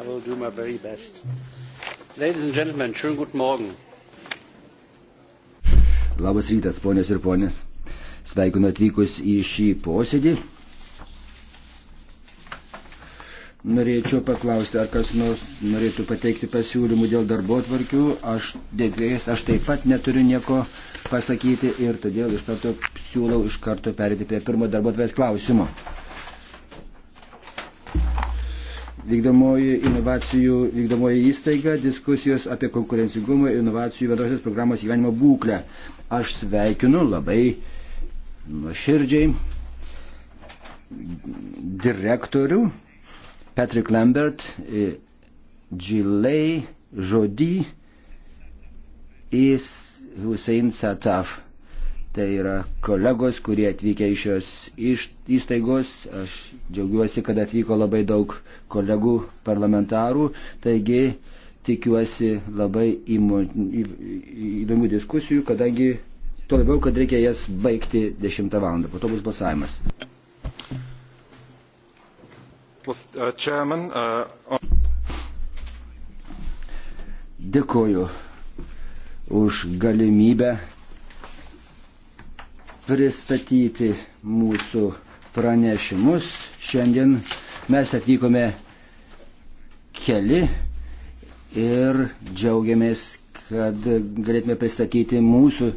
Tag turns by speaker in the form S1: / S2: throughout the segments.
S1: I will do my very best. Ladies and gentlemen, schönen guten Morgen. Labas rytas, ponios ir ponės. Sveikinu atvykus į šį posėdį. Norėčiau paklausti, ar kas nors norėtų pateikti pasiūlymų dėl darbo atvarkių. Aš dėkėjęs, aš taip pat neturiu nieko pasakyti ir todėl iš karto siūlau iš karto perėti prie pirmo darbo atvarkės klausimo. vykdomoji inovacijų vykdomoji įstaiga, diskusijos apie konkurencingumą ir inovacijų vadovės programos gyvenimo būklę. Aš sveikinu labai nuoširdžiai direktorių Patrick Lambert, Gilei Žodį, Is Hussein Sataf. Tai yra kolegos, kurie atvykę iš šios įstaigos. Aš džiaugiuosi, kad atvyko labai daug kolegų parlamentarų. Taigi tikiuosi labai įmo, į, įdomių diskusijų, kadangi tuo labiau, kad reikia jas baigti 10 val. Po to bus balsavimas.
S2: Uh,
S1: uh, Dėkoju už galimybę pristatyti mūsų pranešimus. Šiandien mes atvykome keli ir džiaugiamės, kad galėtume pristatyti mūsų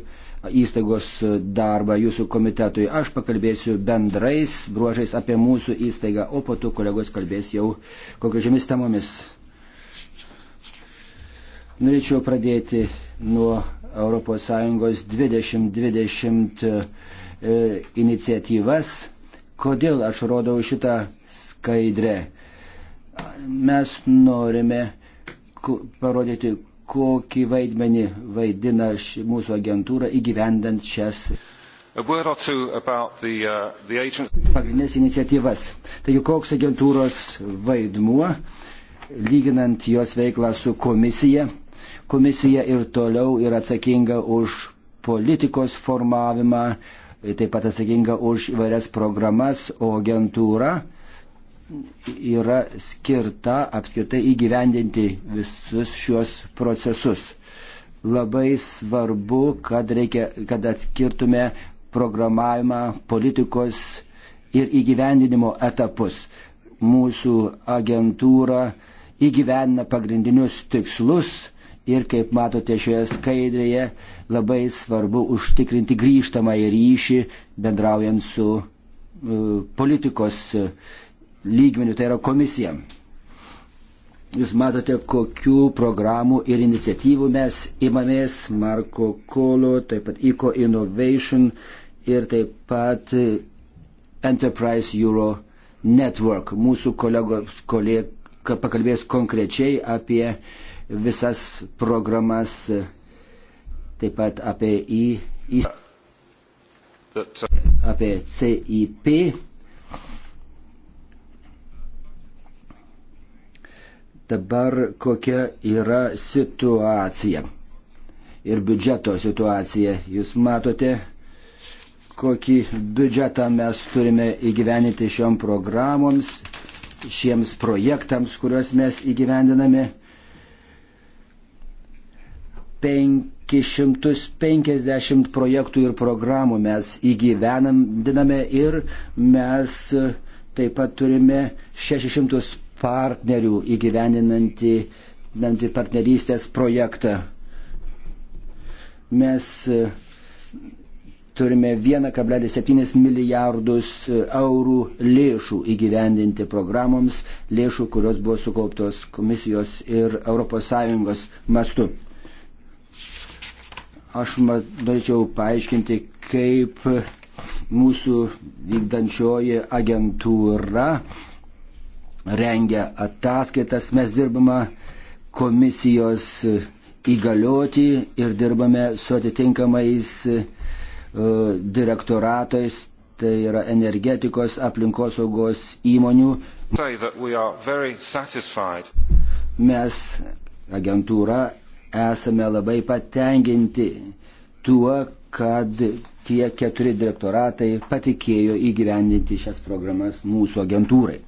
S1: įstaigos darbą jūsų komitetui. Aš pakalbėsiu bendrais bruožais apie mūsų įstaigą, o po to kolegos kalbės jau kokiamis temomis. Norėčiau pradėti nuo ES 2020 e, iniciatyvas. Kodėl aš rodau šitą skaidrę? Mes norime parodyti, kokį vaidmenį vaidina ši, mūsų agentūra įgyvendant šias uh, pagrindinės iniciatyvas. Taigi, koks agentūros vaidmuo, lyginant jos veiklą su komisija Komisija ir toliau yra atsakinga už politikos formavimą, taip pat atsakinga už įvairias programas, o agentūra yra skirta apskritai įgyvendinti visus šiuos procesus. Labai svarbu, kad, reikia, kad atskirtume programavimą, politikos ir įgyvendinimo etapus. Mūsų agentūra įgyvendina pagrindinius tikslus, ir kaip matote šioje skaidrėje labai svarbu užtikrinti grįžtamąjį ryšį bendraujant su uh, politikos e, lygmeniu, tai yra komisija. Jūs matote, kokių programų ir iniciatyvų mes imamės Marko Kolo, taip pat Eco Innovation ir taip pat Enterprise Euro Network. Mūsų kolegos kolega pakalbės konkrečiai apie uh, visas programas, taip pat apie į, į apie CIP. Dabar kokia yra situacija ir biudžeto situacija. Jūs matote, kokį biudžetą mes turime įgyveninti šiom programoms, šiems projektams, kuriuos mes įgyvendiname. 550 projektų ir programų mes įgyvename ir mes e, taip pat turime 600 partnerių įgyveninantį partnerystės projektą. Mes e, turime 1,7 milijardus eurų lėšų įgyvendinti programoms, lėšų, kurios buvo sukauptos komisijos ir ES mastu. Aš norėčiau paaiškinti, kaip mūsų vykdančioji agentūra rengia ataskaitas. Mes dirbame komisijos įgalioti ir dirbame su atitinkamais e, direktoratais, tai yra energetikos aplinkosaugos įmonių. Mes agentūra esame labai patenkinti tuo, kad tie keturi direktoratai patikėjo įgyvendinti šias programas mūsų agentūrai.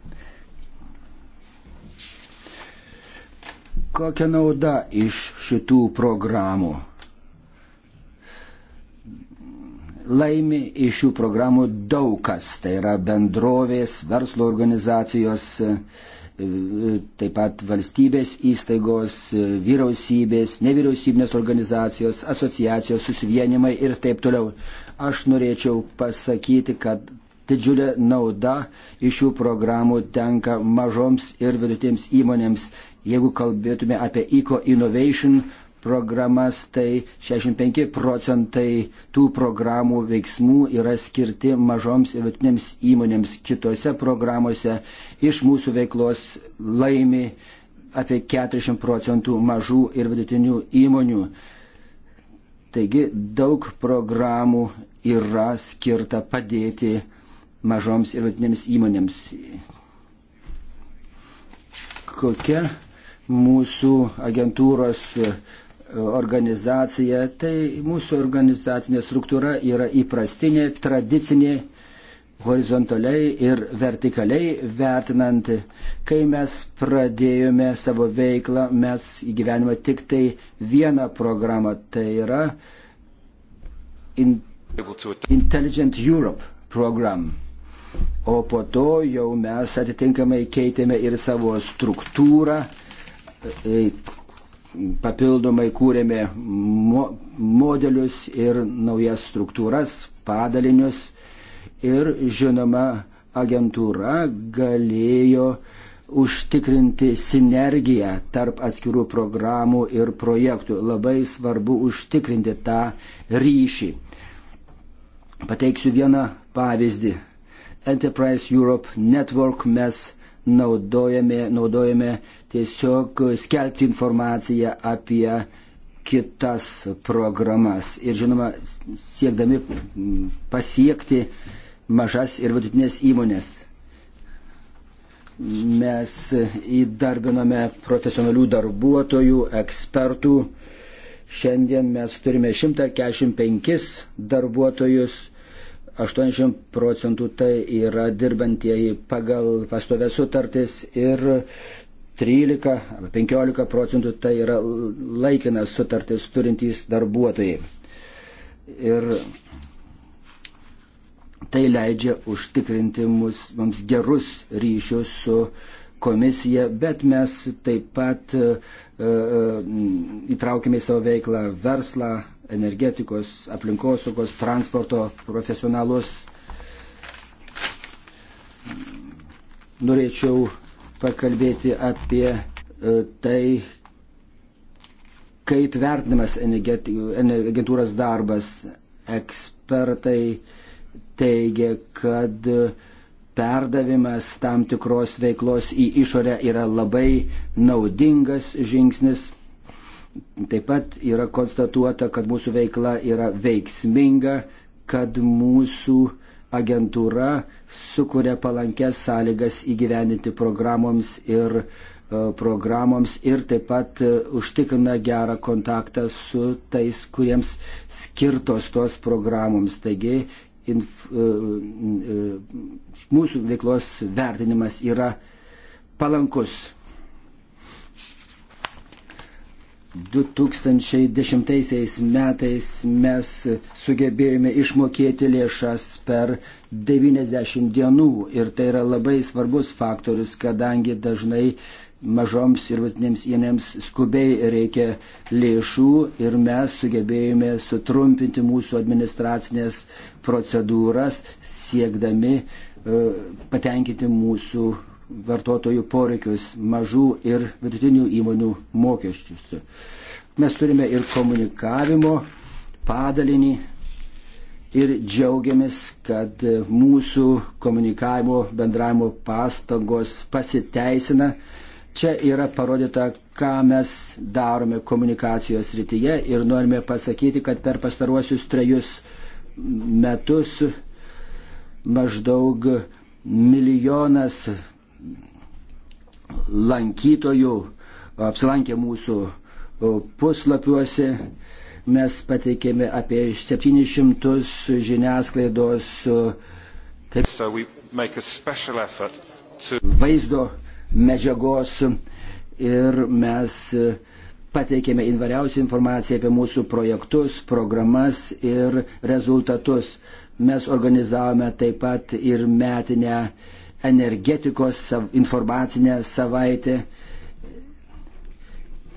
S1: Kokia nauda iš šitų programų? laimi iš šių programų daug kas, tai yra bendrovės, verslo organizacijos, taip pat valstybės įstaigos, vyriausybės, nevyriausybinės organizacijos, asociacijos, susivienimai ir taip toliau. Aš norėčiau pasakyti, kad didžiulė nauda iš šių programų tenka mažoms ir vidutinėms įmonėms. Jeigu kalbėtume apie Eco Innovation programas, tai 65 procentai tų programų veiksmų yra skirti mažoms ir vidutinėms įmonėms. Kitose programuose iš mūsų veiklos laimi apie 40 procentų mažų ir vidutinių įmonių. Taigi daug programų yra skirta padėti mažoms ir vidutinėms įmonėms. Kokia mūsų agentūros organizacija, tai mūsų organizacinė struktūra yra įprastinė, tradicinė, horizontaliai ir vertikaliai vertinant. Kai mes pradėjome savo veiklą, mes įgyvenime tik tai vieną programą, tai yra in, Intelligent Europe program. O po to jau mes atitinkamai keitėme ir savo struktūrą, e, papildomai kūrėme mo, modelius ir naujas struktūras, padalinius ir žinoma agentūra galėjo užtikrinti sinergiją tarp atskirų programų ir projektų. Labai svarbu užtikrinti tą ryšį. Pateiksiu vieną pavyzdį. Enterprise Europe Network mes naudojame, naudojame tiesiog skelbti informaciją apie kitas programas ir žinoma siekdami pasiekti mažas ir vidutinės įmonės. Mes įdarbiname profesionalių darbuotojų, ekspertų. Šiandien mes turime 145 darbuotojus, 80 procentų tai yra dirbantieji pagal pastovę sutartis ir 13 ar 15 procentų tai yra laikinas sutartis turintys darbuotojai. Ir tai leidžia užtikrinti mus, mums gerus ryšius su komisija, bet mes taip pat e, e įtraukime į savo veiklą verslą, energetikos, aplinkosaugos, transporto profesionalus. Norėčiau pakalbėti apie e, tai, kaip vertinamas agentūros darbas. Ekspertai teigia, kad perdavimas tam tikros veiklos į išorę yra labai naudingas žingsnis. Taip pat yra konstatuota, kad mūsų veikla yra veiksminga, kad mūsų uh, agentūra sukuria palankes sąlygas įgyveninti programoms ir e, programoms ir taip pat e, užtikrina gerą kontaktą su tais, kuriems skirtos tos programoms. Taigi inf, e, mūsų veiklos vertinimas yra palankus. 2010 metais mes sugebėjome išmokėti lėšas per 90 dienų ir tai yra labai svarbus faktorius, kadangi dažnai mažoms ir vatinėms įnėms skubiai reikia lėšų ir mes sugebėjome sutrumpinti mūsų administracinės procedūras siekdami e, patenkinti mūsų vartotojų poreikius, mažų ir vidutinių įmonių mokesčius. Mes turime ir komunikavimo padalinį ir džiaugiamės, kad mūsų komunikavimo bendravimo pastangos pasiteisina. Čia yra parodyta, ką mes darome komunikacijos rytyje ir norime pasakyti, kad per pastaruosius trejus metus maždaug milijonas lankytojų apsilankė mūsų puslapiuose. Mes pateikėme apie 700 žiniasklaidos kaip, so to... vaizdo medžiagos ir mes e, pateikėme invariausią informaciją apie mūsų projektus, programas ir rezultatus. Mes organizavome taip pat ir metinę uh, energetikos sav, informacinę savaitę.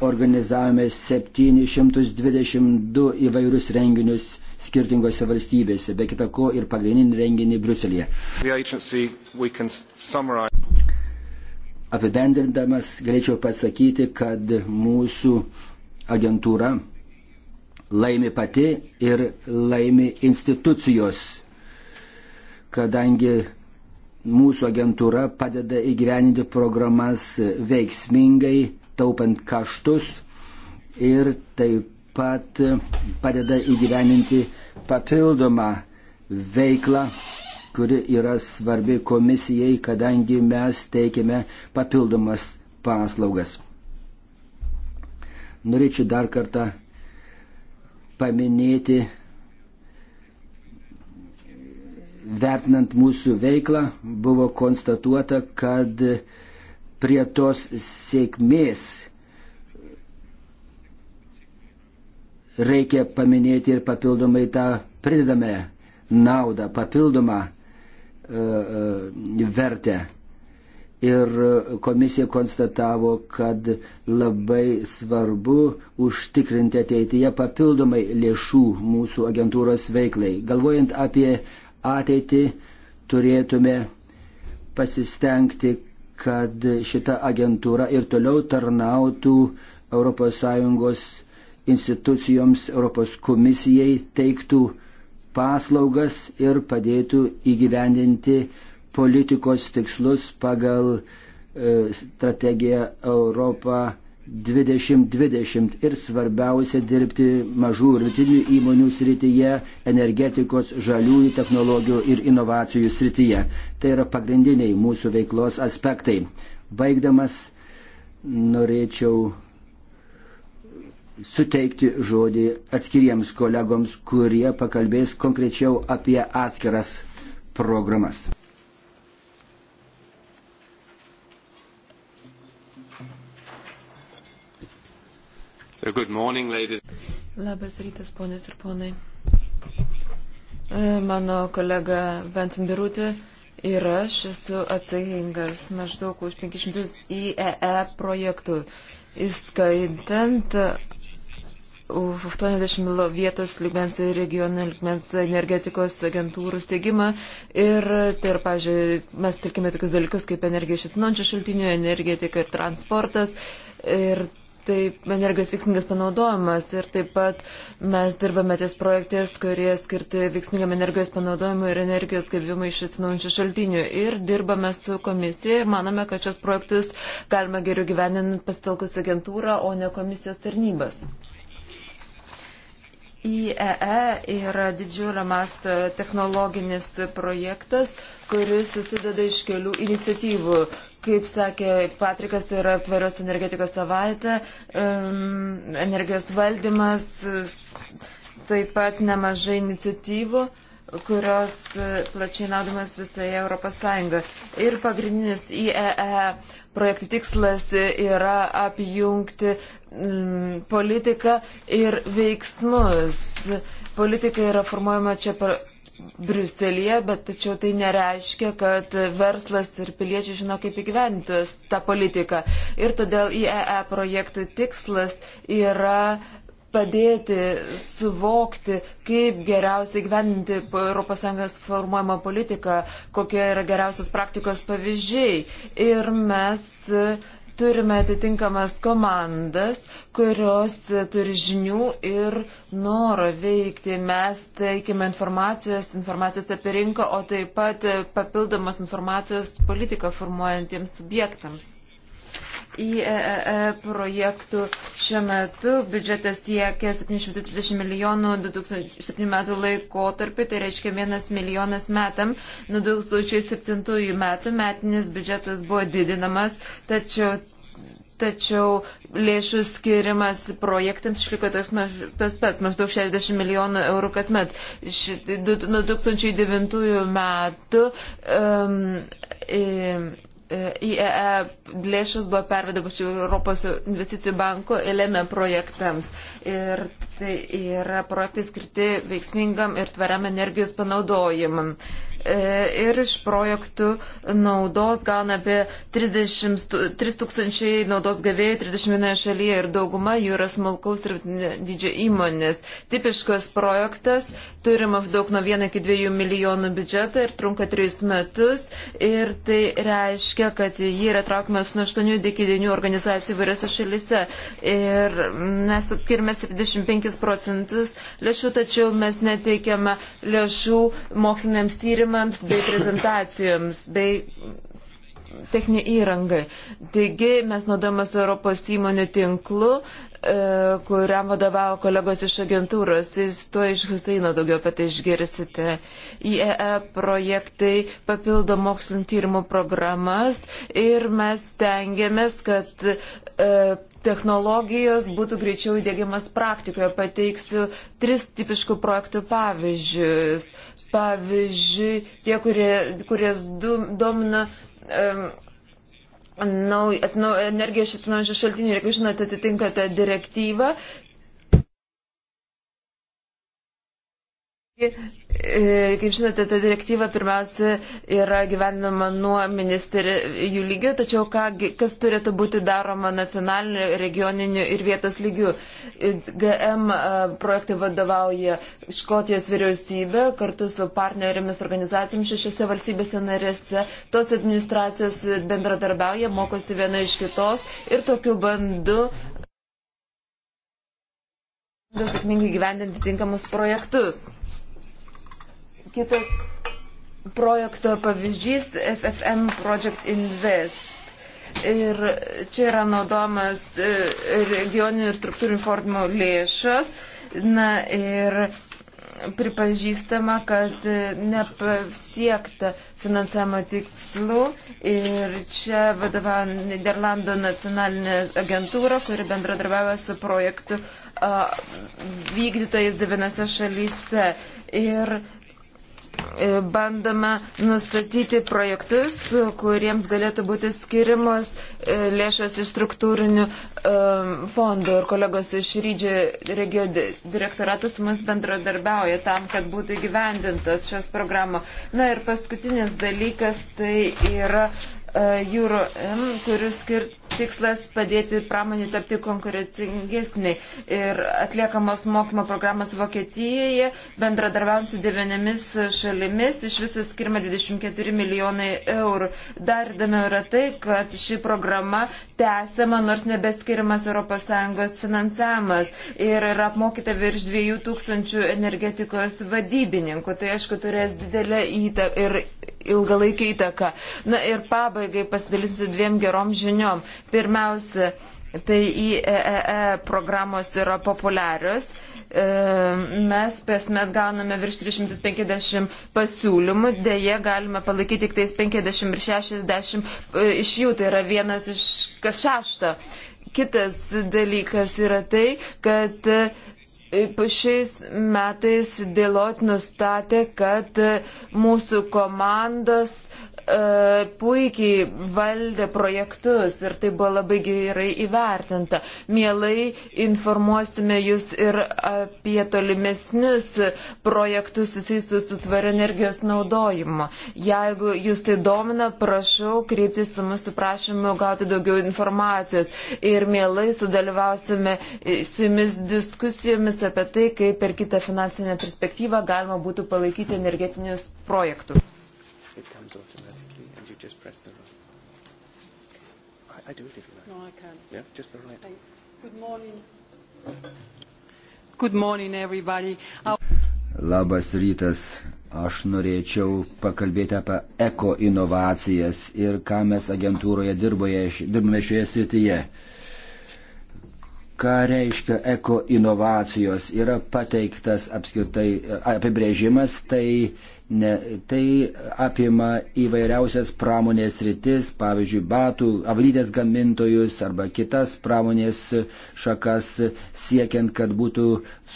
S1: Organizavome 722 įvairius renginius skirtingose valstybėse, be kita ko ir pagrindinį renginį Bruselėje. Apibendrindamas galėčiau pasakyti, kad mūsų agentūra laimi pati ir laimi institucijos, kadangi mūsų agentūra padeda įgyveninti programas veiksmingai, taupant kaštus ir taip pat padeda įgyveninti papildomą veiklą, kuri yra svarbi komisijai, kadangi mes teikiame papildomas paslaugas. Norėčiau dar kartą paminėti vertinant mūsų veiklą, buvo konstatuota, kad prie tos sėkmės reikia paminėti ir papildomai tą pridedamę naudą, papildomą e, e, vertę. Ir komisija konstatavo, kad labai svarbu užtikrinti ateityje papildomai lėšų mūsų agentūros veiklai. Galvojant apie ateitį turėtume pasistengti, kad šita agentūra ir toliau tarnautų ES institucijoms, ES komisijai, teiktų paslaugas ir padėtų įgyvendinti politikos tikslus pagal e, strategiją Europą 2020 ir svarbiausia dirbti mažų ir rytinių įmonių srityje, energetikos, žaliųjų technologijų ir inovacijų srityje. Tai yra pagrindiniai mūsų veiklos aspektai. Baigdamas norėčiau suteikti žodį atskiriems kolegoms, kurie pakalbės konkrečiau apie atskiras programas.
S2: Uh, good morning, ladies.
S3: Labas rytas, ponės ir ponai. E, mano kolega Benson Birutė ir aš esu atsakingas maždaug už 500 IEE e projektų, įskaitant už 80 vietos ligmens ir regionų ligmens energetikos agentūrų steigimą. Ir tai yra, pažiūrėjau, mes tarkime tokius dalykus kaip energija iš atsinaujančių šaltinių, energetika ir transportas. Ir taip energijos veiksmingas panaudojimas ir taip pat mes dirbame ties projektais, kurie skirti veiksmingam energijos panaudojimui ir energijos gavimui iš atsinaujančių šaltinių. Ir dirbame su komisija ir manome, kad šios projektus galima geriau gyveninant pasitelkus agentūrą, o ne komisijos tarnybas. IEE e yra didžiulio masto technologinis projektas, kuris susideda iš kelių iniciatyvų. Kaip sakė Patrikas, tai yra tvarios energetikos savaitė, energijos valdymas, taip pat nemažai iniciatyvų kurios e, plačiai naudomas visoje Europos Sąjungoje. Ir pagrindinis IEE e projektų tikslas yra apjungti politiką ir veiksmus. Politika yra formuojama čia per Briuselėje, bet tačiau tai nereiškia, kad verslas ir piliečiai žino, kaip įgyventi tą politiką. Ir todėl IEE e projektų tikslas yra padėti suvokti, kaip geriausiai gyveninti ES formuojamą politiką, kokie yra geriausios praktikos pavyzdžiai. Ir mes turime atitinkamas komandas, kurios turi žinių ir noro veikti. Mes teikime informacijos, informacijos apie rinką, o taip pat papildomos informacijos politiką formuojantiems subjektams. IEE e e projektų šiuo metu biudžetas siekia 730 milijonų 2007 metų laikotarpį, tai reiškia 1 milijonas metam. Nuo 2007 metų metinis biudžetas buvo didinamas, tačiau. Tačiau lėšų skirimas projektams išliko tas, maž, tas pats, maždaug 60 milijonų eurų kasmet. Ši, du, nuo 2009 metų um, um E, IEE lėšus buvo pervedamos į Europos investicijų banko LM projektams. Ir tai yra projektai skirti veiksmingam ir tvariam energijos panaudojimam. E, ir iš projektų naudos gauna apie 30, 3 tūkstančiai naudos gavėjų 31 šalyje ir dauguma jų yra smulkaus ir didžio įmonės. Tipiškas projektas turi maždaug nuo 1 iki 2 milijonų biudžetą ir trunka 3 metus. Ir tai reiškia, kad jį yra traukiamas nuo 8 iki 9 organizacijų vairiose šalise. Ir mes skirime 75 procentus lėšų, tačiau mes neteikiame lėšų moksliniams tyrimams bei prezentacijoms bei techninė įranga. Taigi mes naudojame su Europos įmonių tinklu E, kuriam vadovavo kolegos iš agentūros. Jūs tuo iš Huseino daugiau apie tai išgirsite. IEE e projektai papildo mokslinio tyrimų programas ir mes tengiamės, kad e, technologijos būtų greičiau įdėgiamas praktikoje. Pateiksiu tris tipiškų projektų pavyzdžius. Pavyzdžiui, tie, kurie, kurie domina. E, Nau, atnau, energijos iš atsinaujinančių šaltinių, jeigu žinote, atitinkate direktyvą E, kaip žinote, ta direktyva pirmiausia yra gyvenama nuo ministerijų lygio, tačiau ką, kas turėtų būti daroma nacionaliniu, regioniniu ir vietos lygiu. E, GM e, projektai vadovauja Škotijos vyriausybė kartu su partnerėmis organizacijomis šešiose valstybėse narėse. Tos administracijos bendradarbiauja, mokosi viena iš kitos ir tokiu bandu sėkmingai gyvendinti tinkamus projektus. Kitas projekto pavyzdys FFM Project Invest. Ir čia yra naudomas e, regioninių struktūrinių formų lėšos. Na ir pripažįstama, kad e, nepasiekta finansavimo tikslų ir čia vadovauja Niderlando nacionalinė agentūra, kuri bendradarbiavo su projektu vykdytojais devinose šalyse. Ir uh, E, bandama nustatyti projektus, kuriems galėtų būti skirimos e, lėšos iš struktūrinių e, fondų. Ir kolegos iš Rydžio regio direktoratus mums bendradarbiauja tam, kad būtų įgyvendintos šios programos. Na ir paskutinis dalykas tai yra Euro M, kuris skirtas tikslas padėti pramonį tapti konkurencingesnį. Ir atliekamos mokymo programos Vokietijoje, bendradarbiavant su devynėmis šalimis, iš viso skirma 24 milijonai eurų. Dar įdomiau yra tai, kad ši programa tęsiama, nors nebeskiriamas ES finansavimas. Ir yra apmokyta virš 2000 energetikos vadybininkų. Tai aišku, turės didelę įtaką ir ilgalaikį įtaką. Na ir pabaigai pasidalinsiu dviem gerom žiniom. Pirmiausia, tai IEEE e e programos yra populiarios. E, mes kasmet gauname virš 350 pasiūlymų, dėje galime palaikyti tik tais 50 ir 60 iš jų, tai yra vienas iš kas šešto. Kitas dalykas yra tai, kad Šiais metais dėlot nustatė, kad mūsų komandos uh, E, puikiai valdė projektus ir tai buvo labai gerai įvertinta. Mielai informuosime jūs ir apie tolimesnius projektus susijusius su tvaria energijos naudojimu. Jeigu jūs tai domina, prašau kreiptis į mūsų prašymą gauti daugiau informacijos ir mielai sudalyvausime su jumis diskusijomis apie tai, kaip per kitą finansinę perspektyvą galima būtų palaikyti energetinius projektus.
S2: Yeah, just a minute. Good morning. Good morning, everybody.
S1: Our... Labas rytas. Aš norėčiau pakalbėti apie eko inovacijas ir ką mes agentūroje dirboje, dirbame šioje srityje. Ką reiškia eko inovacijos? Yra pateiktas apskritai e, apibrėžimas, tai Ne, tai apima įvairiausias pramonės rytis, pavyzdžiui, batų, avalydės gamintojus arba kitas pramonės šakas, siekiant, kad būtų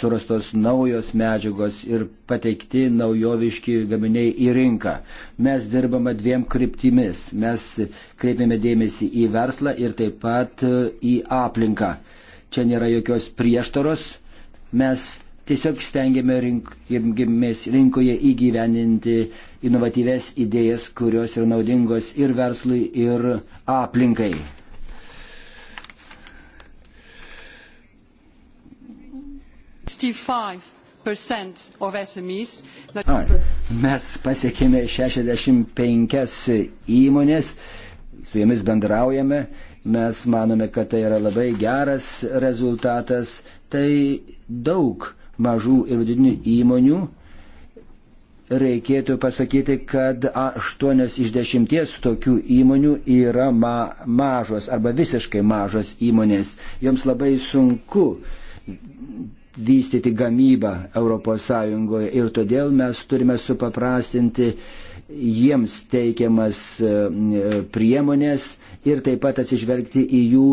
S1: surastos naujos medžiagos ir pateikti naujoviški gaminiai į rinką. Mes dirbame dviem kryptimis. Mes kreipiame dėmesį į verslą ir taip pat į aplinką. Čia nėra jokios prieštaros. Mes tiesiog stengiame rink, rinkoje įgyveninti inovatyves idėjas, kurios yra naudingos ir verslui, ir aplinkai. Mes pasiekėme 65 įmonės, su jomis bendraujame, mes manome, kad tai yra labai geras rezultatas, tai daug mažų ir vidutinių įmonių, reikėtų pasakyti, kad 8 iš 10 tokių įmonių yra ma mažos arba visiškai mažos įmonės. Joms labai sunku vystyti gamybą ES ir todėl mes turime supaprastinti jiems teikiamas e, e, priemonės ir taip pat atsižvelgti į jų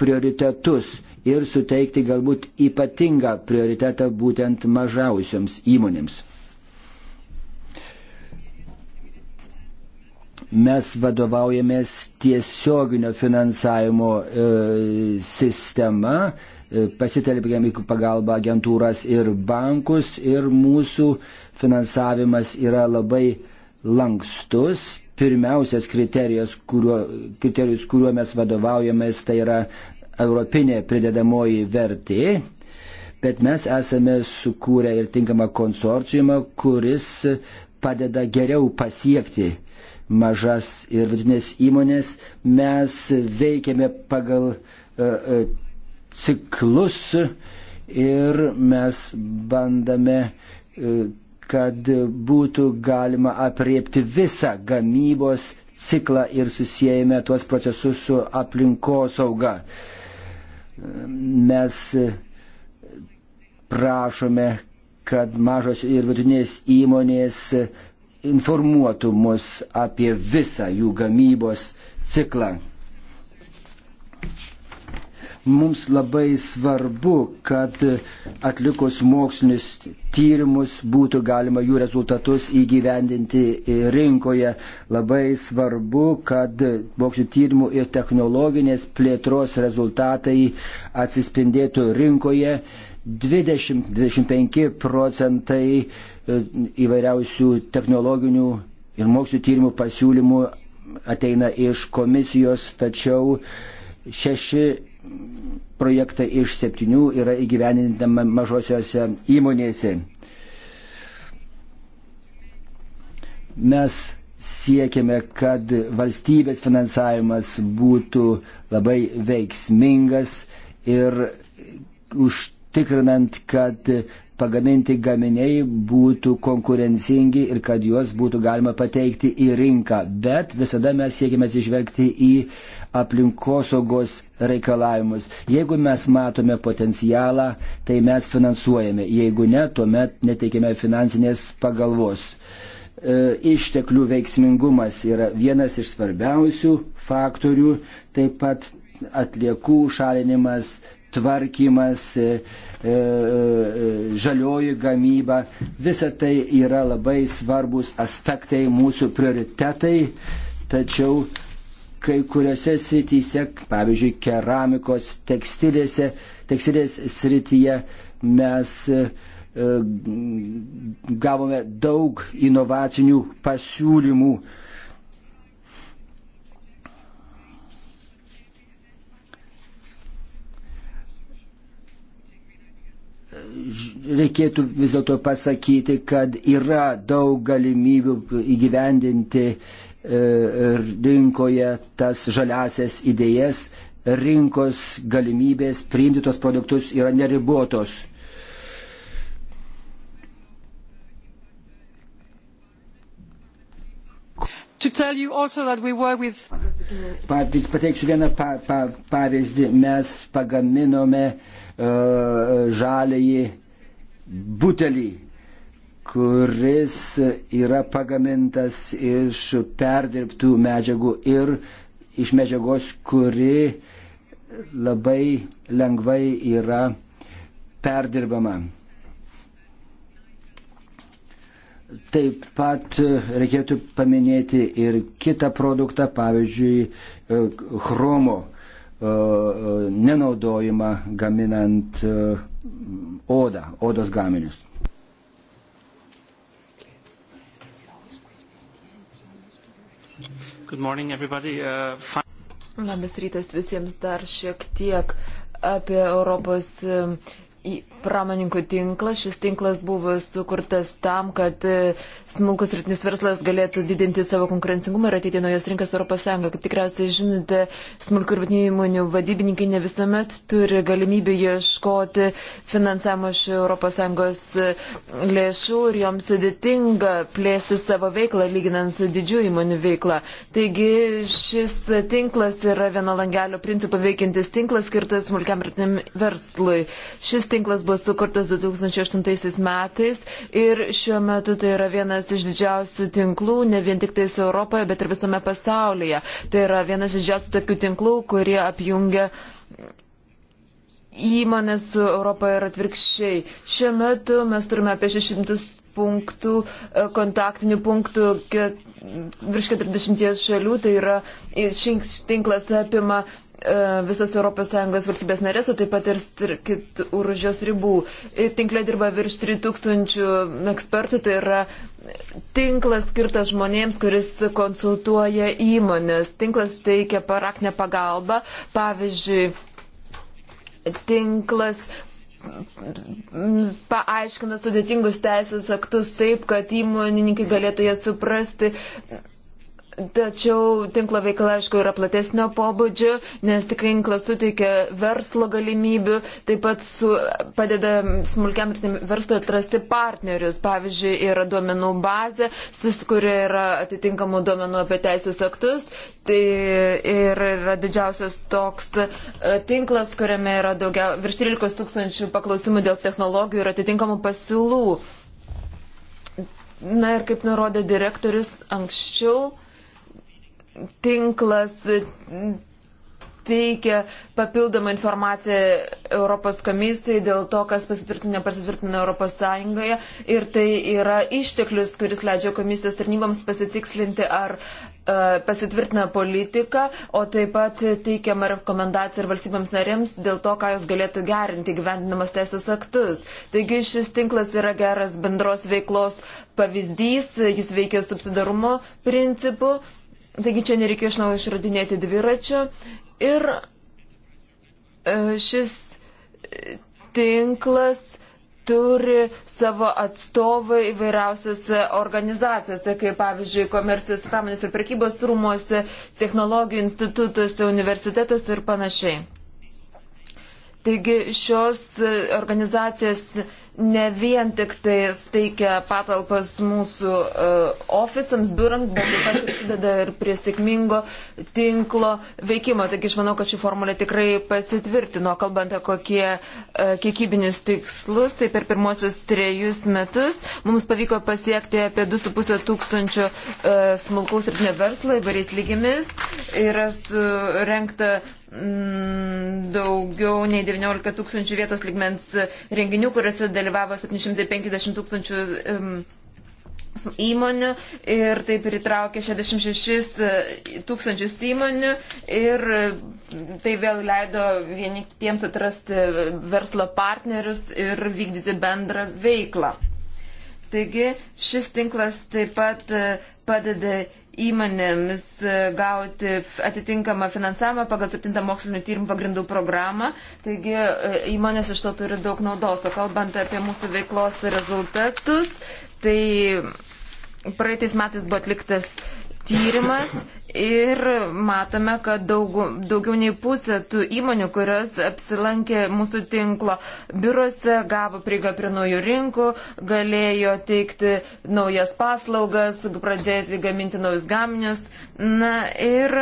S1: prioritetus ir suteikti galbūt ypatingą prioritetą būtent mažiausiams įmonėms. Mes vadovaujamės tiesioginio finansavimo e, sistema, e, pasitelbėm į pagalbą agentūras ir bankus ir mūsų finansavimas yra labai lankstus, pirmiausias kriterijus, kuriuo, kriterijus, kuriuo mes vadovaujamės, tai yra europinė pridedamoji vertė, bet mes esame sukūrę ir tinkamą konsorciumą, kuris padeda geriau pasiekti mažas ir vidutinės įmonės. Mes veikiame pagal uh, ciklus ir mes bandame, uh, kad būtų galima apriepti visą gamybos ciklą ir susijęjame tuos procesus su aplinkosauga. Uh, mes prašome, kad mažos ir vidutinės įmonės informuotų mus apie visą jų gamybos ciklą. Mums labai svarbu, kad atlikus mokslinius tyrimus būtų galima jų rezultatus įgyvendinti rinkoje. Labai svarbu, kad mokslinio tyrimų ir technologinės plėtros rezultatai atsispindėtų rinkoje. 20-25 procentai e, įvairiausių technologinių ir mokslinio tyrimų pasiūlymų ateina iš komisijos, tačiau 6 projektai iš septynių yra įgyvenindama mažosiuose įmonėse. Mes siekiame, kad valstybės finansavimas būtų labai veiksmingas ir užtikrinant, kad pagaminti gaminiai būtų konkurencingi ir kad juos būtų galima pateikti į rinką. Bet visada mes siekime atsižvelgti į aplinkosaugos reikalavimus. Jeigu mes matome potencialą, tai mes finansuojame. Jeigu ne, tuomet neteikime finansinės pagalbos. E, išteklių veiksmingumas yra vienas iš svarbiausių faktorių, taip pat atliekų šalinimas, tvarkymas, e, e, žalioji gamyba, visa tai yra labai svarbus aspektai, mūsų prioritetai, tačiau kai kuriuose srityse, pavyzdžiui, keramikos, tekstilėse, tekstilės srityje mes e, gavome daug inovacinių pasiūlymų. reikėtų vis dėlto pasakyti, kad yra daug galimybių įgyvendinti E, rinkoje tas žaliasias idėjas, rinkos galimybės priimti tos produktus yra neribotos. With... Pateiksiu vieną pa, pa, pavyzdį. Mes pagaminome uh, e, žalėjį butelį kuris yra pagamintas iš perdirbtų medžiagų ir iš medžiagos, kuri labai lengvai yra perdirbama. Taip pat reikėtų paminėti ir kitą produktą, pavyzdžiui, e, chromo e, e, nenaudojimą gaminant odą, odos gaminius. Good morning, everybody. Uh,
S3: Labas rytas visiems dar šiek tiek apie Europos um, pramoninkų tinklas. Šis tinklas buvo sukurtas tam, kad e, smulkus rytinis verslas galėtų didinti savo konkurencingumą ir ateiti naujas rinkas Europos Sąjungoje. Kaip tikriausiai žinote, smulkių ir vidutinių įmonių vadybininkai ne visuomet turi galimybę ieškoti finansavimo iš Europos Sąjungos e, lėšų ir joms sudėtinga plėsti savo veiklą lyginant su didžiųjų įmonių veikla. Taigi šis tinklas yra vieno langelio principą veikiantis tinklas skirtas smulkiam rytiniam verslui. Šis tinklas buvo sukurtas 2008 metais ir šiuo metu tai yra vienas iš didžiausių tinklų, ne vien tik tais Europoje, bet ir visame pasaulyje. Tai yra vienas iš didžiausių tokių tinklų, kurie apjungia įmonės Europoje ir atvirkščiai. Šiuo metu mes turime apie 600 punktų, e, kontaktinių punktų virš 40 šalių, tai yra šis tinklas apima E, visas ES valstybės narės, o taip pat ir kit, už jos ribų. E, tinkle dirba virš 3000 ekspertų, tai yra tinklas skirtas žmonėms, kuris konsultuoja įmonės. Tinklas teikia paraknę pagalbą, pavyzdžiui, tinklas paaiškina sudėtingus teisės aktus taip, kad įmonininkai galėtų jas suprasti. Tačiau tinklo veikla, aišku, yra platesnio pobūdžio, nes tinklas suteikia verslo galimybių, taip pat su, padeda smulkiam ir verslui atrasti partnerius. Pavyzdžiui, yra duomenų bazė, susikuria yra atitinkamų duomenų apie teisės aktus. Tai ir yra didžiausias toks e, tinklas, kuriame yra daugiau, virš 13 tūkstančių paklausimų dėl technologijų ir atitinkamų pasiūlų. Na ir kaip nurodė direktorius anksčiau, tinklas teikia papildomą informaciją Europos komisijai dėl to, kas pasitvirtino, nepasitvirtino Europos Sąjungoje. Ir tai yra išteklius, kuris leidžia komisijos tarnyboms pasitikslinti, ar e, pasitvirtina politika, o taip pat teikiama rekomendacija ir valstybėms narėms dėl to, ką jos galėtų gerinti gyvendinamas teisės aktus. Taigi šis tinklas yra geras bendros veiklos pavyzdys, jis veikia subsidarumo principu Taigi čia nereikia iš naujo išradinėti dviračio. Ir e, šis tinklas turi savo atstovą įvairiausiose organizacijose, kaip pavyzdžiui, komercijos pramonės ir prekybos rūmose, technologijų institutuose, universitetuose ir panašiai. Taigi šios organizacijos ne vien tik tai steikia patalpas mūsų uh, ofisams, biurams, bet taip pat prisideda ir prie sėkmingo tinklo veikimo. Taigi aš manau, kad ši formulė tikrai pasitvirtino, kalbant apie kokie uh, kiekybinius tikslus. Tai per pirmosius trejus metus mums pavyko pasiekti apie 2,5 tūkstančio uh, smulkaus ir neverslo įvairiais lygimis. Yra surenkta Mm, daugiau nei 19 tūkstančių vietos ligmens renginių, kuriuose dalyvavo 750 tūkstančių įmonių ir tai pritraukė 66 tūkstančius įmonių ir tai vėl leido vieni kitiems atrasti verslo partnerius ir vykdyti bendrą veiklą. Taigi šis tinklas taip pat e, padeda įmonėmis e, gauti atitinkamą finansavimą pagal 7 mokslinio tyrimų pagrindų programą. Taigi e, įmonės iš to turi daug naudos. O kalbant apie mūsų veiklos rezultatus, tai praeitais metais buvo atliktas tyrimas Ir matome, kad daug, daugiau nei pusė tų įmonių, kurios apsilankė mūsų tinklo biurose, gavo prieigą prie naujų rinkų, galėjo teikti naujas paslaugas, pradėti gaminti naujus gaminius. Na ir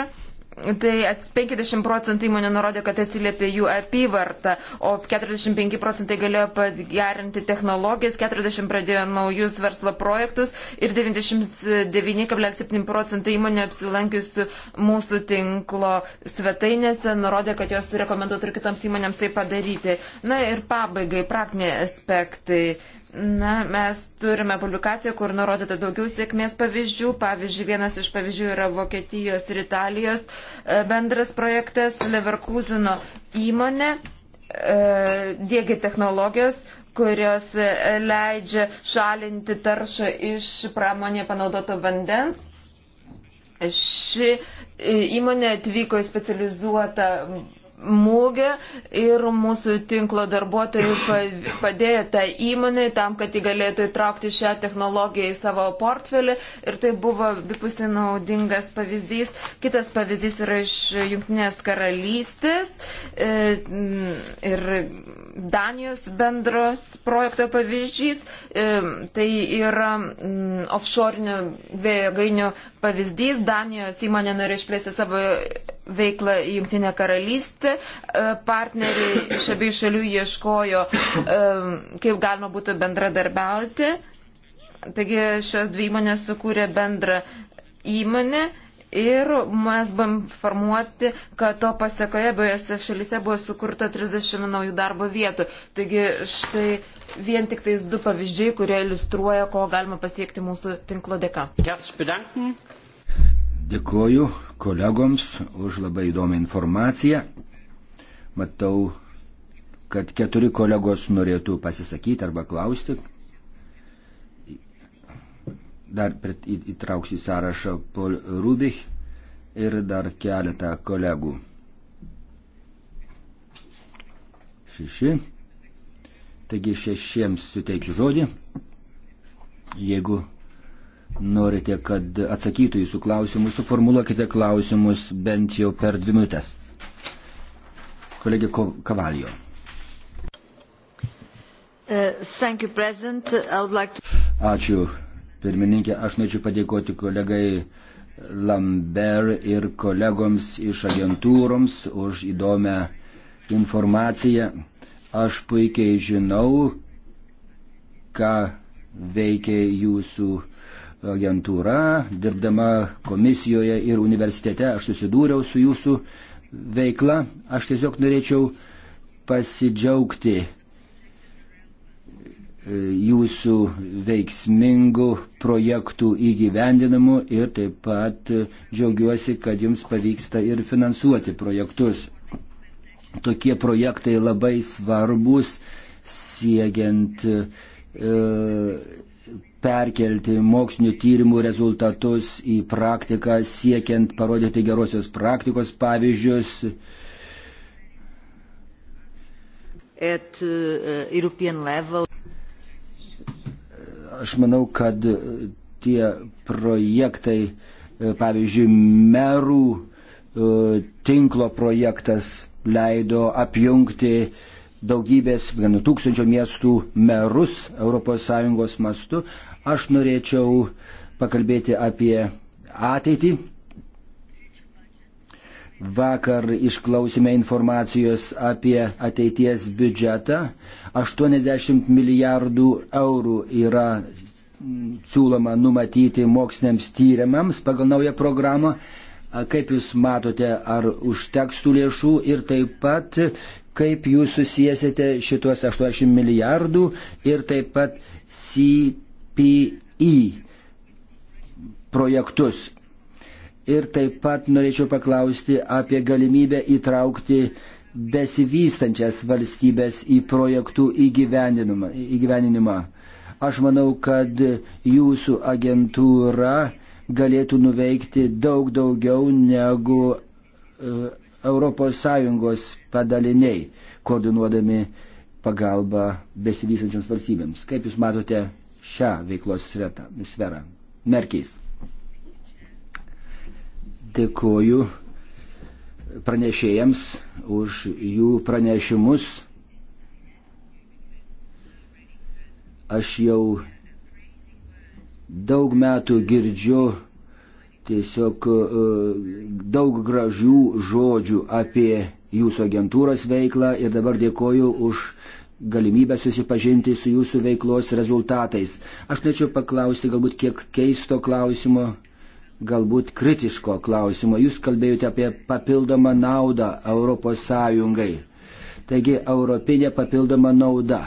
S3: Tai 50 procentų įmonių nurodė, kad atsiliepė jų apyvartą, o 45 procentai galėjo pagerinti technologijas, 40 pradėjo naujus verslo projektus ir 99,7 procentai įmonių apsilankiusių mūsų tinklo svetainėse nurodė, kad jos rekomenduotų ir kitoms įmonėms tai padaryti. Na ir pabaigai praktiniai aspektai. Na, mes turime publikaciją, kur nurodyta daugiau sėkmės pavyzdžių. Pavyzdžiui, vienas iš pavyzdžių yra Vokietijos ir Italijos e, bendras projektas Leverkusino įmonė e, dėgi technologijos, kurios e, leidžia šalinti taršą iš pramonėje panaudoto vandens. Ši įmonė atvyko į specializuotą mūgį ir mūsų tinklo darbuotojai padėjo tą įmonę tam, kad jį galėtų įtraukti šią technologiją į savo portfelį ir tai buvo bipusiai naudingas pavyzdys. Kitas pavyzdys yra iš Junktinės karalystės e, ir Danijos bendros projekto pavyzdys. E, tai yra offshore vėjo gainių pavyzdys. Danijos įmonė norėjo išplėsti savo veiklą į Junktinę karalystę Pirmiausia, e, partneriai iš abiejų šalių ieškojo, e, kaip galima būtų bendradarbiauti. Taigi šios dvi įmonės sukūrė bendrą įmonę Ir mes buvom informuoti, kad to pasiekoje abiejose šalyse buvo sukurta 30 naujų darbo vietų. Taigi štai vien tik tais du pavyzdžiai, kurie iliustruoja, ko galima pasiekti mūsų tinklo dėka.
S1: Dėkoju kolegoms už labai įdomią informaciją. Matau, kad keturi kolegos norėtų pasisakyti arba klausti. Dar įtrauksiu į sąrašą Paul Rubich ir dar keletą kolegų. Šeši. Taigi šešiems suteiksiu žodį. Jeigu norite, kad atsakytų jūsų klausimus, suformuluokite klausimus bent jau per dvi minutės. Kolegė Kavalio.
S3: Uh, thank you, President. I would like to...
S1: Ačiū, pirmininkė. Aš norėčiau padėkoti kolegai Lambert ir kolegoms iš agentūroms už įdomią informaciją. Aš puikiai žinau, ką veikia jūsų agentūra, dirbdama komisijoje ir universitete. Aš susidūriau su jūsų uh, veikla. Aš tiesiog norėčiau pasidžiaugti e, jūsų veiksmingų projektų įgyvendinamu ir taip pat džiaugiuosi, kad jums pavyksta ir finansuoti projektus. Tokie projektai labai svarbus siekiant e, perkelti mokslinio tyrimų rezultatus į praktiką, siekiant parodyti gerosios praktikos pavyzdžius.
S3: At, uh, uh
S1: Aš manau, kad uh, tie projektai, uh, pavyzdžiui, merų uh, tinklo projektas leido apjungti uh, daugybės, vienu tūkstančio miestų merus ES mastu. Aš norėčiau pakalbėti apie ateitį. Vakar išklausime informacijos apie ateities biudžetą. 80 milijardų eurų yra siūloma numatyti moksliniams tyrimams pagal naują programą. Kaip Jūs matote, ar užteks tų lėšų ir taip pat kaip Jūs susijęsite šitos 80 milijardų ir taip pat CP PPI projektus. Ir taip pat norėčiau paklausti apie galimybę įtraukti besivystančias valstybės į projektų įgyveninimą. Aš manau, kad jūsų agentūra galėtų nuveikti daug daugiau negu ES padaliniai, koordinuodami pagalbą besivystančiams valstybėms. Kaip Jūs matote šią veiklos sferą. Merkiais. Dėkuoju pranešėjams už jų pranešimus. Aš jau daug metų girdžiu tiesiog e, daug gražių žodžių apie jūsų agentūros veiklą ir dabar dėkoju už galimybę susipažinti su jūsų veiklos rezultatais. Aš norėčiau paklausti galbūt kiek keisto klausimo, galbūt kritiško klausimo. Jūs kalbėjote apie papildomą naudą ES. Taigi, europinė papildoma nauda.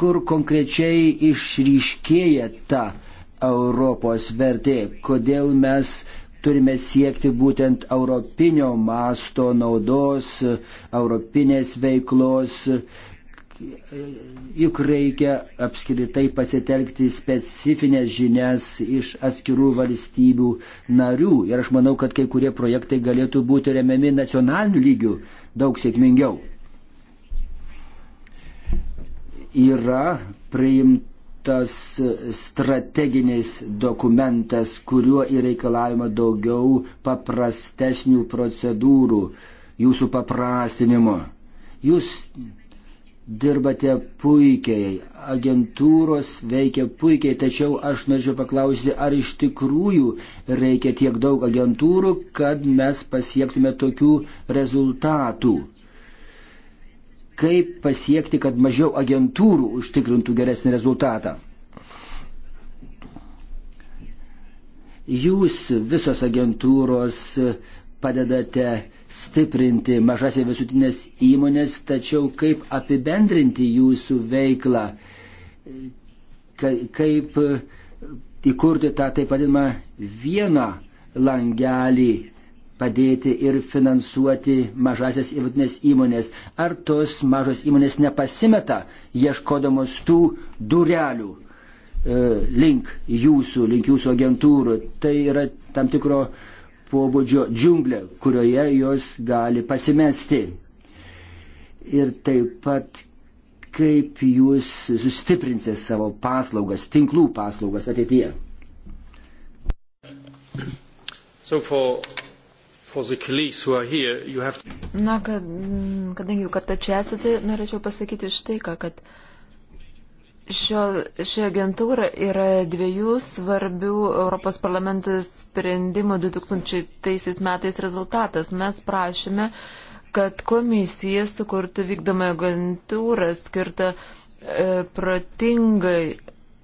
S1: Kur konkrečiai išryškėja ta Europos vertė, kodėl mes turime siekti būtent europinio masto naudos, europinės veiklos. Juk reikia apskritai pasitelkti specifines žinias iš atskirų valstybių narių. Ir aš manau, kad kai kurie projektai galėtų būti remiami nacionaliniu lygiu daug sėkmingiau. Yra priimta tas strateginis dokumentas, kuriuo įreikalavimo daugiau paprastesnių procedūrų, jūsų paprastinimo. Jūs dirbate puikiai, agentūros veikia puikiai, tačiau aš norėčiau paklausti, ar iš tikrųjų reikia tiek daug agentūrų, kad mes pasiektume tokių rezultatų kaip pasiekti, kad mažiau agentūrų užtikrintų geresnį rezultatą. Jūs visos agentūros padedate stiprinti mažas ir visutinės įmonės, tačiau kaip apibendrinti jūsų veiklą, kaip įkurti tą taip vadinamą vieną langelį padėti ir finansuoti mažasias įvatinės įmonės. Ar tos mažos įmonės nepasimeta ieškodamos tų durelių e, link jūsų, link jūsų agentūrų? Tai yra tam tikro pobūdžio džiunglė, kurioje jos gali pasimesti. Ir taip pat kaip jūs sustiprinsite savo paslaugas, tinklų paslaugas ateityje. So for
S2: Have...
S3: Na, kad, kadangi jau kartą čia esate, norėčiau pasakyti štai ką, kad šio, ši agentūra yra dviejų svarbių Europos parlamento sprendimų 2000 metais rezultatas. Mes prašėme, kad komisija sukurtų vykdomą agentūrą skirtą e, protingai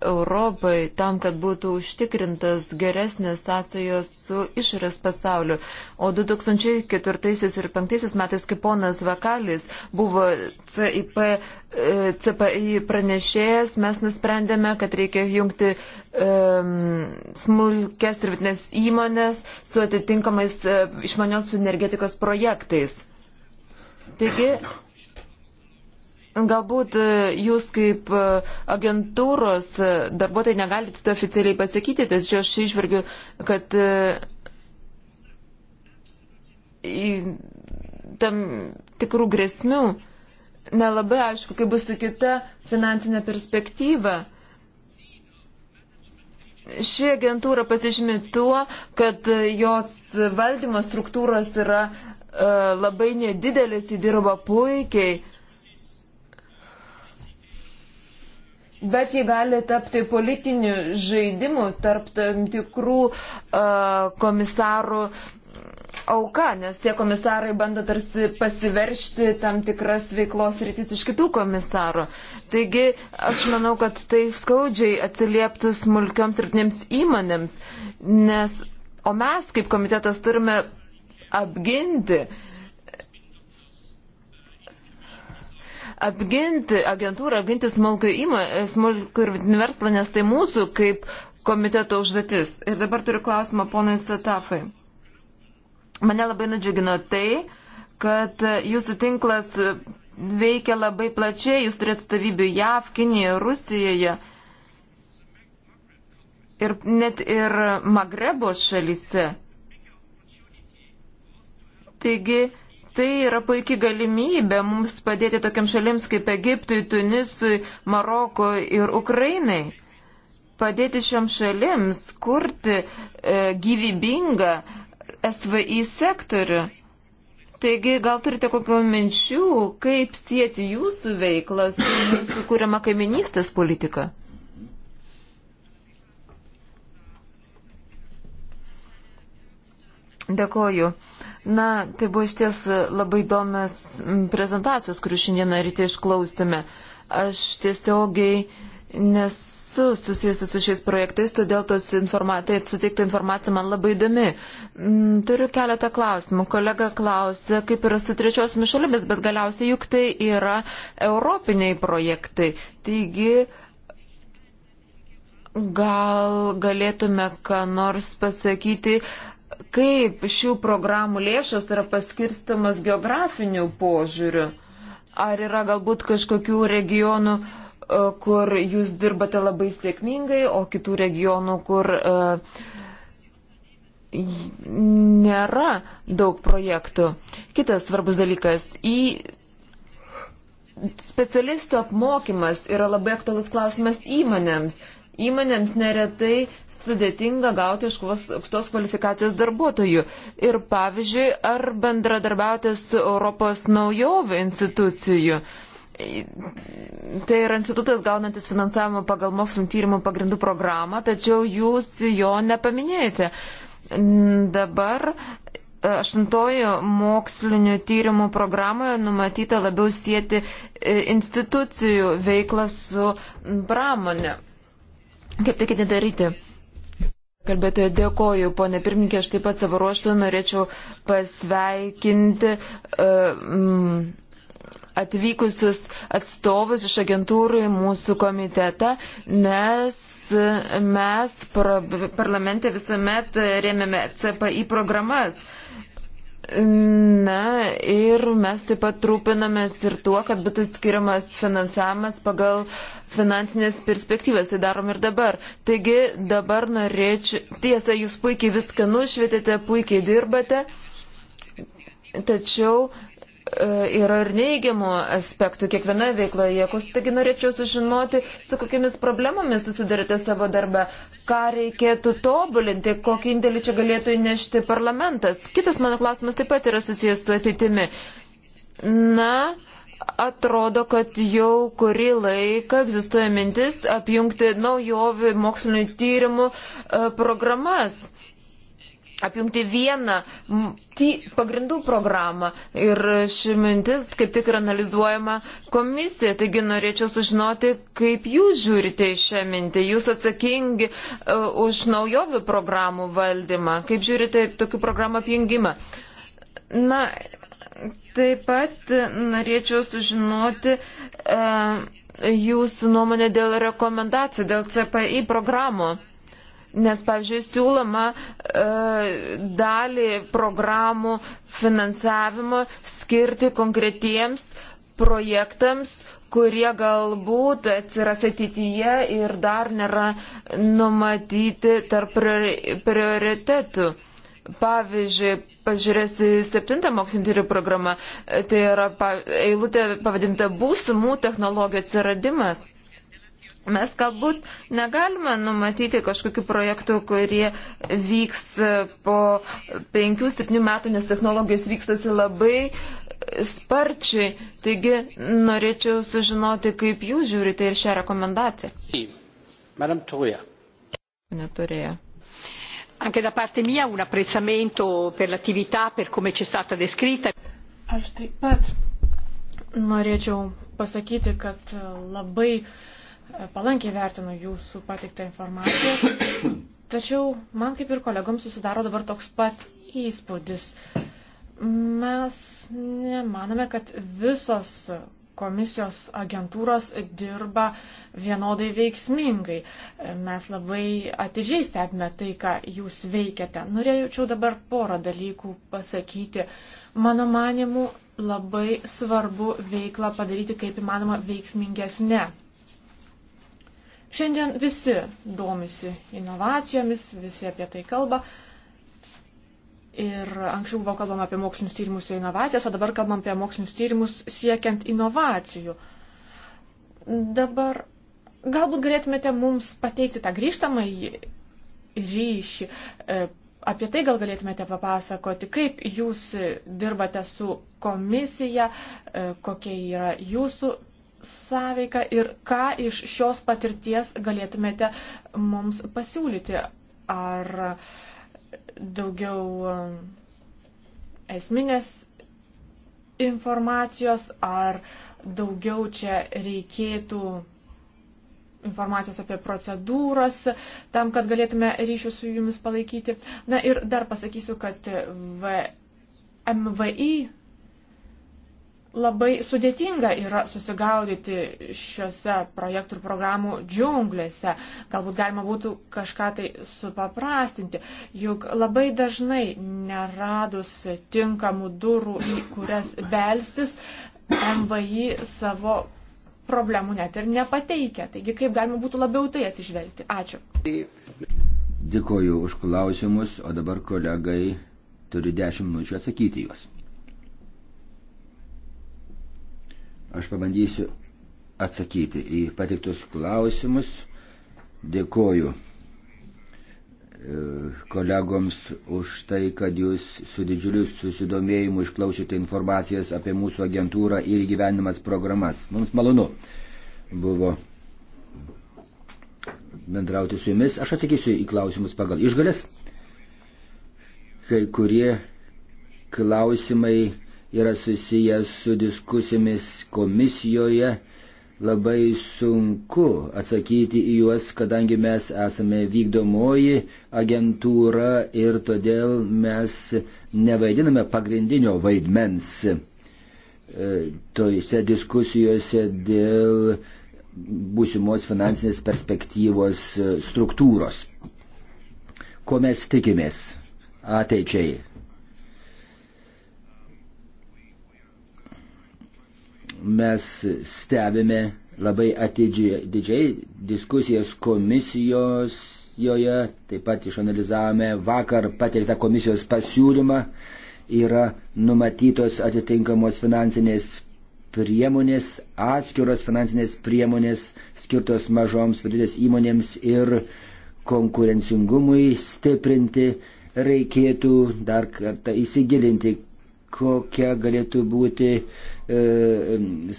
S3: Europai tam, kad būtų užtikrintas geresnės sąsajos su išorės pasauliu. O 2004 ir 2005 metais, kai ponas Vakalis buvo CIP, e, CPI pranešėjas, mes nusprendėme, kad reikia jungti um, smulkės ir vidinės įmonės su atitinkamais uh, išmanios energetikos projektais. Taigi, Galbūt e, jūs kaip e, agentūros e, darbuotojai negalite to oficialiai pasakyti, tačiau aš išvergiu, kad tam tikrų grėsmių nelabai aišku, kaip bus su kita finansinė perspektyva. Ši agentūra pasižymi tuo, kad jos valdymo struktūros yra uh, labai nedidelis, įdirba puikiai. Uh, bet jie gali tapti politiniu žaidimu tarp tam tikrų uh, komisarų auka, nes tie komisarai bando tarsi pasiveršti tam tikras veiklos rytis iš kitų komisarų. Taigi aš manau, kad tai skaudžiai atsilieptų smulkioms ir tiems įmonėms, nes o mes kaip komitetas turime apginti uh, apginti agentūrą, apginti smulkų, įmą, smulkų ir verslą, nes tai mūsų kaip komiteto užduotis. Ir dabar turiu klausimą ponui Satafai. Mane labai nudžiugino tai, kad jūsų tinklas veikia labai plačiai, jūs turite atstovybių JAV, Kinijoje, Rusijoje ir net ir Magrebo šalyse. Taigi, Tai yra puikia galimybė mums padėti tokiam šalims kaip Egiptui, Tunisui, Maroko ir Ukrainai. Padėti šiam šalims kurti e, gyvybingą SVI sektorių. Taigi, gal turite kokių minčių, kaip sieti jūsų veiklą su mūsų kuriama kaiminystės politika? Dėkoju. Na, tai buvo iš ties labai įdomios prezentacijos, kurių šiandieną ryte išklausėme. Aš tiesiogiai nesu susijusi su šiais projektais, todėl tos informa tai suteikta informacija man labai įdomi. Turiu keletą klausimų. Kolega klausė, kaip yra su trečiosiomis šalimis, bet galiausiai juk tai yra europiniai projektai. Taigi, gal galėtume ką nors pasakyti kaip šių programų lėšos yra paskirstamas geografiniu požiūriu. Ar yra galbūt kažkokių regionų, e, kur jūs dirbate labai sėkmingai, o kitų regionų, kur uh, nėra daug projektų. Kitas svarbus dalykas - į specialistų apmokymas yra labai aktualus klausimas įmonėms. Įmonėms neretai sudėtinga gauti aukštos kvalifikacijos darbuotojų. Ir pavyzdžiui, ar bendradarbiauti su Europos naujovių institucijų. Tai yra institutas gaunantis finansavimą pagal mokslinio tyrimų pagrindų programą, tačiau jūs jo nepaminėjote. Dabar e, aštuntojo mokslinio tyrimų programoje numatyta labiau sieti e, institucijų veiklą su pramonė. Kaip tai ketinate daryti? Kalbėtoje dėkoju, ponė pirmininkė, aš taip pat savo ruoštų norėčiau pasveikinti. Uh, mm, atvykusius atstovus iš agentūrų į mūsų komitetą, nes mes parlamente visuomet rėmėme CPI programas. Na ir mes taip pat rūpinamės ir tuo, kad būtų skiriamas finansavimas pagal finansinės perspektyvas. Tai darom ir dabar. Taigi dabar norėčiau. Tiesa, jūs puikiai viską nušvietėte, puikiai dirbate. Tačiau E, yra ir neigiamų aspektų kiekviena veikloje. Taigi norėčiau sužinoti, su kokiamis problemomis susidarite savo darbę, ką reikėtų tobulinti, kokį indėlį čia galėtų įnešti parlamentas. Kitas mano klausimas taip pat yra susijęs su ateitimi. Na, atrodo, kad jau kurį laiką egzistuoja mintis apjungti naujovių mokslinio tyrimų e, programas apjungti vieną pagrindų programą ir ši mintis kaip tik yra analizuojama komisija. Taigi norėčiau sužinoti, kaip jūs žiūrite į šią mintį. Jūs atsakingi uh, už naujovių programų valdymą. Kaip žiūrite tokių programų apjungimą? Na, taip pat norėčiau sužinoti. Uh, Jūsų nuomonė dėl rekomendacijų, dėl CPI programų. Nes, pavyzdžiui, siūloma e, dalį programų finansavimo skirti konkretiems projektams, kurie galbūt atsiras ateityje ir dar nėra numatyti tarp prioritetų. Pavyzdžiui, pažiūrėsi septintą mokslinio tyrimų programą, tai yra eilutė pavadinta būsimų technologijų atsiradimas. Mes galbūt negalime numatyti kažkokių projektų, kurie vyks po 5-7 metų, nes technologijos vykstasi labai sparčiai. Taigi norėčiau sužinoti, kaip jūs žiūrite ir šią rekomendaciją. Madam Toja. Neturėjo. Anche da parte mia un apprezzamento
S2: per l'attività, per come ci è stata descritta. Aš taip pat norėčiau pasakyti, kad labai uh, palankiai vertinu jūsų pateiktą informaciją. Tačiau man kaip ir kolegoms susidaro dabar toks pat įspūdis. Mes nemanome, kad visos komisijos agentūros dirba vienodai veiksmingai. Mes labai atidžiai stebime tai, ką jūs veikiate. Norėčiau dabar porą dalykų pasakyti. Mano manimu, labai svarbu veiklą padaryti kaip įmanoma veiksmingesnė. Ne Šiandien visi domisi inovacijomis, visi apie tai kalba. Ir anksčiau buvo kalbama apie mokslinius tyrimus ir inovacijas, o dabar kalbam apie mokslinius tyrimus siekiant inovacijų. Dabar galbūt galėtumėte mums pateikti tą grįžtamąjį ryšį. E, apie tai gal galėtumėte papasakoti, kaip jūs dirbate su komisija, e, kokie yra jūsų sąveiką ir ką iš šios patirties galėtumėte mums pasiūlyti? Ar daugiau um, esminės informacijos, ar daugiau čia reikėtų informacijos apie procedūras, tam, kad galėtume ryšių su jumis palaikyti. Na ir dar pasakysiu, kad v... MVI labai sudėtinga yra susigaudyti šiuose projektų ir programų džiunglėse. Galbūt galima būtų kažką tai supaprastinti, juk labai dažnai neradus tinkamų durų, į kurias belstis, MVI savo problemų net ir nepateikia. Taigi kaip galima būtų labiau tai atsižvelgti. Ačiū.
S1: Dėkoju už klausimus, o dabar kolegai turi dešimt minučių atsakyti juos. Aš pabandysiu atsakyti į patiktus klausimus. Dėkoju e, kolegoms už tai, kad jūs su didžiuliu susidomėjimu išklausėte informacijas apie mūsų agentūrą ir gyvenimas programas. Mums malonu buvo bendrauti su jumis. Aš atsakysiu į klausimus pagal išgalės. Kai kurie klausimai yra susijęs su diskusijomis komisijoje. Labai sunku atsakyti į juos, kadangi mes esame vykdomoji agentūra ir todėl mes nevaidiname pagrindinio vaidmens e, tojose diskusijose dėl būsimos finansinės perspektyvos e, struktūros. Ko mes tikimės ateičiai? Mes stebime labai atidžiai diskusijas komisijos joje, taip pat išanalizavome vakar pateiktą komisijos pasiūlymą, yra numatytos atitinkamos finansinės priemonės, atskiros finansinės priemonės skirtos mažoms vidinės įmonėms ir konkurencingumui stiprinti reikėtų dar kartą įsigilinti, kokia galėtų būti e,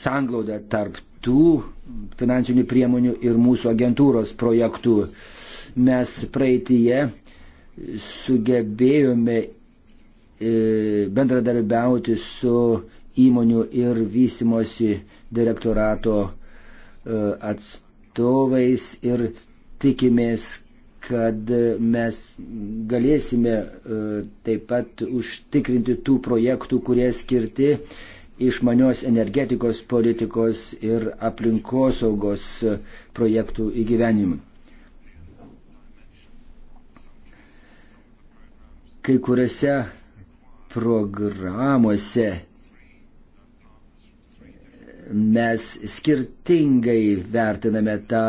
S1: sanglauda tarp tų finansinių priemonių ir mūsų agentūros projektų. Mes praeitie sugebėjome e, bendradarbiauti su įmonių ir vystimosi direktorato e, atstovais ir tikimės, kad e, mes galėsime e, taip pat užtikrinti tų projektų, kurie skirti išmanios energetikos politikos ir aplinkosaugos e, projektų įgyvenimui. Kai kuriuose programuose mes skirtingai vertiname tą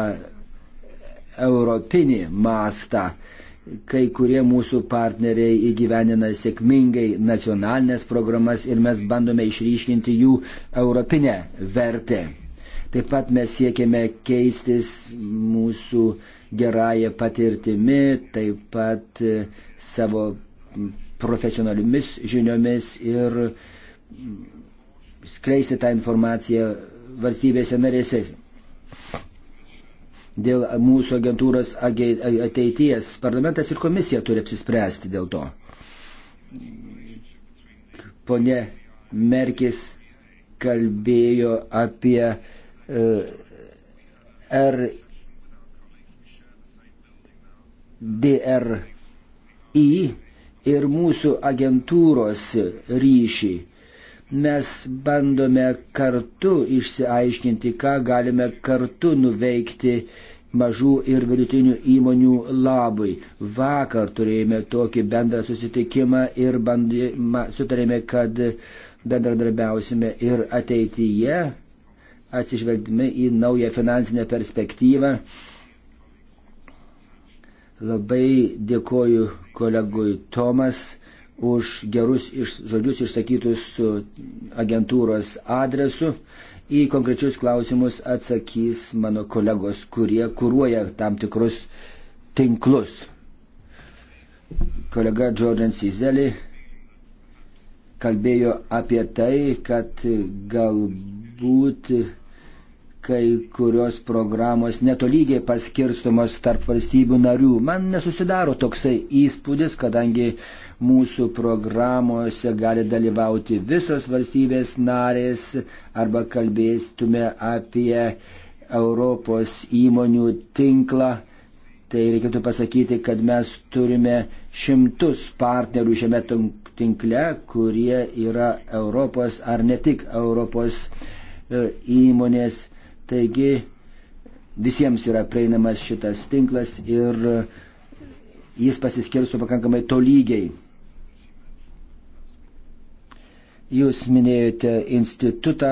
S1: europinį mastą. Kai kurie mūsų partneriai įgyvenina sėkmingai nacionalinės programas ir mes bandome išryškinti jų europinę vertę. Taip pat mes siekiame keistis mūsų gerąją patirtimi, taip pat e, savo profesionaliomis žiniomis ir skleisti tą informaciją valstybėse narėse dėl mūsų agentūros ateities. Parlamentas ir komisija turi apsispręsti dėl to. Pone Merkis kalbėjo apie uh, e, RDRI ir mūsų agentūros ryšį Mes bandome kartu išsiaiškinti, ką galime kartu nuveikti mažų ir vidutinių įmonių labui. Vakar turėjome tokį bendrą susitikimą ir bandėma, sutarėme, kad bendradarbiausime ir ateityje, atsižvelgdami į naują finansinę perspektyvą. Labai dėkoju kolegui Tomas už gerus iš, žodžius išsakytus agentūros adresu. Į konkrečius klausimus atsakys mano kolegos, kurie kūruoja tam tikrus tinklus. Kolega Džordžan Sizeli kalbėjo apie tai, kad galbūt kai kurios programos netolygiai paskirstomos tarp valstybių narių. Man nesusidaro toksai įspūdis, kadangi uh, Mūsų programuose gali dalyvauti visos valstybės narės arba kalbėstume apie Europos įmonių tinklą. Tai reikėtų pasakyti, kad mes turime šimtus partnerių šiame tinkle, kurie yra Europos ar ne tik Europos e, įmonės. Taigi visiems yra prieinamas šitas tinklas ir e, jis pasiskirsto pakankamai tolygiai. Jūs minėjote institutą,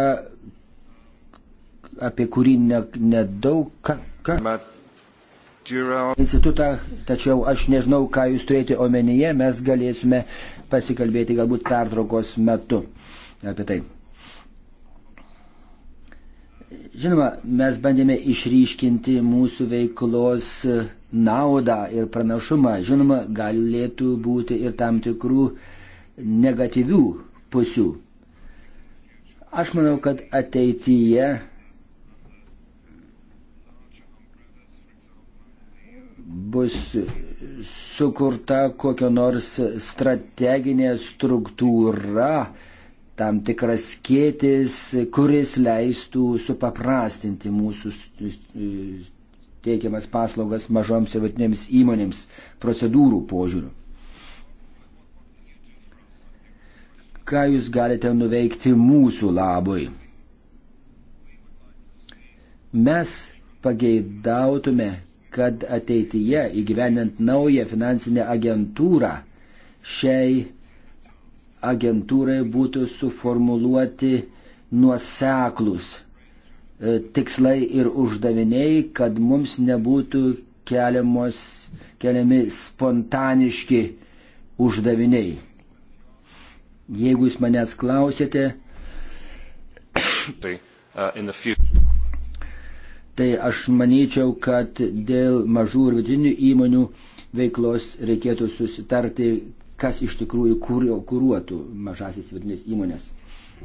S1: apie kurį nedaug. Ne, ne Institutą, tačiau aš nežinau, ką jūs turėjote omenyje, mes galėsime pasikalbėti galbūt pertraukos metu apie tai. Žinoma, mes bandėme išryškinti mūsų veiklos e, naudą ir pranašumą. Žinoma, galėtų būti ir tam tikrų negatyvių pusių. Aš manau, kad ateityje bus sukurta kokia nors strateginė struktūra, tam tikras kėtis, kuris leistų supaprastinti mūsų teikiamas paslaugas mažoms ir vatinėms įmonėms procedūrų požiūriu. ką jūs galite nuveikti mūsų labui. Mes pageidautume, kad ateityje įgyvenant naują finansinę agentūrą, šiai agentūrai būtų suformuluoti nuoseklus e, tikslai ir uždaviniai, kad mums nebūtų keliamos, keliami spontaniški uždaviniai. Jeigu jūs manęs klausėte,
S2: tai, e,
S1: tai aš manyčiau, kad dėl mažų ir vidutinių įmonių veiklos reikėtų susitarti, kas iš tikrųjų kūruotų mažasis vidutinės įmonės.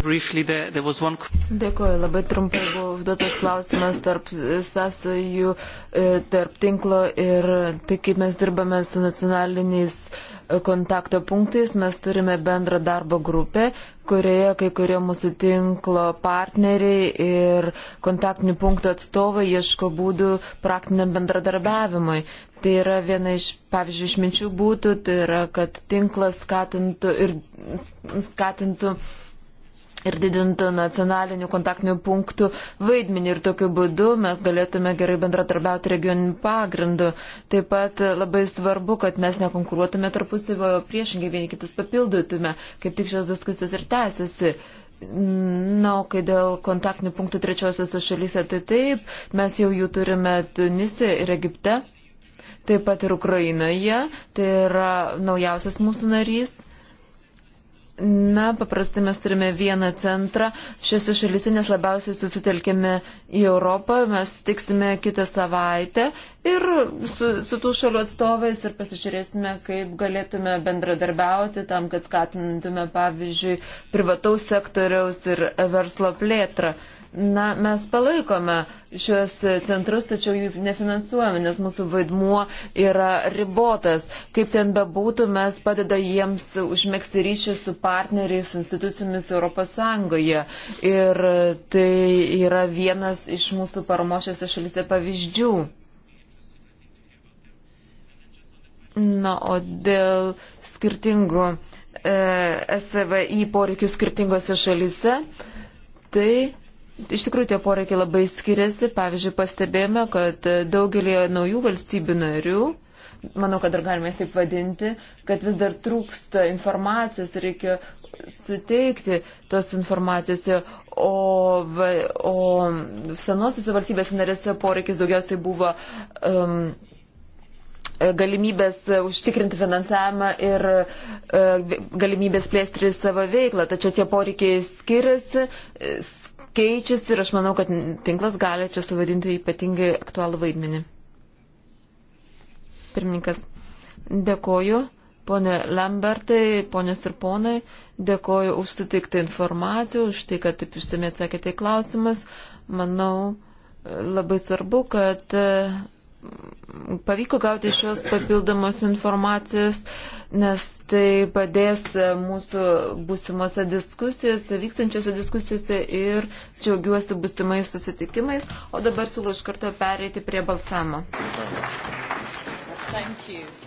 S1: One...
S3: Dėkuoju, labai trumpai buvo užduotas klausimas tarp sąsojų, e, tarp tinklo ir tai, kaip mes dirbame su nacionaliniais e, kontakto punktais. Mes turime bendrą darbo grupę, kurioje kai kurie mūsų tinklo partneriai ir kontaktinių punktų atstovai ieško būdų praktiniam bendradarbiavimui. Tai yra viena iš, pavyzdžiui, išminčių būtų, tai yra, kad tinklas skatintų ir skatintų ir didintų nacionalinių kontaktinių punktų vaidmenį ir tokiu būdu mes galėtume gerai bendratarbiauti regioniniu pagrindu. Taip pat labai svarbu, kad mes nekonkuruotume tarpusavio priešingai vieni kitus papildytume, kaip tik šios diskusijos ir tęsiasi. Na, o kai dėl kontaktinių punktų trečiosiose šalyse, tai taip, mes jau jų turime Tunise ir Egipte, taip pat ir Ukrainoje, tai yra naujausias mūsų narys. Na, paprastai mes turime vieną centrą šiose šalyse, nes labiausiai susitelkėme į Europą, mes tiksime kitą savaitę ir su, su tų šalių atstovais ir pasižiūrėsime, kaip galėtume bendradarbiauti tam, kad skatintume, pavyzdžiui, privataus sektoriaus ir verslo plėtrą. Na, mes palaikome šios centrus, tačiau jų nefinansuojame, nes mūsų vaidmuo yra ribotas. Kaip ten bebūtų, mes padeda jiems užmėgsti ryšį su partneriais, su institucijomis ES. Ir tai yra vienas iš mūsų paramošiose šalise pavyzdžių. Na, o dėl skirtingų e, SVI poreikių skirtingose šalise, tai Iš tikrųjų, tie poreikiai labai skiriasi. Pavyzdžiui, pastebėjome, kad daugelį naujų valstybių narių, manau, kad dar galime taip vadinti, kad vis dar trūksta informacijos, reikia suteikti tos informacijos. O, o senosiuose valstybės narėse poreikis daugiausiai buvo. Um, galimybės užtikrinti finansavimą ir uh, galimybės plėsti savo veiklą. Tačiau tie poreikiai skiriasi, keičiasi ir aš manau, kad tinklas gali čia suvadinti ypatingai aktualų vaidmenį. Pirmininkas, dėkoju. Pone Lambertai, ponės ir ponai, dėkoju už sutiktą informaciją, už tai, kad taip išsamei atsakėte į klausimus. Manau, labai svarbu, kad mm, pavyko gauti šios papildomos informacijos. Uh, nes tai padės mūsų būsimose diskusijose, vykstančiose diskusijose ir džiaugiuosi būsimais susitikimais. O dabar siūlau iš karto pereiti prie balsamo. Thank you.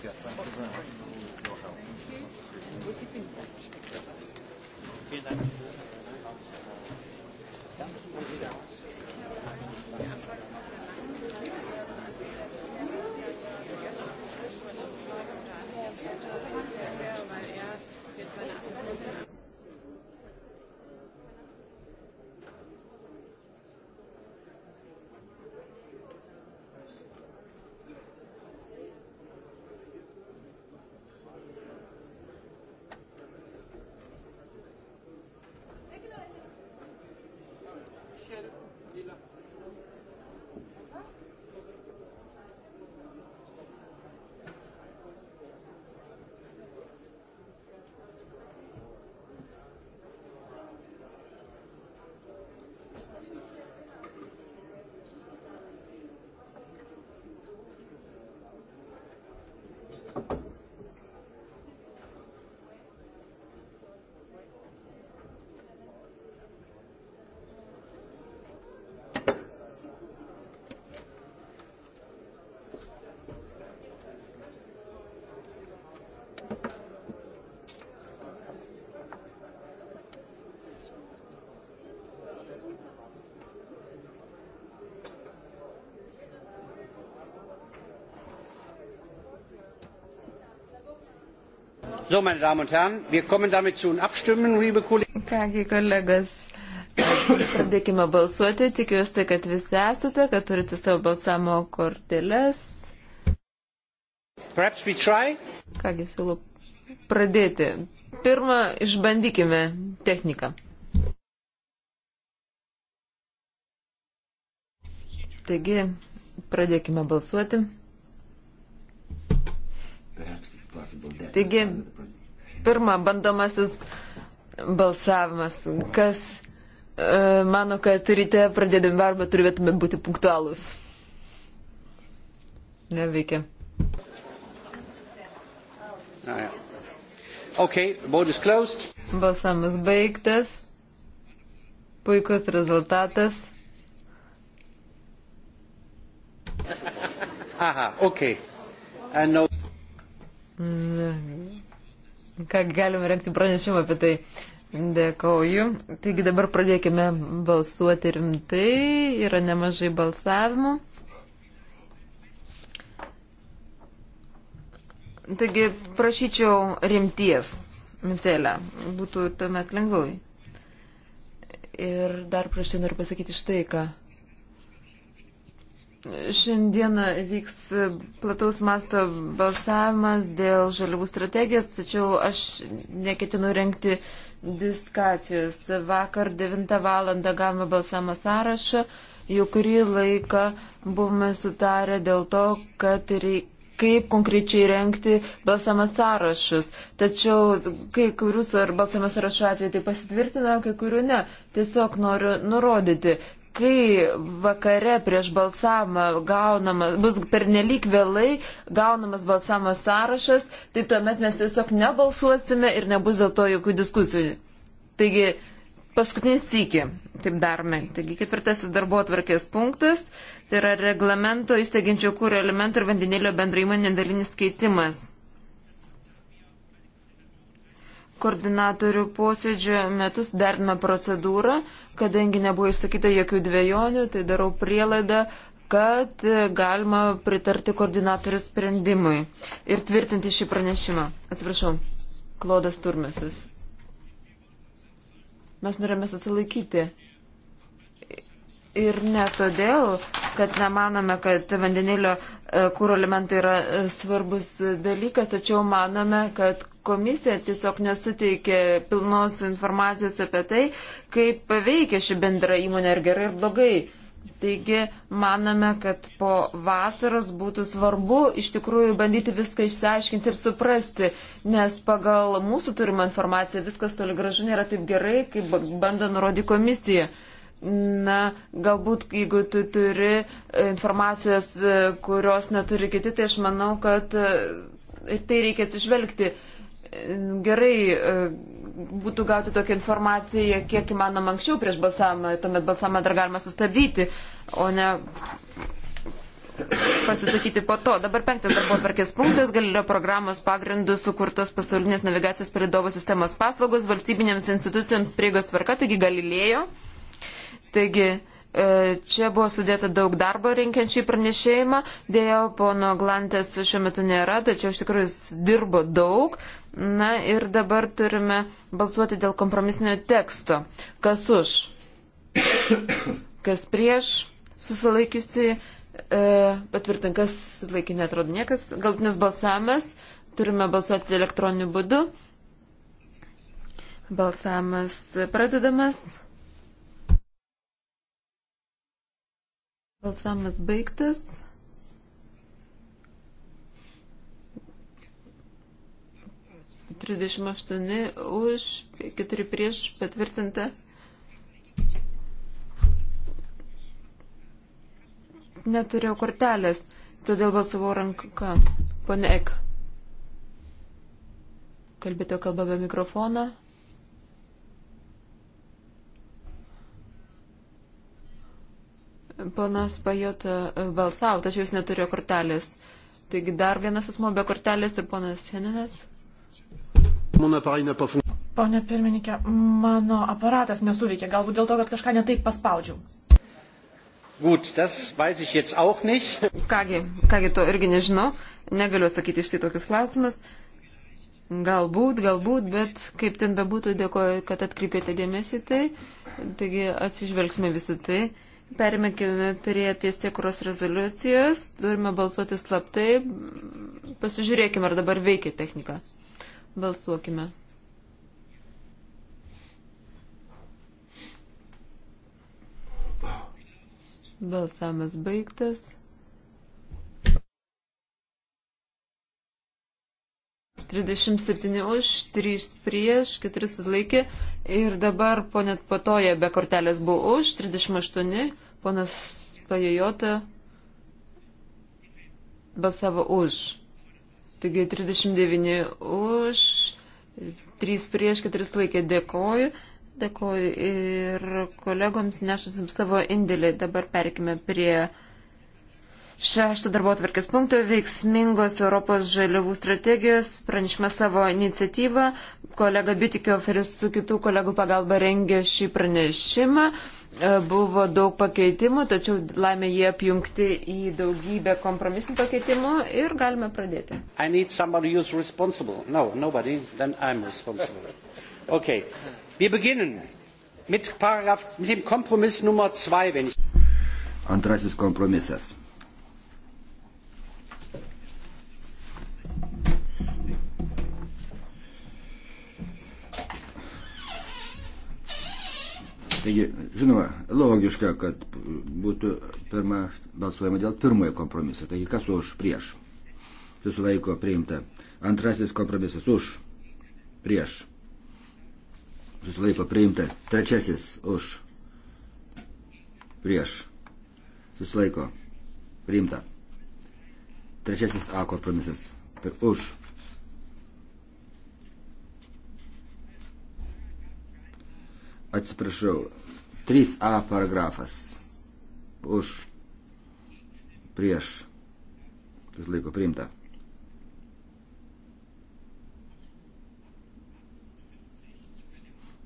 S1: So, meine Damen und Herren, wir kommen damit zu
S3: Abstimmen, liebe Kollegen. Kągi, kolegas, pradėkime balsuoti. Tikiuosi, kad visi esate, kad turite savo balsamo korteles.
S1: Kągi,
S3: siūlau pradėti. Pirmą išbandykime techniką. Taigi, pradėkime balsuoti. Taigi, Pirma, bandomasis balsavimas. Kas e, mano, kad ryte pradėdami darbą turėtume būti punktualūs? Neveikia.
S1: Ah, okay, Balsavimas
S3: baigtas. Puikus rezultatas.
S1: Aha, okay.
S3: I know. Mm ką galime renkti pranešimą apie tai. Dėkauju. Taigi dabar pradėkime balsuoti rimtai. Yra nemažai balsavimų. Taigi prašyčiau rimties, Mitelė. Būtų tuomet lengviau. Ir dar prieš tai noriu pasakyti štai ką. Šiandien vyks plataus masto balsavimas dėl žaliavų strategijos, tačiau aš neketinu renkti diskacijos. Vakar 9 val. gavome balsavimo sąrašą, jau kurį laiką buvome sutarę dėl to, kad reikia kaip konkrečiai renkti balsamą sąrašus. Tačiau kai kurius ar balsamą sąrašų atveju tai pasitvirtina, kai kurių ne. Tiesiog noriu nurodyti, kai vakare prieš balsamą gaunamas, bus pernelyg vėlai gaunamas balsamas sąrašas, tai tuomet mes tiesiog nebalsuosime ir nebus dėl to jokių diskusijų. Taigi, paskutinį sykį taip darome. Taigi, ketvirtasis darbo atvarkės punktas, tai yra reglamento įsteigiančio kūro elementų ir vandenėlio bendrai įmonė dalinis keitimas koordinatorių posėdžio metus derinome procedūrą, kadangi nebuvo išsakyta jokių dviejonių, tai darau prielaidą, kad galima pritarti koordinatorių sprendimui ir tvirtinti šį pranešimą. Atsiprašau, Klodas Turmesis. Mes norėjome susilaikyti. Ir ne todėl, kad nemanome, kad vandenilio e, kūro elementai yra e, svarbus dalykas, tačiau manome, kad komisija tiesiog nesuteikė pilnos informacijos apie tai, kaip paveikia ši bendra įmonė ar gerai ar blogai. Taigi manome, kad po vasaros būtų svarbu iš tikrųjų bandyti viską išsiaiškinti ir suprasti, nes pagal mūsų turimą informaciją viskas toli gražu nėra taip gerai, kaip bando nurodyti komisija. Na, galbūt, jeigu tu turi e, informacijos, e, kurios neturi kiti, tai aš manau, kad e, ir tai reikia atsižvelgti. Gerai būtų gauti tokią informaciją, kiek įmanoma anksčiau prieš balsavimą, tuomet balsavimą dar galima sustabdyti, o ne pasisakyti po to. Dabar penktas darbo atvarkės punktas galėjo programos pagrindų sukurtos pasaulinės navigacijos palidovų sistemos paslaugos valstybinėms institucijoms prieigos tvarka, taigi galilėjo. Taigi, e, čia buvo sudėta daug darbo rinkiant šį pranešėjimą, dėja, pono Glantės šiuo metu nėra, tačiau iš tikrųjų jis dirbo daug. Na ir dabar turime balsuoti dėl kompromisinio teksto. Kas už? Kas prieš? Susilaikiusi e, patvirtinkas, laikinė atrodo niekas, galtinis balsavimas, turime balsuoti elektroniniu būdu. Balsavimas pradedamas. Balsamas baigtas. Trisdešimt aštuoni už, keturi prieš patvirtinta. Neturėjau kortelės, todėl balsavau ranką. Pone Ek. Kalbėtojo kalba be mikrofono. Ponas Pajot e, balsavo, tačiau jis neturėjo kortelės. Taigi dar vienas asmo be kortelės ir ponas Seninas. Pone
S2: pirmininkė, mano aparatas nesuveikė, galbūt dėl to, kad kažką netaip paspaudžiau.
S1: Gut, das weiß ich jetzt auch nicht.
S3: Kągi, kągi to irgi nežinau, negaliu atsakyti iš tai tokius klausimus. Galbūt, galbūt, bet kaip ten bebūtų, dėkoju, kad atkreipėte dėmesį tai. Taigi atsižvelgsime visą tai. Perimėkime prie tiesiekros rezoliucijos. Turime balsuoti slaptai. Pasižiūrėkime, ar dabar veikia technika. Balsuokime. Balsamas baigtas. Trisdešimt septyni už, trys prieš, keturi sulaikė. Ir dabar ponė Patoja be kortelės buvo už, 38, ponas Pajojota balsavo už. Taigi 39 už, 3 prieš, 4 laikė. Dėkoju. Dėkoju ir kolegoms nešusim savo indėlį. Dabar perkime prie Šešto darbo atvarkės punkto veiksmingos Europos žaliavų strategijos pranešime savo iniciatyvą. Kolega Bitikioferis su kitų kolegų pagalba rengė šį pranešimą. E, Buvo daug pakeitimų, tačiau laimė jie apjungti į daugybę kompromisų pakeitimų ir galime
S1: pradėti. No, nobody, okay. mit paragraf, mit Antrasis kompromisas. Taigi, žinoma, logiška, kad būtų pirma balsuojama dėl pirmojo kompromiso. Taigi, kas už prieš? Susilaiko priimta. Antrasis kompromisas už prieš. Susilaiko priimta. Trečiasis už prieš. Susilaiko priimta. Trečiasis A kompromisas už atsiprašau, 3a paragrafas už prieš vis laiko priimta.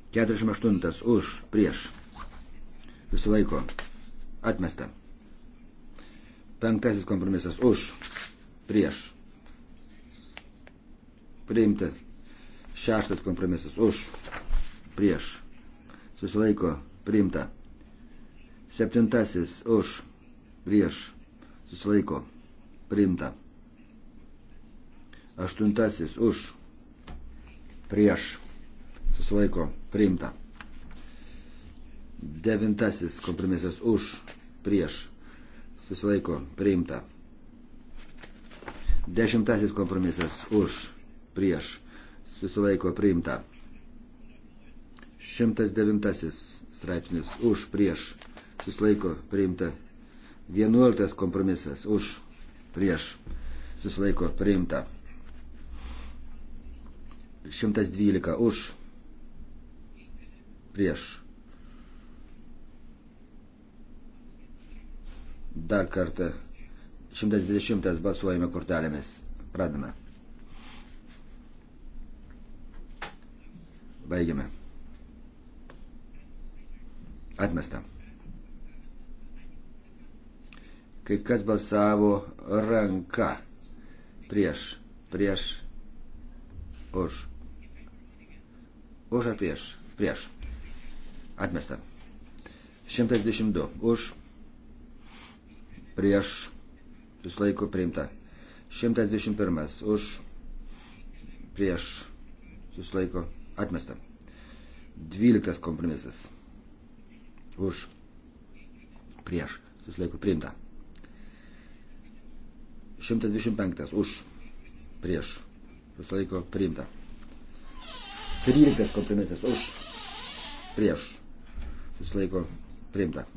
S1: Keturiasdešimt aštuntas už prieš visų laiko atmesta. Penktasis kompromisas už prieš priimta. Šeštas kompromisas už prieš susilaiko priimta. Septintasis už prieš susilaiko priimta. Aštuntasis už prieš susilaiko priimta. Devintasis kompromisas už prieš susilaiko priimta. Dešimtasis kompromisas už prieš susilaiko priimta. 109 straipsnis už prieš susilaiko priimta. 11 kompromisas už prieš susilaiko priimta. 112 už prieš. Dar kartą 120 balsuojame kortelėmis. Pradame. Baigiame. Atmesta. Kai kas balsavo ranka prieš, prieš, už. Už ar prieš? Prieš. Atmesta. 122. Už. Prieš. Vis laiko priimta. 121. Už. Prieš. Vis laiko atmesta. 12 kompromisas už prieš susilaiko priimta. 125 už prieš susilaiko priimta. 13 kompromisas už prieš susilaiko priimta.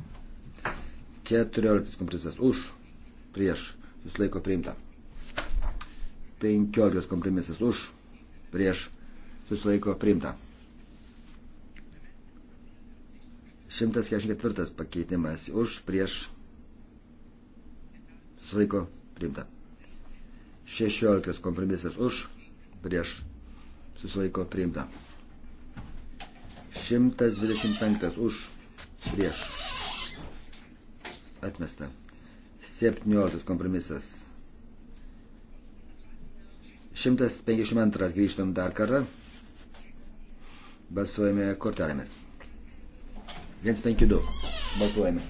S1: 14 kompromisas už prieš susilaiko priimta. 15 kompromisas už prieš susilaiko priimta. 144 pakeitimas už prieš sulaiko priimta. 16 kompromisas už prieš susilaiko priimta. 125 už prieš atmesta. 17 kompromisas. 152 grįžtam dar kartą. Balsuojame kortelėmis. 152. Balsuojame.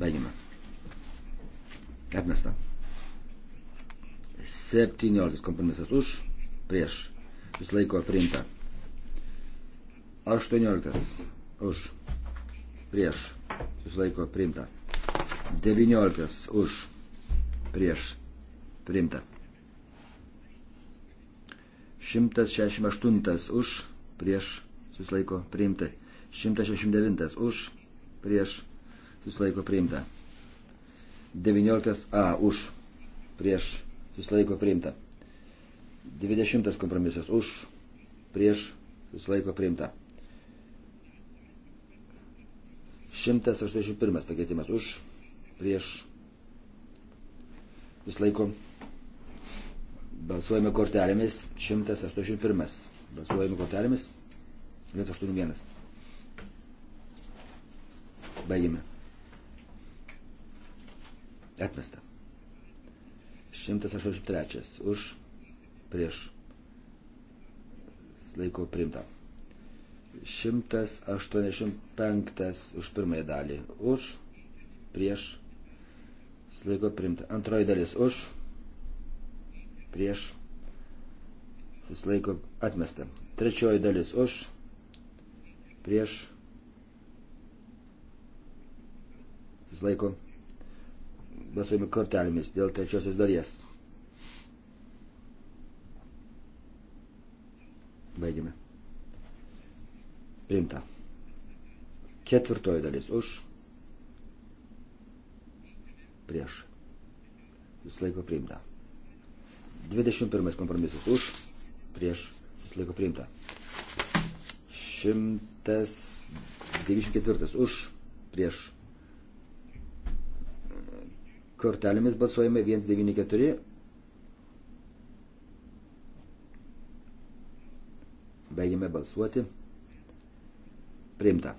S1: Baigime. Atmesta. 17 kompromisas už, prieš. Jūs laiko priimta. 18 už, prieš. Jūs laiko priimta. 19 už, prieš. Priimta. 168 už, prieš susilaiko priimta. 169 už prieš susilaiko priimta. 19a už prieš susilaiko priimta. 20 kompromisas už prieš susilaiko priimta. 181 pakeitimas už prieš susilaiko. Balsuojame kortelėmis 181. Balsuojame kortelėmis. 181. Baigime. Atmesta. 183. Už prieš. Laiko primta. 185 už pirmąją dalį. Už prieš. Laiko primta. Antroji dalis. Už prieš susilaiko atmesta. Trečioji dalis už, prieš, susilaiko balsuojami kortelėmis dėl trečiosios dalies. Baigime. Priimta. Ketvirtoji dalis už, prieš. Susilaiko priimta. 21 kompromisas už prieš susilaiko priimta. 194 už prieš. Kortelėmis balsuojame 194. Baigėme balsuoti. Priimta.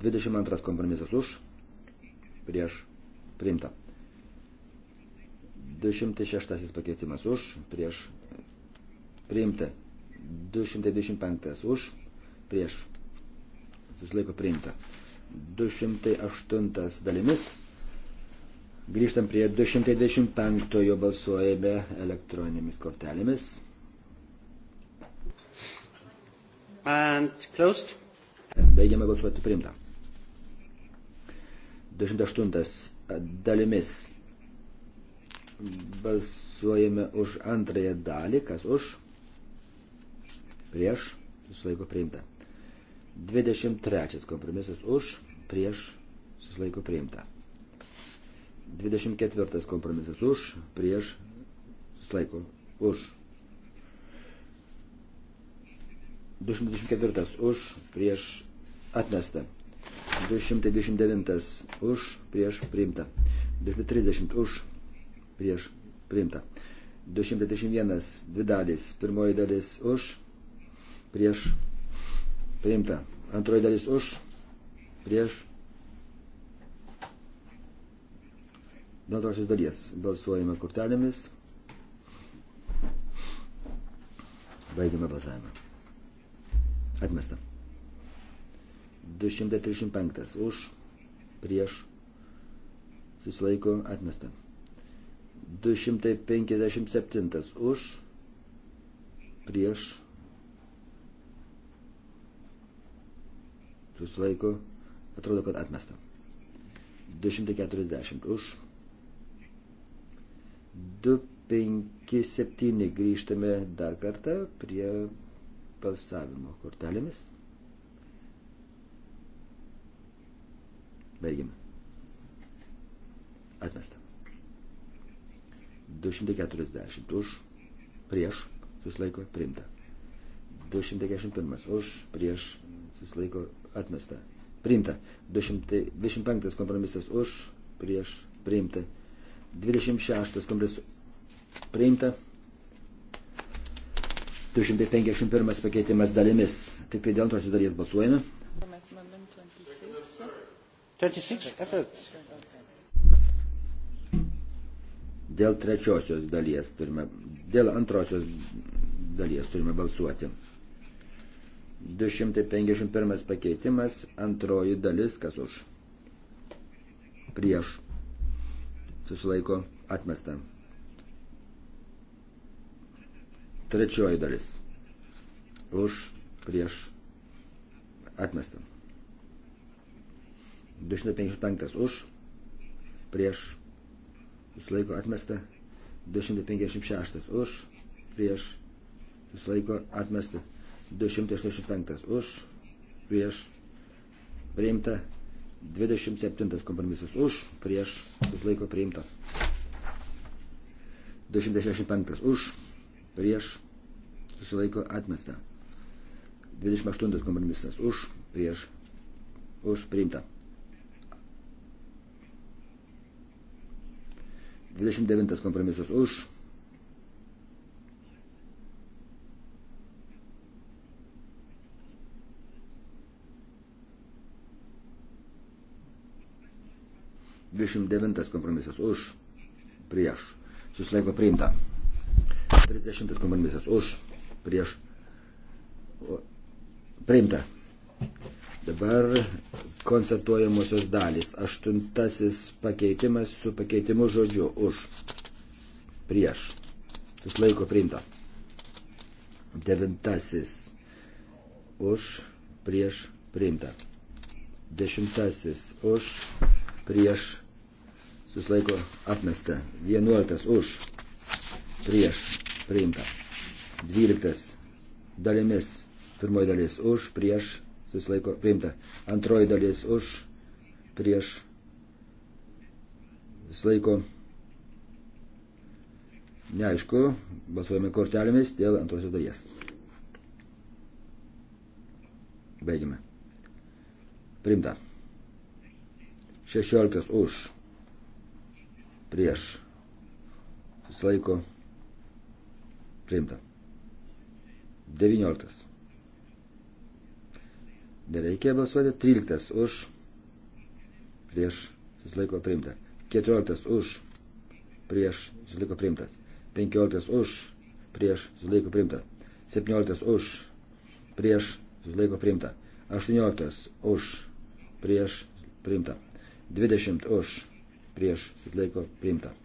S1: 22 kompromisas už prieš priimta. 206 pakeitimas už, prieš, priimta. 225 už, prieš, susilaiko priimta. 208 dalimis. Grįžtam prie 225 balsuojame elektroninėmis kortelėmis. And closed. Baigiame balsuoti priimta. 208 dalimis Balsuojame už antrąją dalį, kas už, prieš, susilaiko priimta. 23 kompromisas už, prieš, susilaiko priimta. 24 kompromisas už, prieš, susilaiko už. 224 už, prieš, atmesta. 229 už, prieš, priimta. 230 už, prieš priimta. 221, dvi dalys. Pirmoji dalis už, prieš priimta. Antroji dalis už, prieš bendrosios dalies. Balsuojame kortelėmis. Baigiame balsavimą. Atmesta. 235 už, prieš, susilaiko, atmesta. 257 už, prieš, susilaiko, atrodo, kad atmesta. 240 už, 257 grįžtame dar kartą prie balsavimo kortelėmis. Baigiame. Atmesta. 240 už, prieš, susilaiko priimta. 241 už, prieš, susilaiko atmesta. Priimta. 225 kompromisas už, prieš, priimta. 26 kompromisas priimta. 251 pakeitimas dalimis. Tik tai dėl antrosios dalies balsuojame. 26 efforts. Dėl trečiosios dalies turime, dėl antrosios dalies turime balsuoti. 251 pakeitimas, antroji dalis, kas už. Prieš. Susilaiko atmesta. Trečioji dalis. Už, prieš, atmesta. 255 už, prieš, susilaiko atmesta 256 už, prieš susilaiko atmesta 285 už, prieš priimta 27 kompromisas už, prieš susilaiko priimta 265 už, prieš susilaiko atmesta 28 kompromisas už, prieš už priimta 29 kompromisas už. Dvidešimt devintas kompromisas už, prieš, susilaiko priimta. Trisdešimtas kompromisas už, prieš, priimta. Dabar konstatuojamosios dalys. Aštuntasis pakeitimas su pakeitimu žodžiu už. Prieš. Jis laiko printa. Devintasis. Už. Prieš. Primta. Dešimtasis. Už. Prieš. Suslaiko atmesta. Vienuoliktas. Už. Prieš. Priimta. Dvyliktas. Dalimis. Pirmoji dalis. Už. Prieš susilaiko priimta. Antroji dalis už, prieš, susilaiko neaišku, balsuojame kortelėmis dėl antrosios dalies. Baigime. Primta. 16 už, prieš, susilaiko priimta. 19. Nereikia balsuoti. 13 už. Prieš. Susilaiko priimta. 14 už. Prieš. Susilaiko priimtas. 15 už. Prieš. Susilaiko priimta. 17 už. Prieš. Susilaiko priimta. 18 už. Prieš. Priimta. 20 už. Prieš. Susilaiko priimta.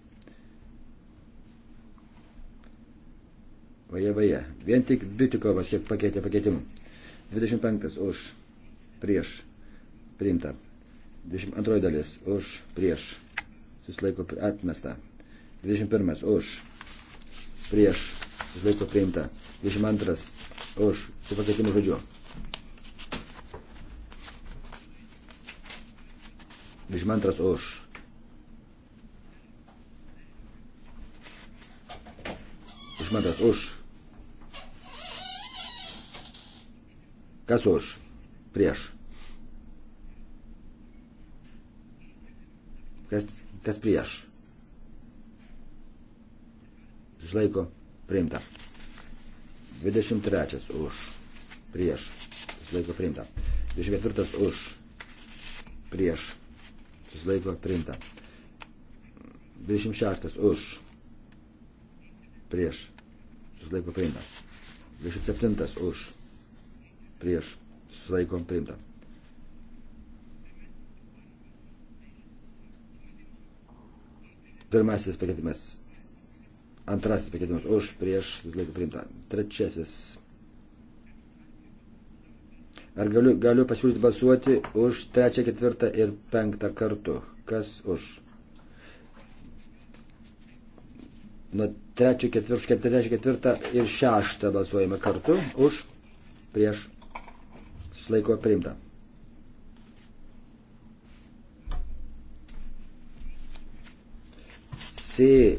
S1: Vaje, vaje. Vien tik Bitikovas kiek pakeitė pakeitimų. 25 už prieš priimta. 22 dalis už prieš susilaiko atmesta. 21 už prieš susilaiko priimta. 22 už su pasakymu žodžiu. 22 už. Išmatas už. Kas už? prieš. Kas, kas prieš? Išlaiko priimta. 23 už prieš. Išlaiko priimta. 24 už prieš. Išlaiko priimta. 26 už prieš. Išlaiko priimta. 27 už prieš sulaikom priimta. Pirmasis pakeitimas. Antrasis pakeitimas už prieš laiką priimta. Trečiasis. Ar galiu, galiu pasiūlyti balsuoti už trečią, ketvirtą ir penktą kartu? Kas už? Nuo trečio, ketvirto, ketvirto ir šeštą balsuojame kartu už prieš susilaiko priimta. C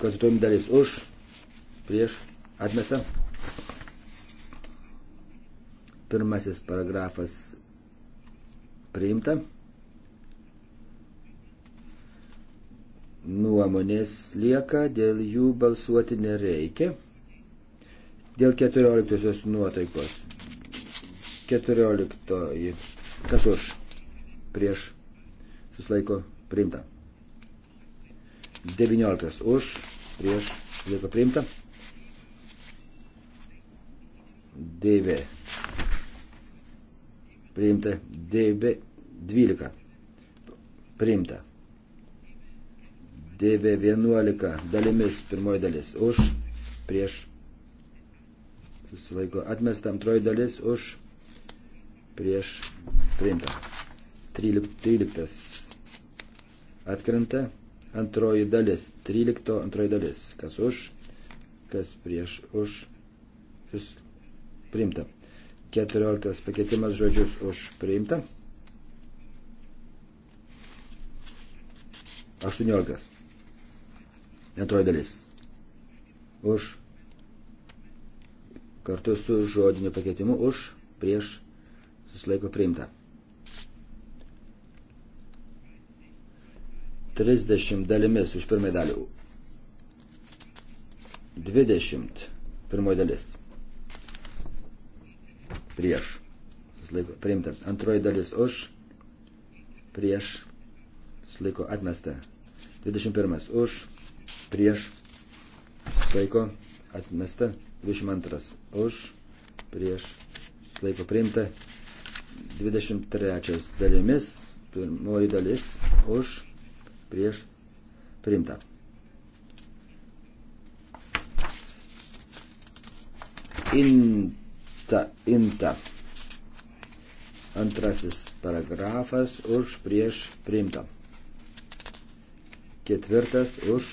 S1: konstituojami dalis už, prieš, atmesta. Pirmasis paragrafas priimta. nuomonės lieka, dėl jų balsuoti nereikia. Dėl 14 nuotaikos 14. Kas už? Prieš. Suslaiko priimta. 19. Už. Prieš. Suslaiko priimta. 9. Priimta. 9. 12. Priimta. 9. 11. Dalimis. Pirmoji dalis. Už. Prieš. Susilaiko atmesta antroji dalis už prieš priimtą. 13 atkrenta antroji dalis, 13 antroji dalis, kas už, kas prieš už, vis priimta. 14 pakeitimas žodžius už priimta. 18 antroji dalis, už, kartu su žodiniu pakeitimu už, prieš susilaiko priimta. 30 dalimis už pirmąją dalį. 20 pirmoji dalis. Prieš. Susilaiko priimta. Antroji dalis už. Prieš. Susilaiko atmesta. 21 už. Prieš. Susilaiko atmesta. 22 už. Prieš. Susilaiko priimta. 23 dalimis, pirmoji dalis už prieš primtą. Inta, inta. Antrasis paragrafas už prieš primtą. Ketvirtas už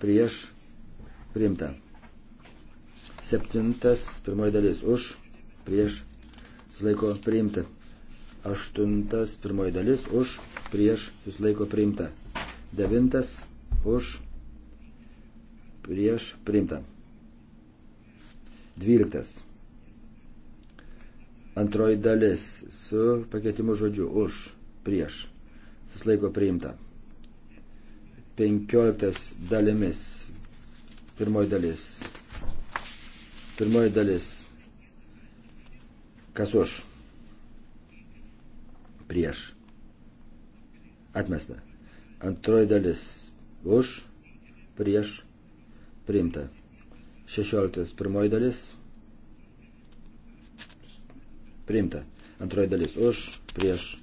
S1: prieš primtą. Septintas, pirmoji dalis už prieš primtą laiko priimta. Aštuntas, pirmoji dalis, už, prieš, susilaiko priimta. Devintas, už, prieš, priimta. Dvyliktas. Antroji dalis su pakeitimu žodžiu už, prieš, susilaiko priimta. Penkioliktas dalimis. Pirmoji dalis. Pirmoji dalis Kas už? Prieš. Atmesta. Antroji dalis. Už. Prieš. Priimta. 16. Pirmoji dalis. Priimta. Antroji dalis. Už. Prieš.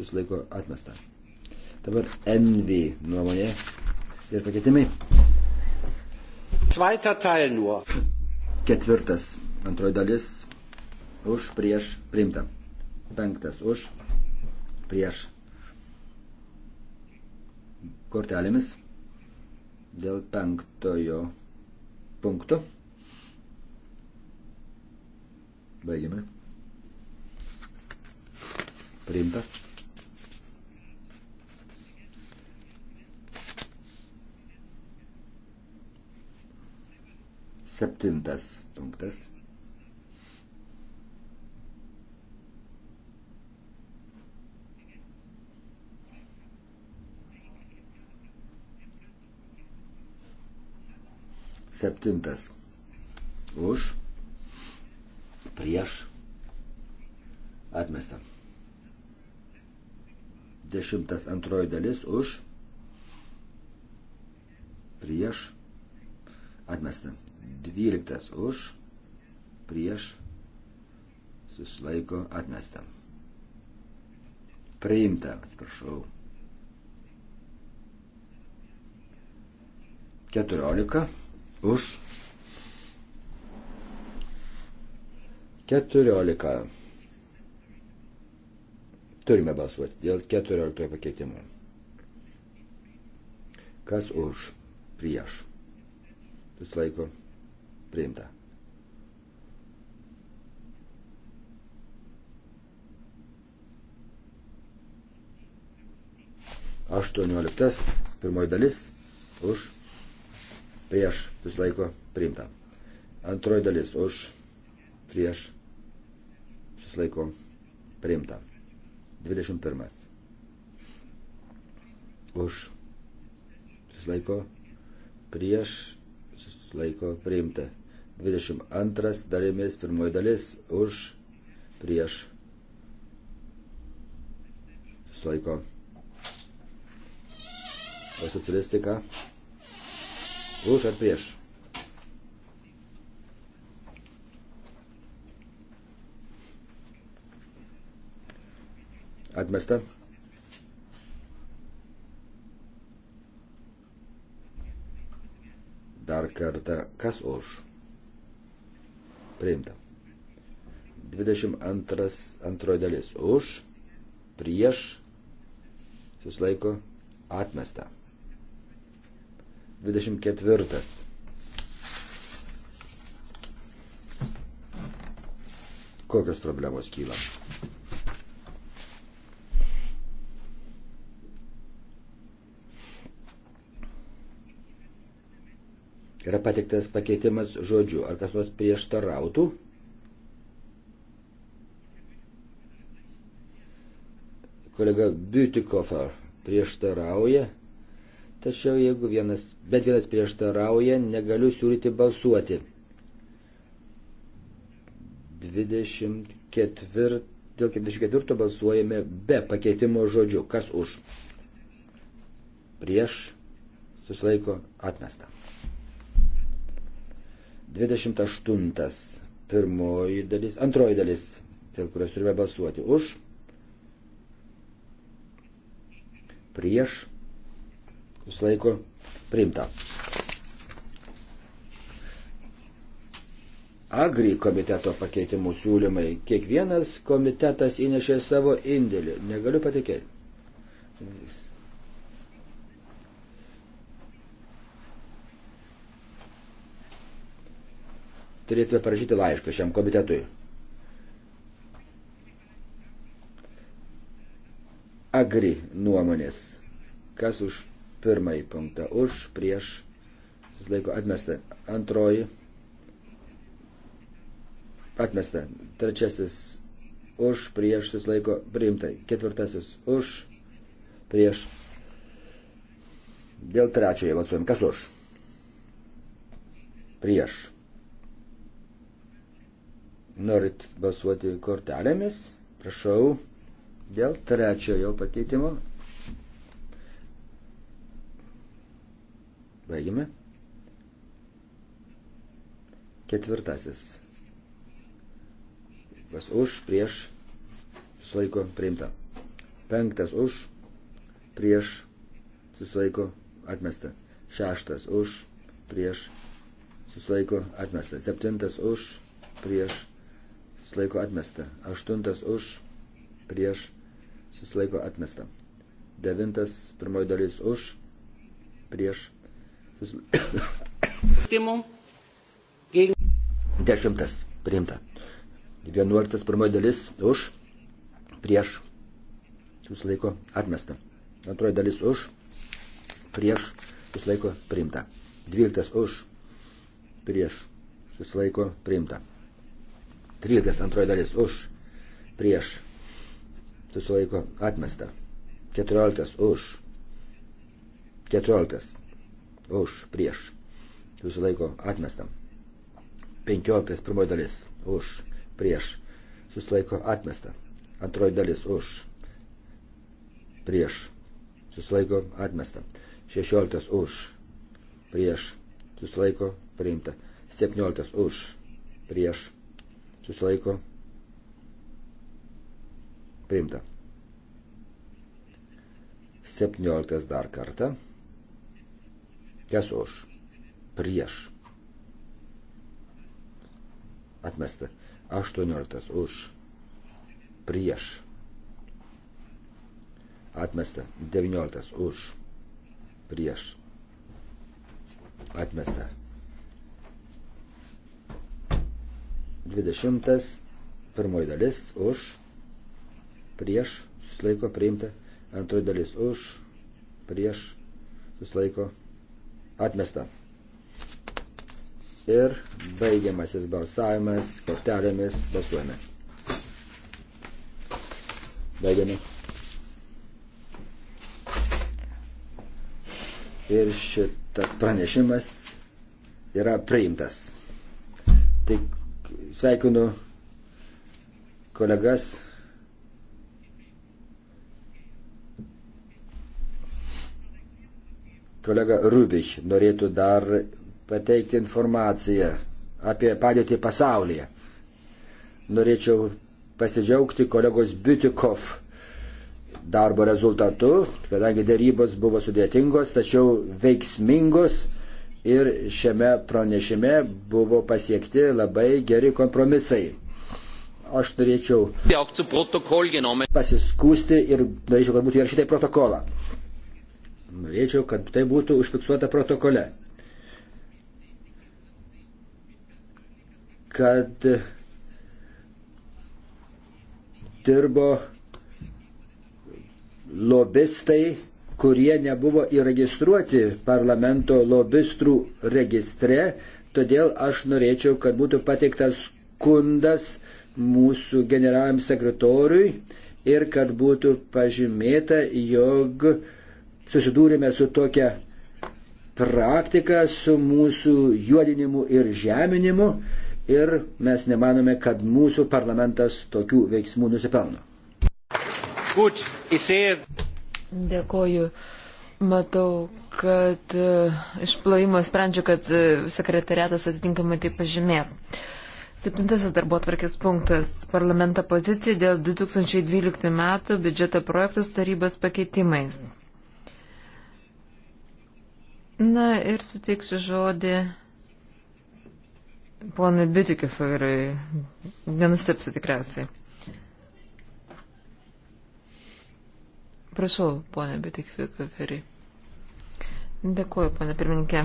S1: Susilaiko atmesta. Dabar NV nuomonė ir pakeitimai. Zweiter Teil nur. Ketvirtas. Antroji dalis už prieš priimta. Penktas už prieš kortelėmis dėl penktojo punkto. Baigime. Priimta. Septintas punktas. Septintas. Už. Prieš. Atmesta. Dešimtas antroji dalis. Už. Prieš. Atmesta. Dvyliktas. Už. Prieš. Susilaiko. Atmesta. Priimta. Atsiprašau. 14 už 14. Turime balsuoti dėl 14 pakeitimo. Kas už? Prieš. Vis laiko priimta. Aštuonioliktas, pirmoji dalis, už prieš susilaiko priimta. Antroji dalis už prieš susilaiko priimta. 21. Už susilaiko prieš susilaiko priimta. 22 dalimis pirmoji dalis už prieš susilaiko. O socialistika Už ar prieš? Atmesta. Dar kartą, kas už? Priimta. 22 antroji dalis. Už, prieš, susilaiko, atmesta. 24. Kokios problemos kyla? Yra patiktas pakeitimas žodžiu. Ar kas nors prieštarautų? Kolega Bütikofer prieštarauja. Tačiau jeigu vienas, bet vienas prieštarauja, negaliu siūlyti balsuoti. 24, dėl 44 balsuojame be pakeitimo žodžių. Kas už? Prieš susilaiko atmesta. 28. Pirmoji dalis, antroji dalis, dėl kurios turime balsuoti. Už, prieš susilaiko priimta. Agri komiteto pakeitimų siūlymai. Kiekvienas komitetas įnešė savo indėlį. Negaliu patikėti. Turėtume parašyti laišką šiam komitetui. Agri nuomonės. Kas už pirmąjį punktą. Už, prieš, laiko atmesta. Antroji, atmesta. Trečiasis, už, prieš, susilaiko priimta. Ketvirtasis, už, prieš. Dėl trečiojo balsuojam. Kas už? Prieš. Norit balsuoti kortelėmis? Prašau. Dėl trečiojo pakeitimo Baigime. Ketvirtasis. Kas už, prieš, susilaiko, priimta. Penktas už, prieš, susilaiko, atmesta. Šeštas už, prieš, susilaiko, atmesta. Septintas už, prieš, susilaiko, atmesta. Aštuntas už, prieš, susilaiko, atmesta. Devintas, pirmoji dalis už, prieš, Dešimtas priimta. Vienuoliktas pirmoji dalis už, prieš, jūsų laiko atmesta. Antroji dalis už, prieš, jūsų laiko priimta. Dvyliktas už, prieš, jūsų laiko priimta. Tryliktas antroji dalis už, prieš, jūsų laiko atmesta. Keturioliktas už, keturioliktas už, prieš, susilaiko atmesta. 15 pirmoji dalis už, prieš, susilaiko atmesta. Antroji dalis už, prieš, susilaiko atmesta. 16 už, prieš, susilaiko priimta. 17 už, prieš, susilaiko priimta. 17 dar kartą. Kas už? Prieš. Atmesta. 18 už. Prieš. Atmesta. 19 už. Prieš. Atmesta. 20. Pirmoji dalis už. Prieš. Susilaiko priimta. Antroji dalis už. Prieš. Susilaiko priimta Atmesta. Ir baigiamasis balsavimas kortelėmis balsuojame. Baigiame. Ir šitas pranešimas yra priimtas. Tik sveikinu kolegas kolega Rubich norėtų dar pateikti informaciją apie padėtį pasaulyje. Norėčiau pasidžiaugti kolegos Bitikov darbo rezultatu, kadangi dėrybos buvo sudėtingos, tačiau veiksmingos ir šiame pranešime buvo pasiekti labai geri kompromisai. Aš norėčiau pasiskūsti ir norėčiau, kad būtų įrašyta į protokolą. Norėčiau, kad tai būtų užfiksuota protokole. Kad dirbo lobistai, kurie nebuvo įregistruoti parlamento lobistrų registre, todėl aš norėčiau, kad būtų pateiktas skundas mūsų generaliniam sekretoriui ir kad būtų pažymėta, jog susidūrėme su tokia praktika, su mūsų juodinimu ir žeminimu ir mes nemanome, kad mūsų parlamentas tokių veiksmų nusipelno.
S3: Dėkoju. Matau, kad e, iš plojimo sprendžiu, kad e, sekretariatas atitinkamai tai pažymės. Septintasis darbo atvarkės punktas - parlamento pozicija dėl 2012 m. biudžeto projektus tarybos pakeitimais. Na ir suteiksiu žodį ponui Bitikifui. Nenustepsi tikriausiai. Prašau, ponė Bitikifui. Dėkuoju, ponė pirmininkė.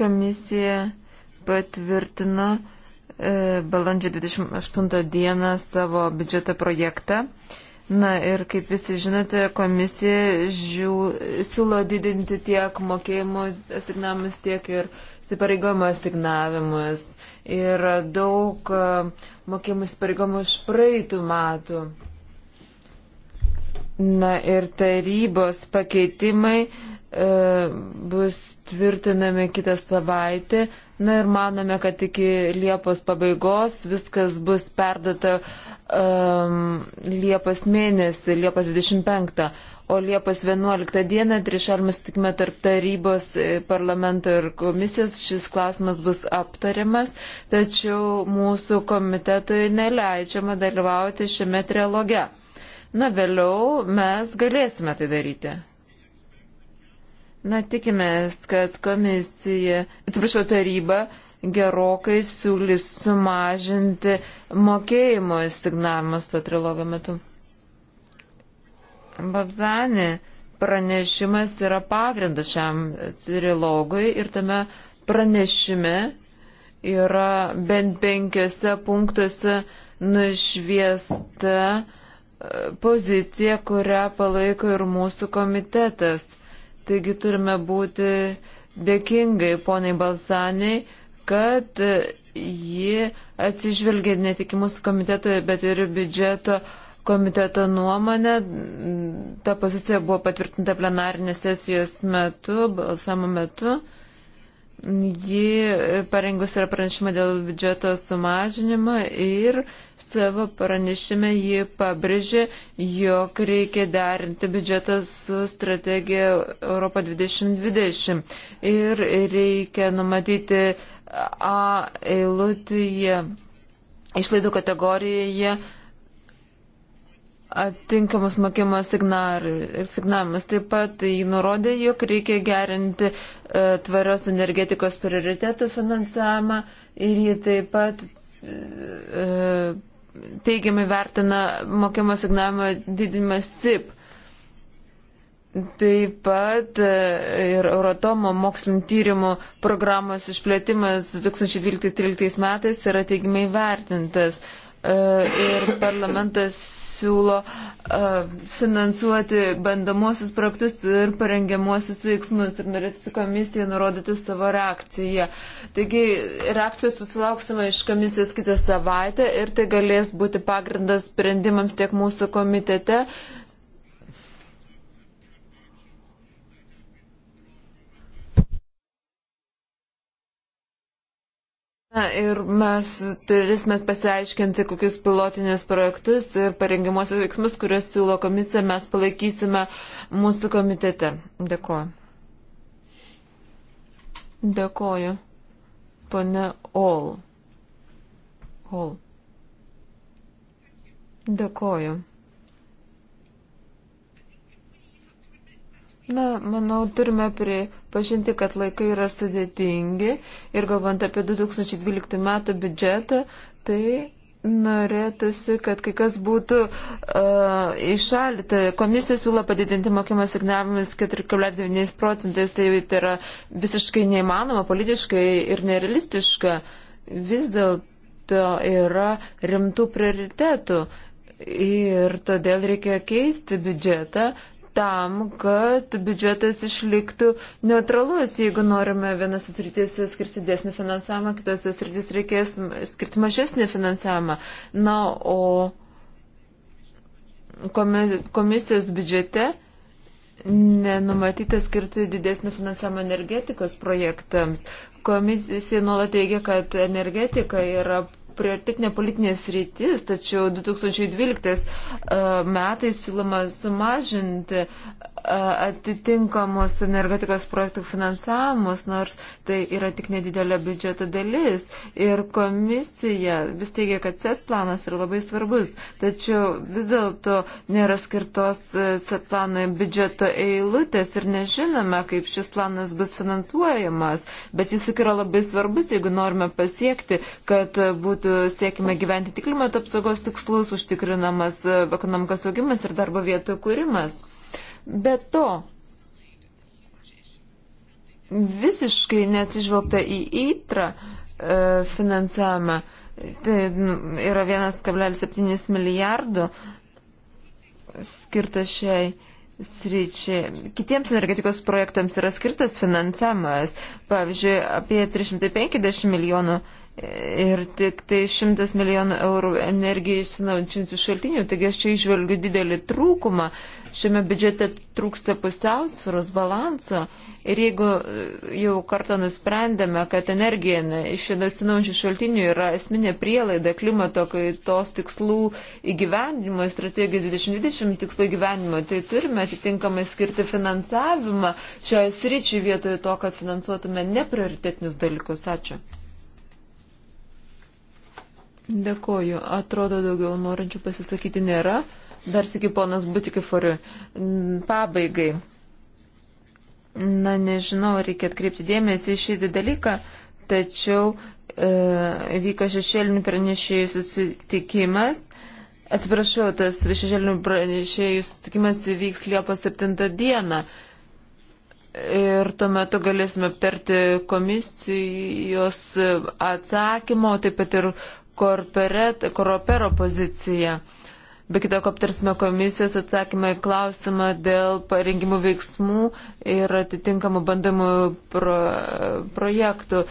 S3: Komisija patvirtino e, balandžio 28 dieną savo biudžeto projektą. E, Na ir kaip visi žinote, komisija žiū, siūlo didinti tiek mokėjimo asignavimus, tiek ir įsipareigojimo asignavimus. Ir daug e, mokėjimų įsipareigojimų iš praeitų metų. Na ir tarybos pakeitimai e, bus tvirtinami kitą savaitę. Na ir manome, kad iki Liepos pabaigos viskas bus perdota. E, um, Liepos mėnesį, Liepos 25, o Liepos 11 dieną trišalmė sutikime tarp tarybos, e, parlamento ir komisijos šis klausimas bus aptariamas, tačiau mūsų komitetui neleidžiama dalyvauti šiame trialoge. Na, vėliau mes galėsime tai daryti. Na, tikimės, kad komisija, atsiprašau, taryba gerokai siūlys sumažinti mokėjimo įstignavimas to trilogo metu. Bazanė pranešimas yra pagrindas šiam trilogui ir tame pranešime yra bent penkiose punktuose nušviesta e, pozicija, kurią palaiko ir mūsų komitetas. Taigi turime būti dėkingai poniai Balsaniai kad ji atsižvelgia ne tik į mūsų komiteto, bet ir biudžeto komiteto nuomonę. Ta pozicija buvo patvirtinta plenarinės sesijos metu, balsamo metu. Ji parengus yra pranešimą dėl biudžeto sumažinimo ir savo pranešime ji pabrėžė, jog reikia derinti biudžetą su strategija Europa 2020 ir reikia numatyti A eilutėje išlaidų kategorijoje atinkamas mokymas signavimas. Taip pat jį nurodė, jog reikia gerinti e, tvarios energetikos prioritetų finansavimą ir jį taip pat e, e, teigiamai vertina mokymo signavimo didinimą SIP. Taip pat e, ir Euratomo mokslinio tyrimo programos išplėtimas 2012-2013 metais yra teigiamai vertintas e, ir parlamentas siūlo e, finansuoti bandomuosius projektus ir parengiamuosius veiksmus ir norėtųsi komisijai nurodyti savo reakciją. Taigi reakcijos susilauksime iš komisijos kitą savaitę ir tai galės būti pagrindas sprendimams tiek mūsų komitete, Na ir mes turėsime pasiaiškinti, kokius pilotinės projektus ir parengimuosius veiksmus, kuriuos siūlo komisija, mes palaikysime mūsų komitete. Dėkuoju. Dėkuoju. Pane Ol. Ol. Dėkuoju. Na, manau, turime pripažinti, kad laikai yra sudėtingi ir galvant apie 2012 metų biudžetą, tai norėtųsi, kad kai kas būtų uh, išalita. Komisija siūlo padidinti mokymą signavimus 4,9 procentais, tai, tai yra visiškai neįmanoma politiškai ir nerealistiška. Vis dėlto yra rimtų prioritetų ir todėl reikia keisti biudžetą tam, kad biudžetas išliktų neutralus. Jeigu norime vienose srityse skirti didesnį finansavimą, kitose srityse reikės skirti mažesnį finansavimą. Na, o komisijos biudžete nenumatyta skirti didesnį finansavimą energetikos projektams. Komisija nuolat teigia, kad energetika yra prioritetinė politinė sritis, tačiau 2012 e, metais siūloma sumažinti atitinkamus energetikos projektų finansavimus, nors tai yra tik nedidelė biudžeto dalis. Ir komisija vis teigia, kad set planas yra labai svarbus, tačiau vis dėlto nėra skirtos e, set planui biudžeto eilutės ir nežinome, kaip šis planas bus finansuojamas, bet jis yra labai svarbus, jeigu norime pasiekti, kad būtų siekime gyventi tik klimato apsaugos tikslus, užtikrinamas e, ekonomikos augimas ir darbo vietų kūrimas. Be to, visiškai neatsižvelgta į įtrą e, finansavimą. Tai nu, yra 1,7 milijardo skirta šiai sričiai. Kitiems energetikos projektams yra skirtas finansavimas, pavyzdžiui, apie 350 milijonų e, ir tik tai 100 milijonų eurų energijai sinaučiančių šaltinių. Taigi aš čia išvelgiu didelį trūkumą. Uh, Šiame biudžete trūksta pusiausvėros balanso ir jeigu e, jau kartą nusprendėme, kad energija iš atsinaujančių šaltinių yra esminė prielaida klimato kaitos tikslų įgyvendinimo, strategijos 2020 tikslų įgyvendinimo, tai turime atitinkamai skirti finansavimą šioje sričiai vietoje to, kad finansuotume neprioritetinius dalykus. Ačiū. Dėkoju. Atrodo, daugiau norinčių pasisakyti nėra. Dar sėki ponas Butikiforiu. Pabaigai. Na, nežinau, reikia atkreipti dėmesį į šį dalyką, tačiau e, vyko šešėlinių pranešėjų susitikimas. Atsiprašau, tas šešėlinių pranešėjų susitikimas įvyks Liepos 7 dieną. Ir tuo metu galėsime aptarti komisijos atsakymo, taip pat ir korperet, koropero poziciją. E, Be kita ko aptarsime komisijos atsakymą į klausimą dėl parengimų veiksmų ir atitinkamų bandomų pro, projektų.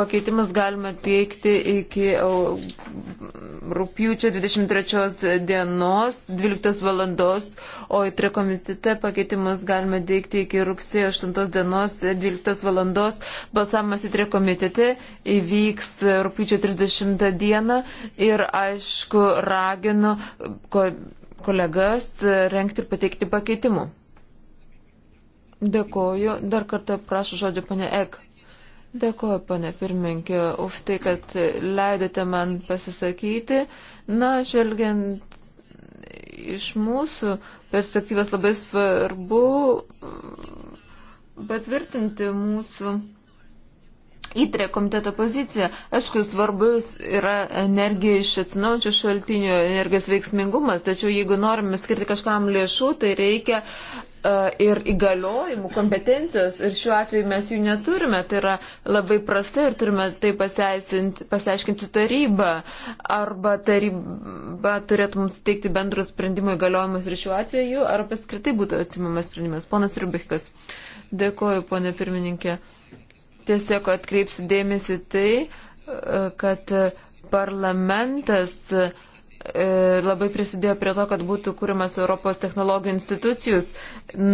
S3: Pakeitimus galima teikti iki rūpjūčio 23 dienos 12 valandos, o į trikomitete pakeitimus galima teikti iki rugsėjo 8 dienos 12 valandos. Balsavimas į trikomitete įvyks rūpjūčio 30 dieną ir aišku raginu kolegas renkti ir pateikti pakeitimų. Dėkoju. Dar kartą prašau žodžio, ponė Ek. Dėkuoju, pane pirmininkė, už tai, kad leidote man pasisakyti. Na, žvelgiant iš mūsų perspektyvas labai svarbu patvirtinti mūsų įtrė komiteto poziciją. Aišku, svarbus yra energija iš atsinaujančių šaltinių, energijos veiksmingumas, tačiau jeigu norime skirti kažkam lėšų, tai reikia E, ir įgaliojimų, kompetencijos ir šiuo atveju mes jų neturime, tai yra labai prastai ir turime tai pasiaiškinti tarybą arba taryba turėtų mums teikti bendrų sprendimų įgaliojimus ir šiuo atveju arba apskritai būtų atsimamas sprendimas. Ponas Rubikas, dėkoju, ponė pirmininkė. Tiesiog atkreipsiu dėmesį tai, e, kad parlamentas uh, E, labai prisidėjo prie to, kad būtų kūrimas Europos technologijų institucijus.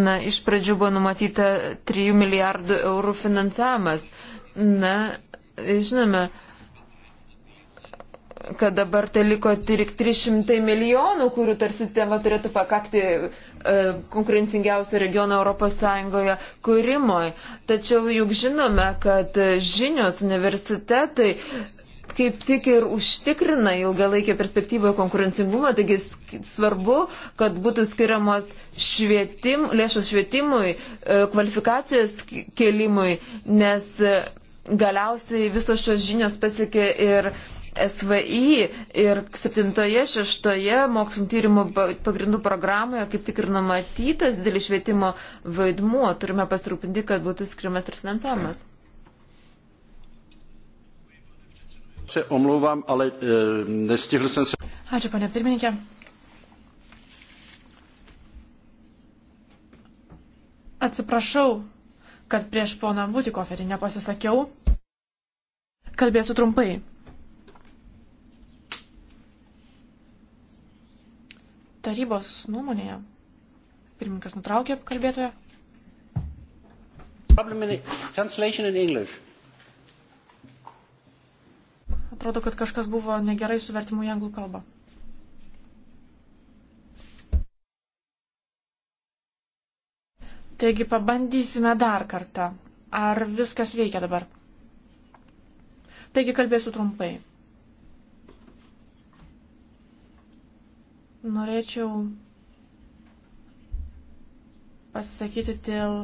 S3: Na, iš pradžių buvo numatyta 3 milijardų eurų finansavimas. Na, žinome, kad dabar tai liko tik 300 milijonų, kurių tarsi tema turėtų pakakti e, konkurencingiausio regiono ES kūrimoje. Tačiau juk žinome, kad žinios universitetai kaip tik ir užtikrina ilgalaikį perspektyvą konkurencingumą, taigi svarbu, kad būtų skiriamos švietim, lėšos švietimui, e, kvalifikacijos kelimui, nes e, galiausiai visos šios žinios pasiekė ir SVI ir 7-6 mokslinio tyrimų pagrindų programoje kaip tik ir numatytas dėl švietimo vaidmuo. Turime pasirūpinti, kad būtų skirimas ir finansavimas.
S1: Omlouvam, ale eh, nestihl jsem se.
S3: Ačiū, pane pirmininkė.
S2: Atsiprašau, kad prieš poną Butikoferį nepasisakiau. Kalbėsiu trumpai. Tarybos nuomonėje. Pirmininkas nutraukė kalbėtoją.
S1: Problem in translation in English.
S2: Atrodo, kad kažkas buvo negerai su vertimu į anglų kalbą. Taigi pabandysime dar kartą. Ar viskas veikia dabar? Taigi kalbėsiu trumpai. Norėčiau pasisakyti dėl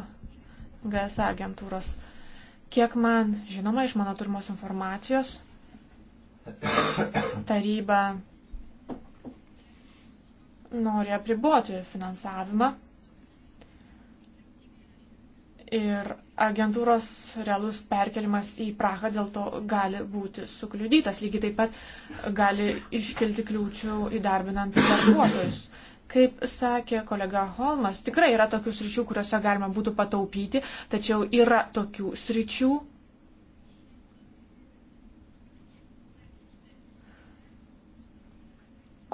S2: GSA agentūros. Kiek man žinoma iš mano turimos informacijos, taryba nori apriboti finansavimą ir agentūros realus perkelimas į Prahą dėl to gali būti sukliudytas. Lygiai taip pat gali iškilti kliūčių įdarbinant darbuotojus. Kaip sakė kolega Holmas, tikrai yra tokių sričių, kuriuose galima būtų pataupyti, tačiau yra tokių sričių,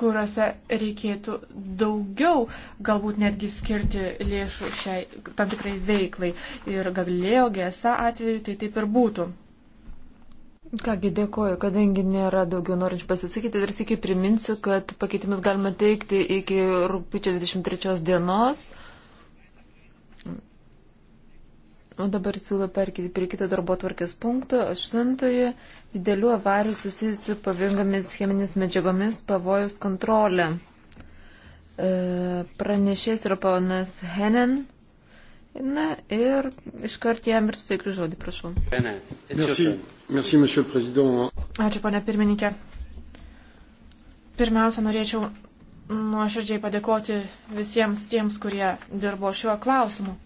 S2: kuriuose reikėtų daugiau galbūt netgi skirti lėšų šiai tam tikrai veiklai. Ir Galilėjo GSA atveju tai taip ir būtų.
S3: Kągi dėkoju, kadangi nėra daugiau norinčių pasisakyti, dar sėkiai priminsiu, kad pakeitimus galima teikti iki rūpiučio 23 dienos. O dabar siūlau perkyti prie kito darbo tvarkės punkto, aštuntojo, didelių avarijų susijusių pavojingomis cheminės medžiagomis pavojus kontrolė. E, pranešės yra ponas Henen. Na ir iškart jam ir suteikiu žodį, prašau.
S2: Merci, merci, Ačiū, ponė pirmininkė. Pirmiausia, norėčiau nuoširdžiai padėkoti visiems tiems, kurie dirbo šiuo klausimu.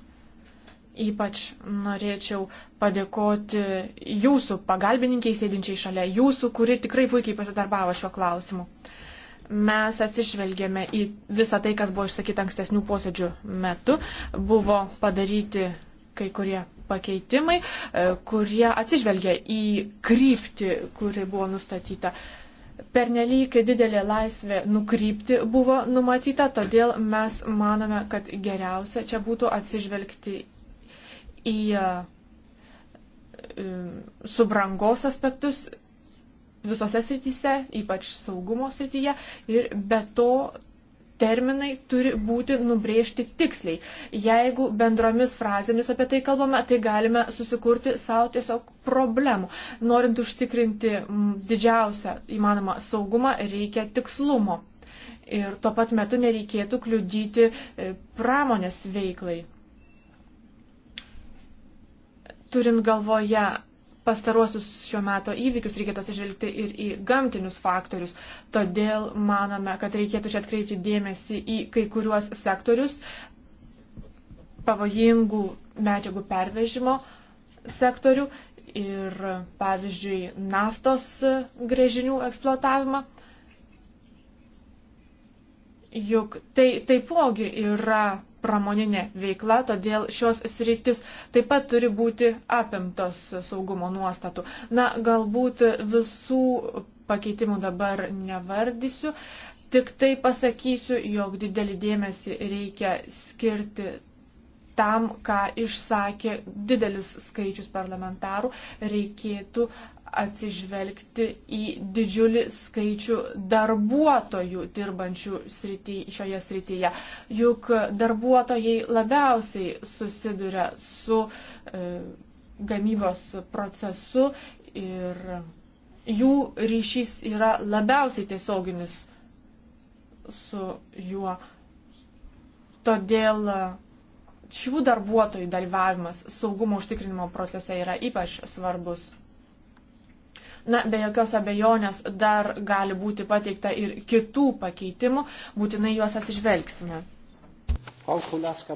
S2: Ypač norėčiau padėkoti jūsų pagalbininkiai sėdinčiai šalia jūsų, kuri tikrai puikiai pasidarbavo šiuo klausimu. Mes atsižvelgėme į visą tai, kas buvo išsakyta ankstesnių posėdžių metu. Buvo padaryti kai kurie pakeitimai, e, kurie atsižvelgia į kryptį, kuri buvo nustatyta. Pernelyg didelė laisvė nukrypti buvo numatyta, todėl mes manome, kad geriausia čia būtų atsižvelgti į e, e, subrangos aspektus visose srityse, ypač saugumo srityje ir be to terminai turi būti nubrėžti tiksliai. Jeigu bendromis frazėmis apie tai kalbame, tai galime susikurti savo tiesiog problemų. Norint užtikrinti didžiausią įmanomą saugumą, reikia tikslumo. Ir tuo pat metu nereikėtų kliudyti e, pramonės veiklai turint galvoje pastaruosius šio meto įvykius, reikėtų atsižvelgti ir į gamtinius faktorius. Todėl manome, kad reikėtų čia atkreipti dėmesį į kai kuriuos sektorius pavojingų medžiagų pervežimo sektorių ir, pavyzdžiui, naftos grėžinių eksploatavimą juk tai taipogi yra pramoninė veikla, todėl šios sritis taip pat turi būti apimtos saugumo nuostatų. Na, galbūt visų pakeitimų dabar nevardysiu, tik tai pasakysiu, jog didelį dėmesį reikia skirti tam, ką išsakė didelis skaičius parlamentarų, reikėtų atsižvelgti į didžiulį skaičių darbuotojų dirbančių srity, šioje srityje. Juk darbuotojai labiausiai susiduria su e, gamybos procesu ir jų ryšys yra labiausiai tiesioginis su juo. Todėl šių darbuotojų dalyvavimas saugumo užtikrinimo procese yra ypač svarbus. Na, be jokios abejonės dar gali būti pateikta ir kitų pakeitimų, būtinai juos atsižvelgsime.
S1: Pone Kolenska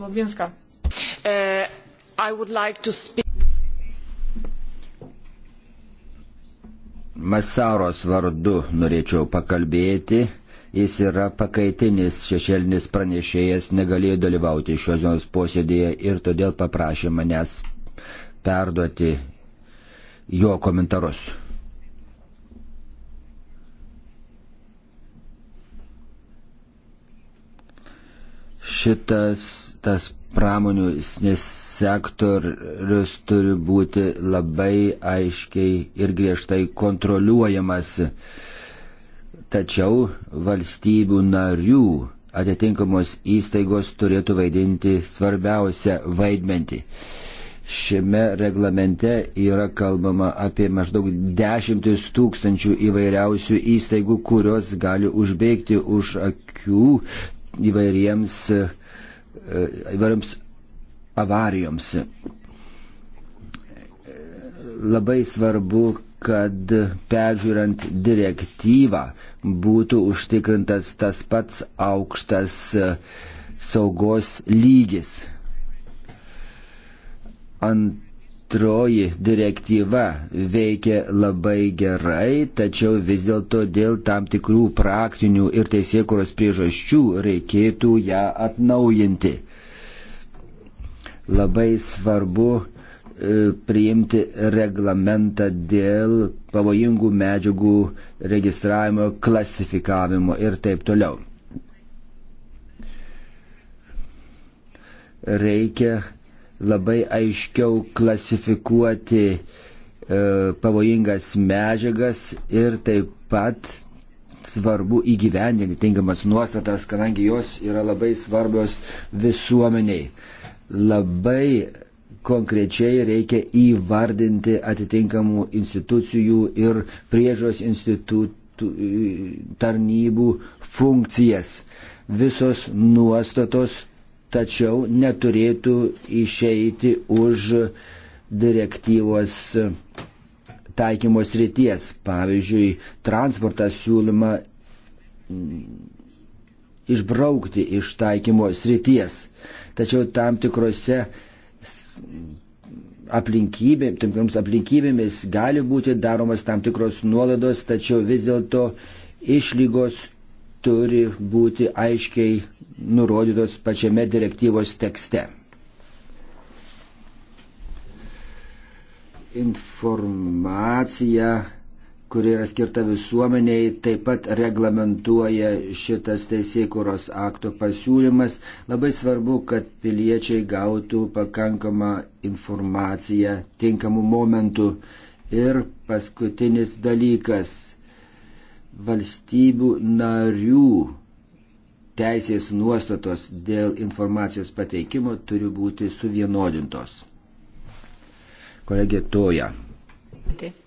S2: Bobinska. Uh, like
S1: Masaros vardu norėčiau pakalbėti jis yra pakaitinis šešėlinis pranešėjas, negalėjo dalyvauti šios dienos posėdėje ir todėl paprašė manęs perduoti jo komentarus. Šitas tas pramoninis sektorius turi būti labai aiškiai ir griežtai kontroliuojamas Tačiau valstybių narių atitinkamos įstaigos turėtų vaidinti svarbiausią vaidmentį. Šiame reglamente yra kalbama apie maždaug dešimtis tūkstančių įvairiausių įstaigų, kurios gali užbėgti už akių įvairiems, e, įvairiams avarijoms. Labai svarbu, kad peržiūrant direktyvą būtų užtikrintas tas pats aukštas e, saugos lygis. Antroji direktyva veikia labai gerai, tačiau vis dėlto dėl tam tikrų praktinių ir teisėkuros priežasčių reikėtų ją atnaujinti. Labai svarbu E, priimti reglamentą dėl pavojingų medžiagų registravimo, klasifikavimo ir taip toliau. Reikia labai aiškiau klasifikuoti e, pavojingas medžiagas ir taip pat svarbu įgyvendinti tinkamas nuostatas, kadangi jos yra labai svarbios visuomeniai. Labai konkrečiai reikia įvardinti atitinkamų institucijų ir priežos institutų e, tarnybų funkcijas. Visos nuostatos tačiau neturėtų išeiti už direktyvos taikymos ryties. Pavyzdžiui, transportą siūloma išbraukti iš taikymo srities. Tačiau tam tikrose aplinkybė, tam tikroms aplinkybėmis gali būti daromas tam tikros nuolaidos, tačiau vis dėlto išlygos turi būti aiškiai nurodytos pačiame direktyvos tekste. Informacija kuri yra skirta visuomeniai, taip pat reglamentuoja šitas teisėkuros akto pasiūlymas. Labai svarbu, kad piliečiai gautų pakankamą informaciją tinkamų momentų. Ir paskutinis dalykas - valstybių narių teisės nuostatos dėl informacijos pateikimo turi būti suvienodintos. Kolegė Toja.
S2: Taip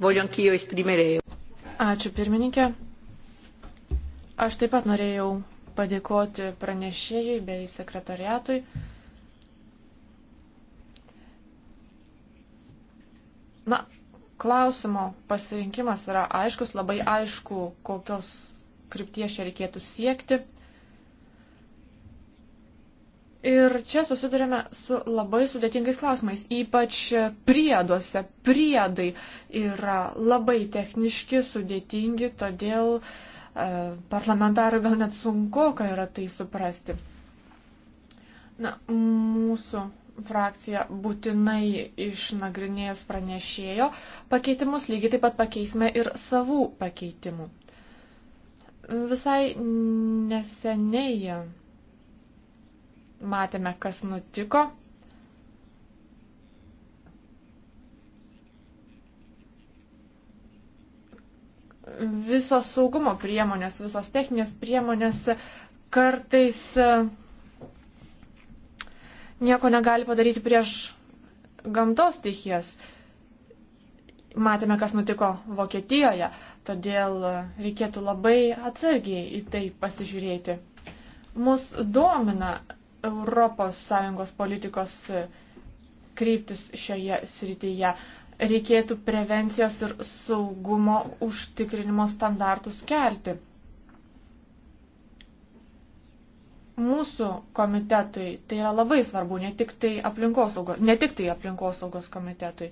S2: voglio anch'io esprimere. Ačiū pirmininkė. Aš taip pat norėjau padėkoti pranešėjui bei sekretariatui. Na, klausimo pasirinkimas yra aiškus, labai aišku, kokios krypties čia reikėtų siekti. Ir čia susidurėme su labai sudėtingais klausimais, ypač prieduose. Priedai yra labai techniški, sudėtingi, todėl e, parlamentarui gal net sunku, kai yra tai suprasti. Na, mūsų frakcija būtinai išnagrinės pranešėjo pakeitimus, lygiai taip pat pakeisime ir savų pakeitimų. Visai neseniai matėme, kas nutiko. Visos saugumo priemonės, visos techninės priemonės kartais e, nieko negali padaryti prieš gamtos stichijas. Matėme, kas nutiko Vokietijoje, todėl reikėtų labai atsargiai į tai pasižiūrėti. Mus domina ES politikos e, kryptis šioje srityje. Reikėtų prevencijos ir saugumo užtikrinimo standartus kelti. Mūsų komitetui tai yra labai svarbu, ne tik tai aplinkosaugos, ne tik tai aplinkosaugos komitetui.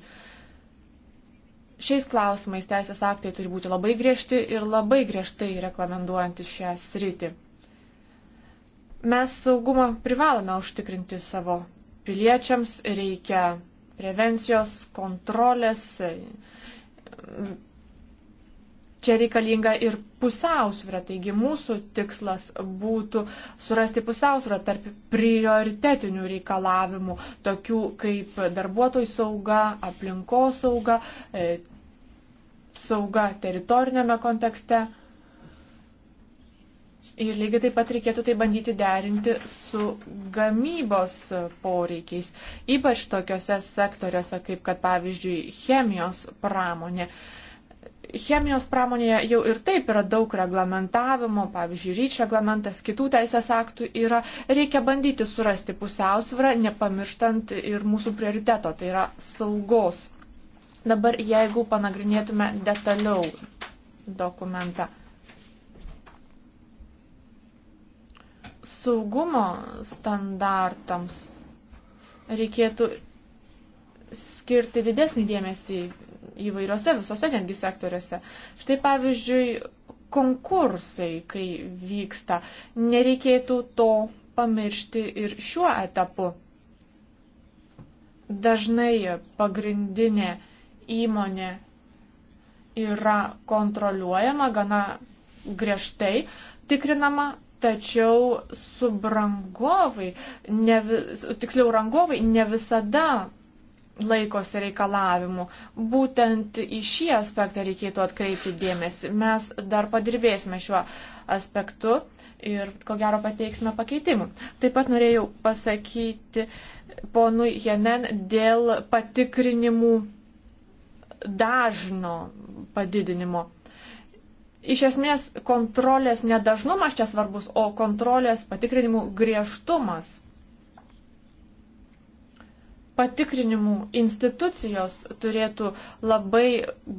S2: Šiais klausimais teisės aktai turi būti labai griežti ir labai griežtai reglamentuojantis šią sritį. Mes saugumą privalome užtikrinti savo piliečiams, reikia prevencijos, kontrolės. Čia reikalinga ir pusiausvyrą, taigi mūsų tikslas būtų surasti pusiausvyrą tarp prioritetinių reikalavimų, tokių kaip darbuotojų sauga, aplinkos e, sauga, sauga teritorinėme kontekste. Ir lygiai taip pat reikėtų tai bandyti derinti su gamybos poreikiais, ypač tokiuose sektoriuose, kaip kad pavyzdžiui chemijos pramonė. Chemijos pramonėje jau ir taip yra daug reglamentavimo, pavyzdžiui, ryč reglamentas, kitų teisės aktų yra. Reikia bandyti surasti pusiausvyrą, nepamirštant ir mūsų prioriteto, tai yra saugos. Dabar jeigu panagrinėtume detaliau dokumentą. saugumo standartams reikėtų skirti didesnį dėmesį įvairiose, visose netgi sektoriuose. Štai pavyzdžiui, konkursai, kai vyksta, nereikėtų to pamiršti ir šiuo etapu. Dažnai pagrindinė įmonė yra kontroliuojama gana griežtai, tikrinama, tačiau subrangovai, ne, tiksliau rangovai ne visada laikosi reikalavimų. Būtent į šį aspektą reikėtų atkreipti dėmesį. Mes dar padirbėsime šiuo aspektu ir ko gero pateiksime pakeitimų. Taip pat norėjau pasakyti ponui Jenen dėl patikrinimų dažno padidinimo. Iš esmės kontrolės nedažnumas čia svarbus, o kontrolės patikrinimų griežtumas. Patikrinimų institucijos turėtų labai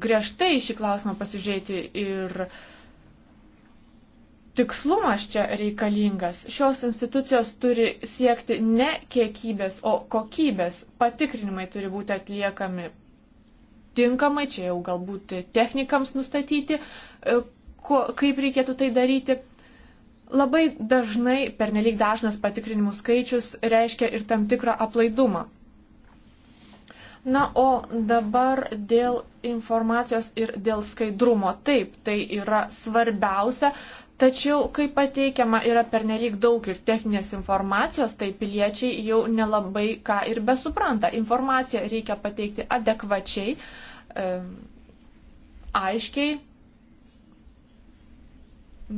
S2: griežtai šį klausimą pasižiūrėti ir tikslumas čia reikalingas. Šios institucijos turi siekti ne kiekybės, o kokybės. Patikrinimai turi būti atliekami tinkamai, čia jau galbūt technikams nustatyti, E, ko, kaip reikėtų tai daryti. Labai dažnai pernelyg dažnas patikrinimų skaičius reiškia ir tam tikrą aplaidumą. Na, o dabar dėl informacijos ir dėl skaidrumo. Taip, tai yra svarbiausia, tačiau kai pateikiama yra pernelyg daug ir techninės informacijos, tai piliečiai jau nelabai ką ir besupranta. Informaciją reikia pateikti adekvačiai, e, aiškiai,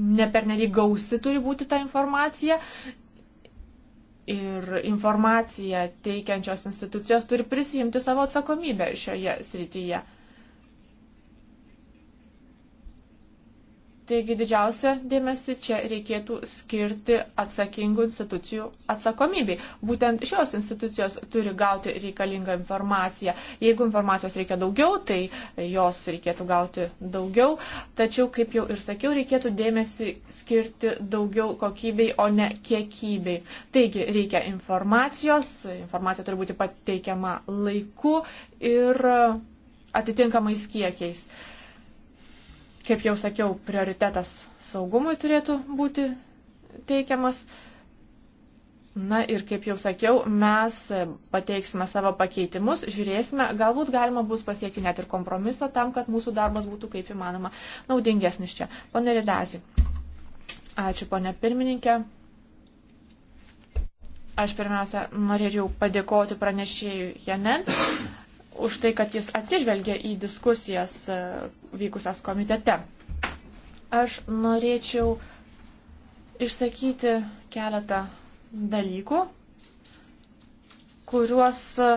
S2: nepernelyg gausi turi būti ta informacija. Ir informaciją teikiančios institucijos turi prisijimti savo atsakomybę šioje srityje. Taigi didžiausia dėmesį čia reikėtų skirti atsakingų institucijų atsakomybei. Būtent šios institucijos turi gauti reikalingą informaciją. Jeigu informacijos reikia daugiau, tai jos reikėtų gauti daugiau. Tačiau, kaip jau ir sakiau, reikėtų dėmesį skirti daugiau kokybei, o ne kiekybei. Taigi reikia informacijos, informacija turi būti pateikiama laiku ir atitinkamais kiekiais. Uh, Kaip jau sakiau, prioritetas saugumui turėtų būti teikiamas. Na ir kaip jau sakiau, mes pateiksime savo pakeitimus, žiūrėsime, galbūt galima bus pasiekti net ir kompromiso tam, kad mūsų darbas būtų kaip įmanoma naudingesnis čia. Pone Ridazi, ačiū pone pirmininkė. Aš pirmiausia norėčiau padėkoti pranešėjui Janen už tai, kad jis atsižvelgia į diskusijas e, vykusias komitete. Aš norėčiau išsakyti keletą dalykų, kuriuos e,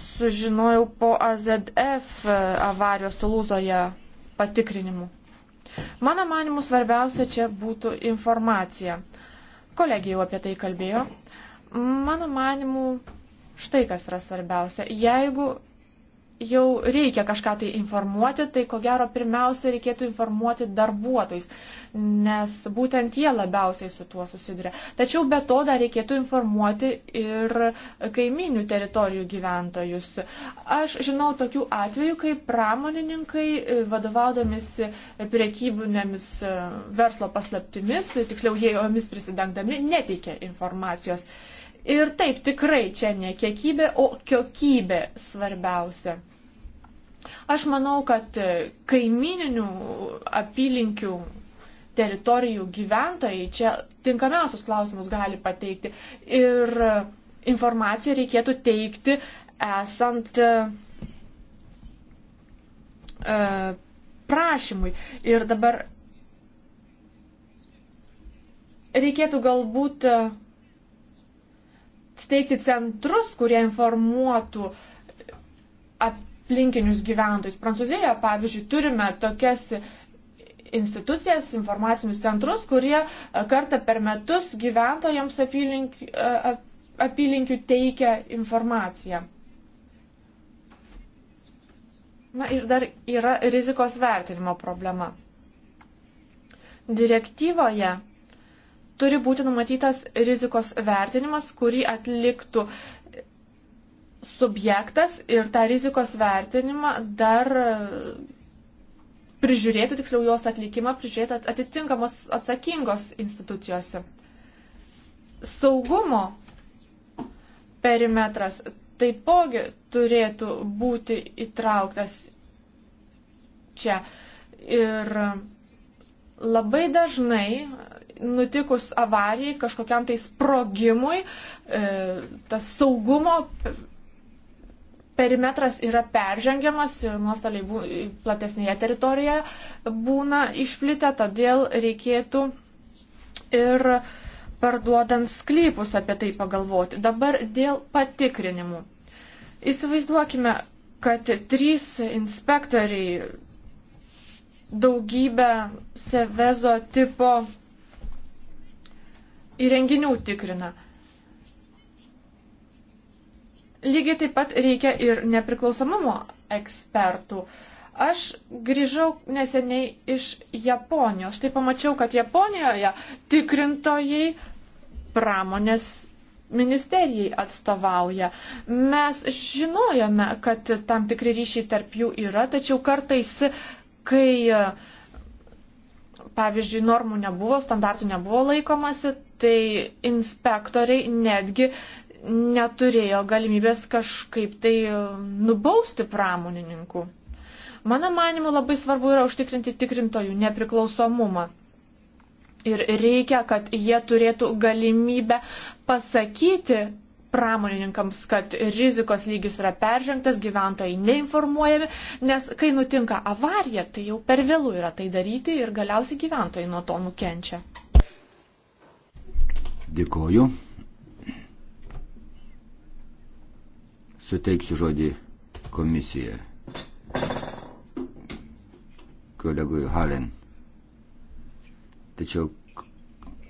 S2: sužinojau po AZF e, avarijos Tulūzoje patikrinimų. Mano manimu svarbiausia čia būtų informacija. Kolegija jau apie tai kalbėjo. Mano manimu Štai kas yra svarbiausia. Jeigu jau reikia kažką tai informuoti, tai ko gero pirmiausia reikėtų informuoti darbuotojus, nes būtent jie labiausiai su tuo susiduria. Tačiau be to dar reikėtų informuoti ir kaiminių teritorijų gyventojus. Aš žinau tokių atvejų, kai pramonininkai e, vadovaudomisi priekybinėmis e, verslo paslaptimis, tiksliau jie jomis prisidengdami, neteikia informacijos Ir taip, tikrai čia ne kiekybė, o kokybė svarbiausia. Aš manau, kad e, kaimininių apylinkių teritorijų gyventojai čia tinkamiausius klausimus gali pateikti. Ir e, informaciją reikėtų teikti esant e, prašymui. Ir dabar reikėtų galbūt steigti centrus, kurie informuotų aplinkinius gyventojus. Prancūzijoje, pavyzdžiui, turime tokias institucijas, informacinius centrus, kurie e, kartą per metus gyventojams apylink, e, apylinkių teikia informaciją. Na ir dar yra rizikos vertinimo problema. Direktyvoje turi būti numatytas rizikos vertinimas, kurį atliktų subjektas ir tą rizikos vertinimą dar prižiūrėtų, tiksliau jos atlikimą prižiūrėtų atitinkamos atsakingos institucijose. Saugumo perimetras taipogi turėtų būti įtrauktas čia. Ir labai dažnai nutikus avarijai, kažkokiam tai sprogimui, e, tas saugumo perimetras yra peržengiamas ir nuostoliai bū, platesnėje teritorijoje būna išplitę, todėl reikėtų ir parduodant sklypus apie tai pagalvoti. Dabar dėl patikrinimų. Įsivaizduokime, kad trys inspektoriai daugybę Sevezo tipo įrenginių tikrina. Lygiai taip pat reikia ir nepriklausomumo ekspertų. Aš grįžau neseniai iš Japonijos. Štai pamačiau, kad Japonijoje tikrintojai pramonės ministerijai atstovauja. Mes žinojome, kad tam tikri ryšiai tarp jų yra, tačiau kartais, kai uh, pavyzdžiui, normų nebuvo, standartų nebuvo laikomasi, tai inspektoriai netgi neturėjo galimybės kažkaip tai um, nubausti pramonininkų. Mano manimu, labai svarbu yra užtikrinti tikrintojų nepriklausomumą. Ir reikia, kad jie turėtų galimybę pasakyti, pramonininkams, kad rizikos lygis yra peržengtas, gyventojai neinformuojami, nes kai nutinka avarija, tai jau per vėlų yra tai daryti ir galiausiai gyventojai nuo to nukenčia.
S1: Dėkoju. Suteiksiu žodį komisijoje. Kolegui Halen. Tačiau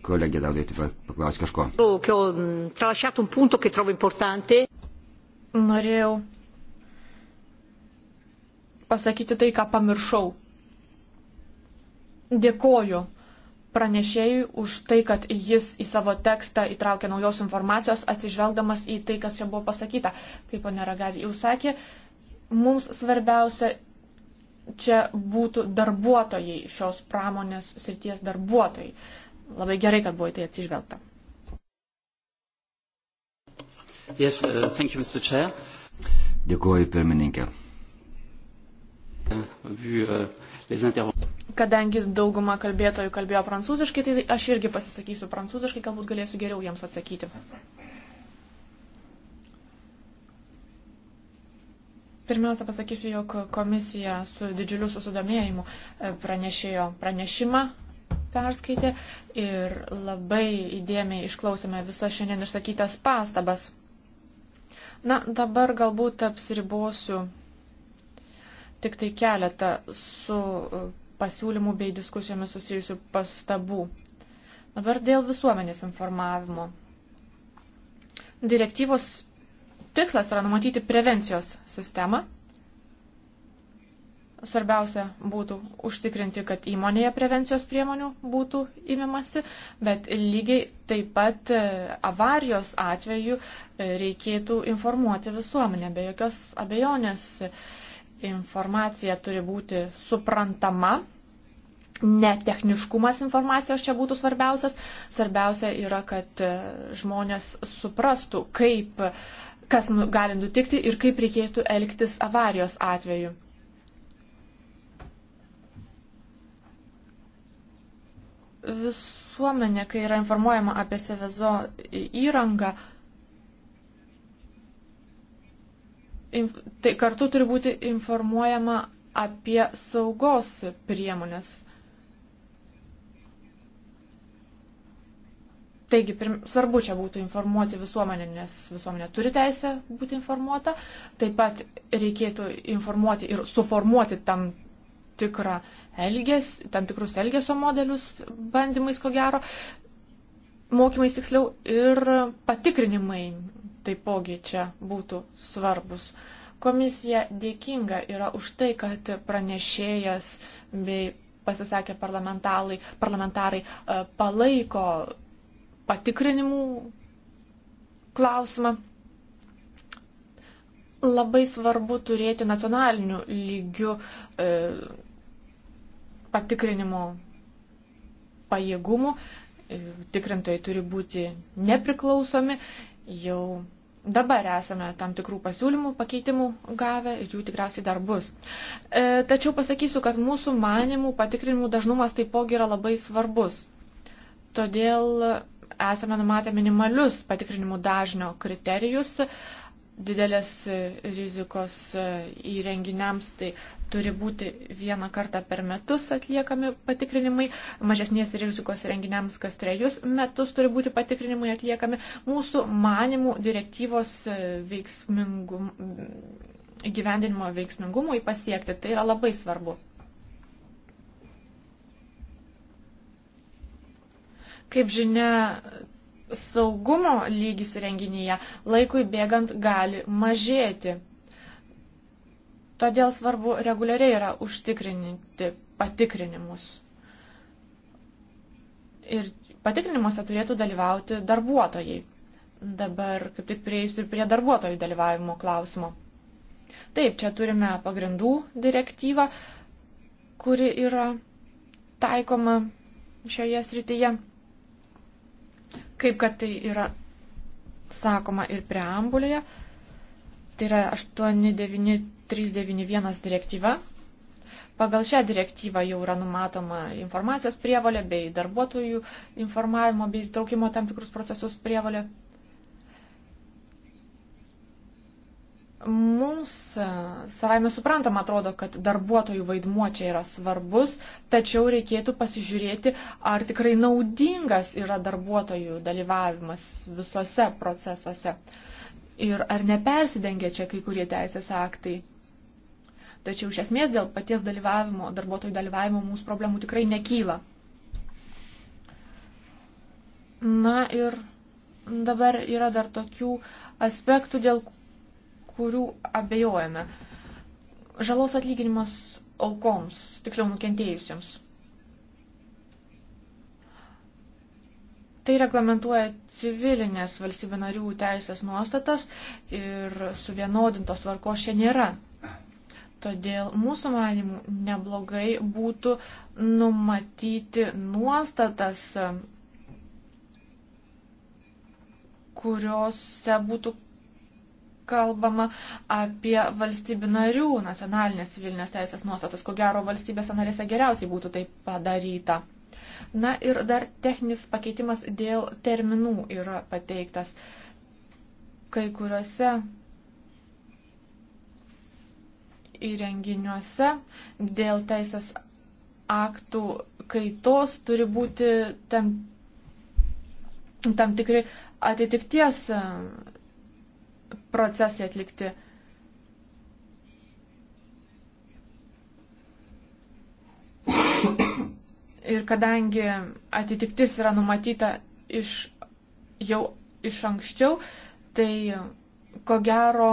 S1: Kolegė Daudai taip pat paklausė kažko.
S2: Norėjau pasakyti tai, ką pamiršau. Dėkoju pranešėjui už tai, kad jis į savo tekstą įtraukė naujos informacijos, atsižvelgdamas į tai, kas čia buvo pasakyta. Kaip ponė Ragazė jau sakė, mums svarbiausia čia būtų darbuotojai, šios pramonės srities darbuotojai. Labai gerai, kad buvo į tai atsižvelgta.
S1: Yes, uh, thank you, Mr. Chair. Dėkuoju, pirmininkė. Uh, uh,
S2: Kadangi dauguma kalbėtojų kalbėjo prancūziškai, tai aš irgi pasisakysiu prancūziškai, galbūt galėsiu geriau jiems atsakyti. Pirmiausia, pasakysiu, jog komisija su didžiuliu susidomėjimu uh, pranešėjo pranešimą perskaitė ir labai įdėmiai išklausėme visas šiandien išsakytas pastabas. Na, dabar galbūt apsiribosiu tik tai keletą su e, pasiūlymų bei diskusijomis susijusių pastabų. Dabar dėl visuomenės informavimo. Direktyvos tikslas yra numatyti prevencijos sistemą Svarbiausia būtų užtikrinti, kad įmonėje prevencijos priemonių būtų imimasi, bet lygiai taip pat e, avarijos atveju e, reikėtų informuoti visuomenę. Be jokios abejonės informacija turi būti suprantama, netechniškumas informacijos čia būtų svarbiausias. Svarbiausia yra, kad e, žmonės suprastų, kaip, kas nu, gali nutikti ir kaip reikėtų elgtis avarijos atveju. visuomenė, kai yra informuojama apie Sevezo įrangą, tai kartu turi būti informuojama apie saugos priemonės. Taigi, pirm, svarbu čia būtų informuoti visuomenę, nes visuomenė turi teisę būti informuota. Taip pat reikėtų informuoti ir suformuoti tam tikrą elges, tam tikrus elgesio modelius bandymais, ko gero, mokymais tiksliau ir patikrinimai taipogi čia būtų svarbus. Komisija dėkinga yra už tai, kad pranešėjas bei pasisakė parlamentarai, parlamentarai palaiko patikrinimų klausimą. Labai svarbu turėti nacionaliniu lygiu e, patikrinimo pajėgumų. E, tikrintojai turi būti nepriklausomi. Jau dabar esame tam tikrų pasiūlymų, pakeitimų gavę ir jų tikriausiai dar bus. E, tačiau pasakysiu, kad mūsų manimų patikrinimų dažnumas taipogi yra labai svarbus. Todėl esame numatę minimalius patikrinimų dažnio kriterijus. Didelės rizikos įrenginiams tai turi būti vieną kartą per metus atliekami patikrinimai, mažesnės rizikos renginiams kas trejus metus turi būti patikrinimai atliekami. Mūsų manimų direktyvos e, veiksmingum, įgyvendinimo veiksmingumui pasiekti tai yra labai svarbu. Kaip žinia, saugumo lygis renginyje laikui bėgant gali mažėti. Todėl svarbu reguliariai yra užtikrinti patikrinimus. Ir patikrinimuose turėtų dalyvauti darbuotojai. Dabar kaip tik prieisiu prie darbuotojų dalyvavimo klausimo. Taip, čia turime pagrindų direktyvą, kuri yra taikoma šioje srityje, kaip kad tai yra sakoma ir preambulėje. Tai yra 89391 direktyva. Pagal šią direktyvą jau yra numatoma informacijos prievalė bei darbuotojų informavimo bei traukimo tam tikrus procesus prievalė. Mums e, savaime suprantama atrodo, kad darbuotojų vaidmuo čia yra svarbus, tačiau reikėtų pasižiūrėti, ar tikrai naudingas yra darbuotojų dalyvavimas visuose procesuose. Uh, ir ar nepersidengia čia kai kurie teisės aktai. Tačiau iš esmės dėl paties dalyvavimo, darbuotojų dalyvavimo mūsų problemų tikrai nekyla. Na ir dabar yra dar tokių aspektų, dėl kurių abejojame. Žalos atlyginimas aukoms, tiksliau nukentėjusiems. Tai reglamentuoja civilinės valstybių narių teisės nuostatas ir suvienodintos varkos čia nėra. Todėl mūsų manimų neblogai būtų numatyti nuostatas, kuriuose būtų kalbama apie valstybių narių nacionalinės civilinės teisės nuostatas. Ko gero, valstybėse narėse geriausiai būtų tai padaryta. Na ir dar techninis pakeitimas dėl terminų yra pateiktas. Kai kuriuose įrenginiuose dėl teisės aktų kaitos turi būti tam, tam tikri atitikties e, procesai atlikti. Ir kadangi atitiktis yra numatyta iš, jau iš anksčiau, tai ko gero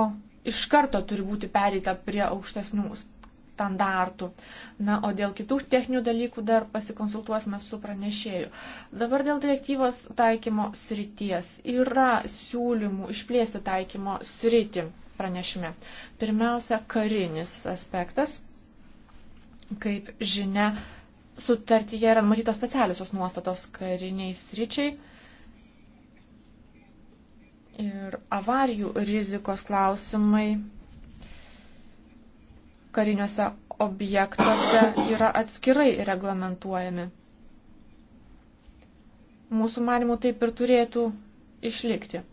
S2: iš karto turi būti pereita prie aukštesnių standartų. Na, o dėl kitų techninių dalykų dar pasikonsultuosime su pranešėju. Dabar dėl direktyvos taikymo srities. Yra siūlymų išplėsti taikymo sritį pranešime. Pirmiausia, karinis aspektas. Kaip žinia, Sutartyje yra numatytos specialiosios nuostatos kariniai sričiai. Ir avarijų rizikos klausimai kariniuose objektuose yra atskirai reglamentuojami. Mūsų manimų taip ir turėtų išlikti.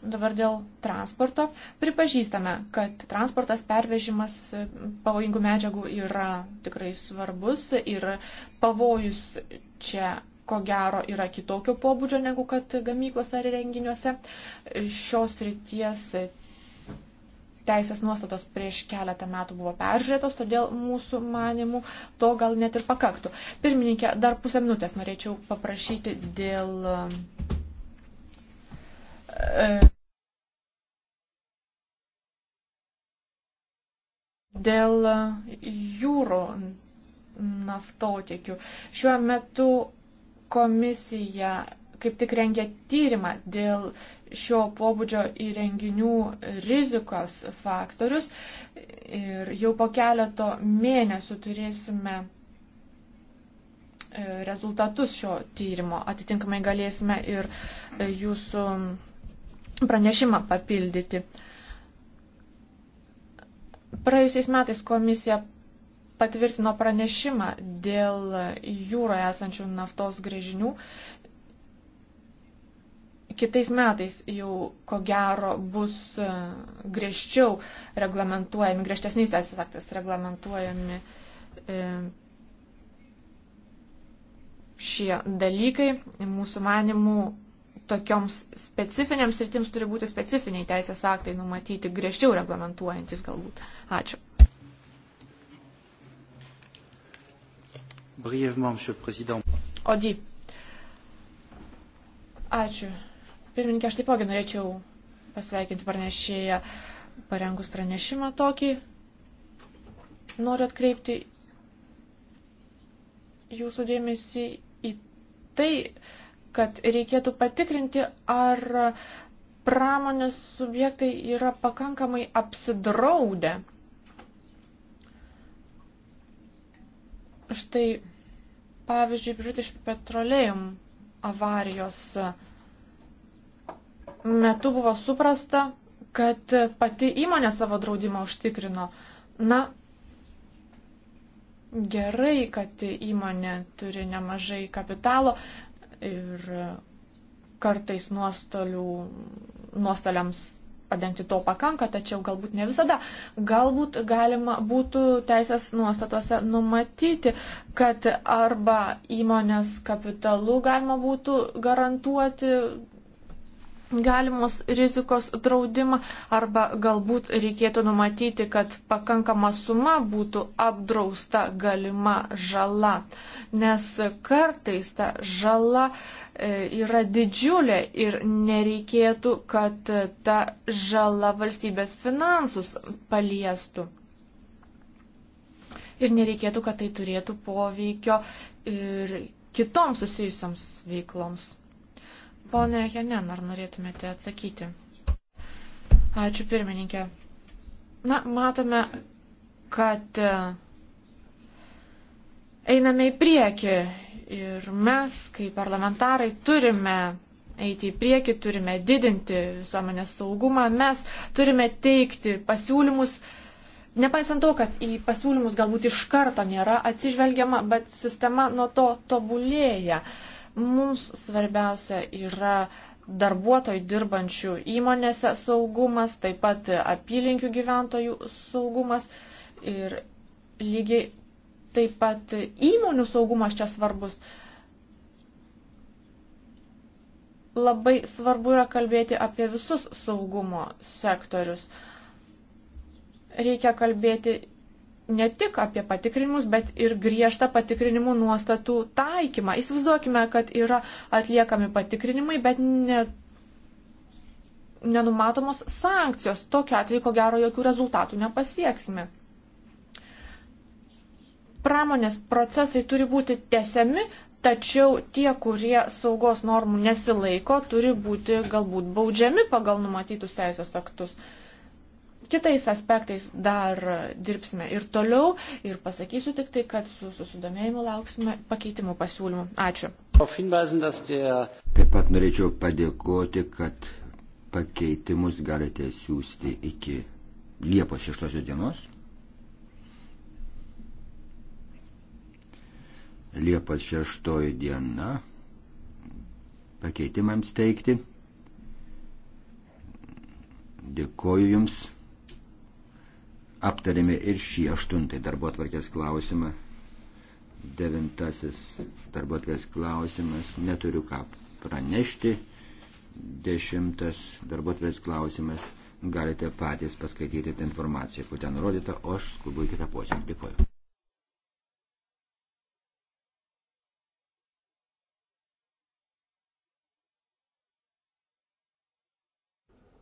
S2: Dabar dėl transporto. Pripažįstame, kad transportas pervežimas pavojingų medžiagų yra tikrai svarbus ir pavojus čia ko gero yra kitokio pobūdžio negu kad gamyklos ar renginiuose. Šios ryties teisės nuostatos prieš keletą metų buvo peržiūrėtos, todėl mūsų manimų to gal net ir pakaktų. Pirmininkė, dar pusę minutės norėčiau paprašyti dėl E, dėl e, jūrų naftotiekių. Šiuo metu komisija kaip tik rengia tyrimą dėl šio pobūdžio įrenginių rizikos faktorius ir jau po keleto mėnesių turėsime e, rezultatus šio tyrimo. Atitinkamai galėsime ir jūsų pranešimą papildyti. Praėjusiais metais komisija patvirtino pranešimą dėl jūroje esančių naftos grėžinių. Kitais metais jau ko gero bus e, griežčiau reglamentuojami, griežtesniais teisės aktais reglamentuojami e, šie dalykai. Mūsų manimų tokioms specifinėms sritims turi būti specifiniai teisės aktai numatyti, griežčiau reglamentuojantis galbūt. Ačiū.
S1: Brievement, monsieur le président.
S2: Odi. Ačiū. Pirmininkė, aš taipogi norėčiau pasveikinti pranešėją parengus pranešimą tokį. Noriu atkreipti jūsų dėmesį į tai, kad reikėtų patikrinti, ar pramonės subjektai yra pakankamai apsidraudę. Štai, pavyzdžiui, British Petroleum avarijos metu buvo suprasta, kad pati įmonė savo draudimą užtikrino. Na, gerai, kad įmonė turi nemažai kapitalo, ir kartais nuostolių, nuostoliams padengti to pakanka, tačiau galbūt ne visada. Galbūt galima būtų teisės nuostatuose numatyti, kad arba įmonės kapitalu galima būtų garantuoti galimos rizikos draudimą arba galbūt reikėtų numatyti, kad pakankama suma būtų apdrausta galima žala, nes kartais ta žala e, yra didžiulė ir nereikėtų, kad ta žala valstybės finansus paliestų. Ir nereikėtų, kad tai turėtų poveikio ir kitoms susijusioms veikloms. Pone Henen, ar norėtumėte atsakyti? Ačiū pirmininkė. Na, matome, kad e, einame į priekį ir mes, kaip parlamentarai, turime eiti į priekį, turime didinti visuomenės saugumą, mes turime teikti pasiūlymus, nepaisant to, kad į pasiūlymus galbūt iš karto nėra atsižvelgiama, bet sistema nuo to tobulėja. Uh, Mums svarbiausia yra darbuotojų dirbančių įmonėse saugumas, taip pat apylinkių gyventojų saugumas ir lygiai taip pat įmonių saugumas čia svarbus. Labai svarbu yra kalbėti apie visus saugumo sektorius. Reikia kalbėti ne tik apie patikrinimus, bet ir griežtą patikrinimų nuostatų taikymą. Įsivaizduokime, kad yra atliekami patikrinimai, bet ne, nenumatomos sankcijos. Tokiu atveju, ko gero, jokių rezultatų nepasieksime. Pramonės procesai turi būti tesiami, tačiau tie, kurie saugos normų nesilaiko, turi būti galbūt baudžiami pagal numatytus teisės aktus. Uh, kitais aspektais dar dirbsime ir toliau ir pasakysiu tik tai, kad su susidomėjimu lauksime pakeitimų pasiūlymų.
S1: Ačiū. Taip pat norėčiau padėkoti, kad pakeitimus galite siūsti iki Liepos 6 dienos. Liepos 6 diena pakeitimams teikti. Dėkoju Jums aptarėme ir šį aštuntąjį darbo atvarkės klausimą. Devintasis darbo atvarkės klausimas, neturiu ką pranešti. Dešimtas darbo atvarkės klausimas, galite patys paskaityti tą informaciją, kur ten nurodyta, o aš skubu į kitą posėdį. Dėkuoju.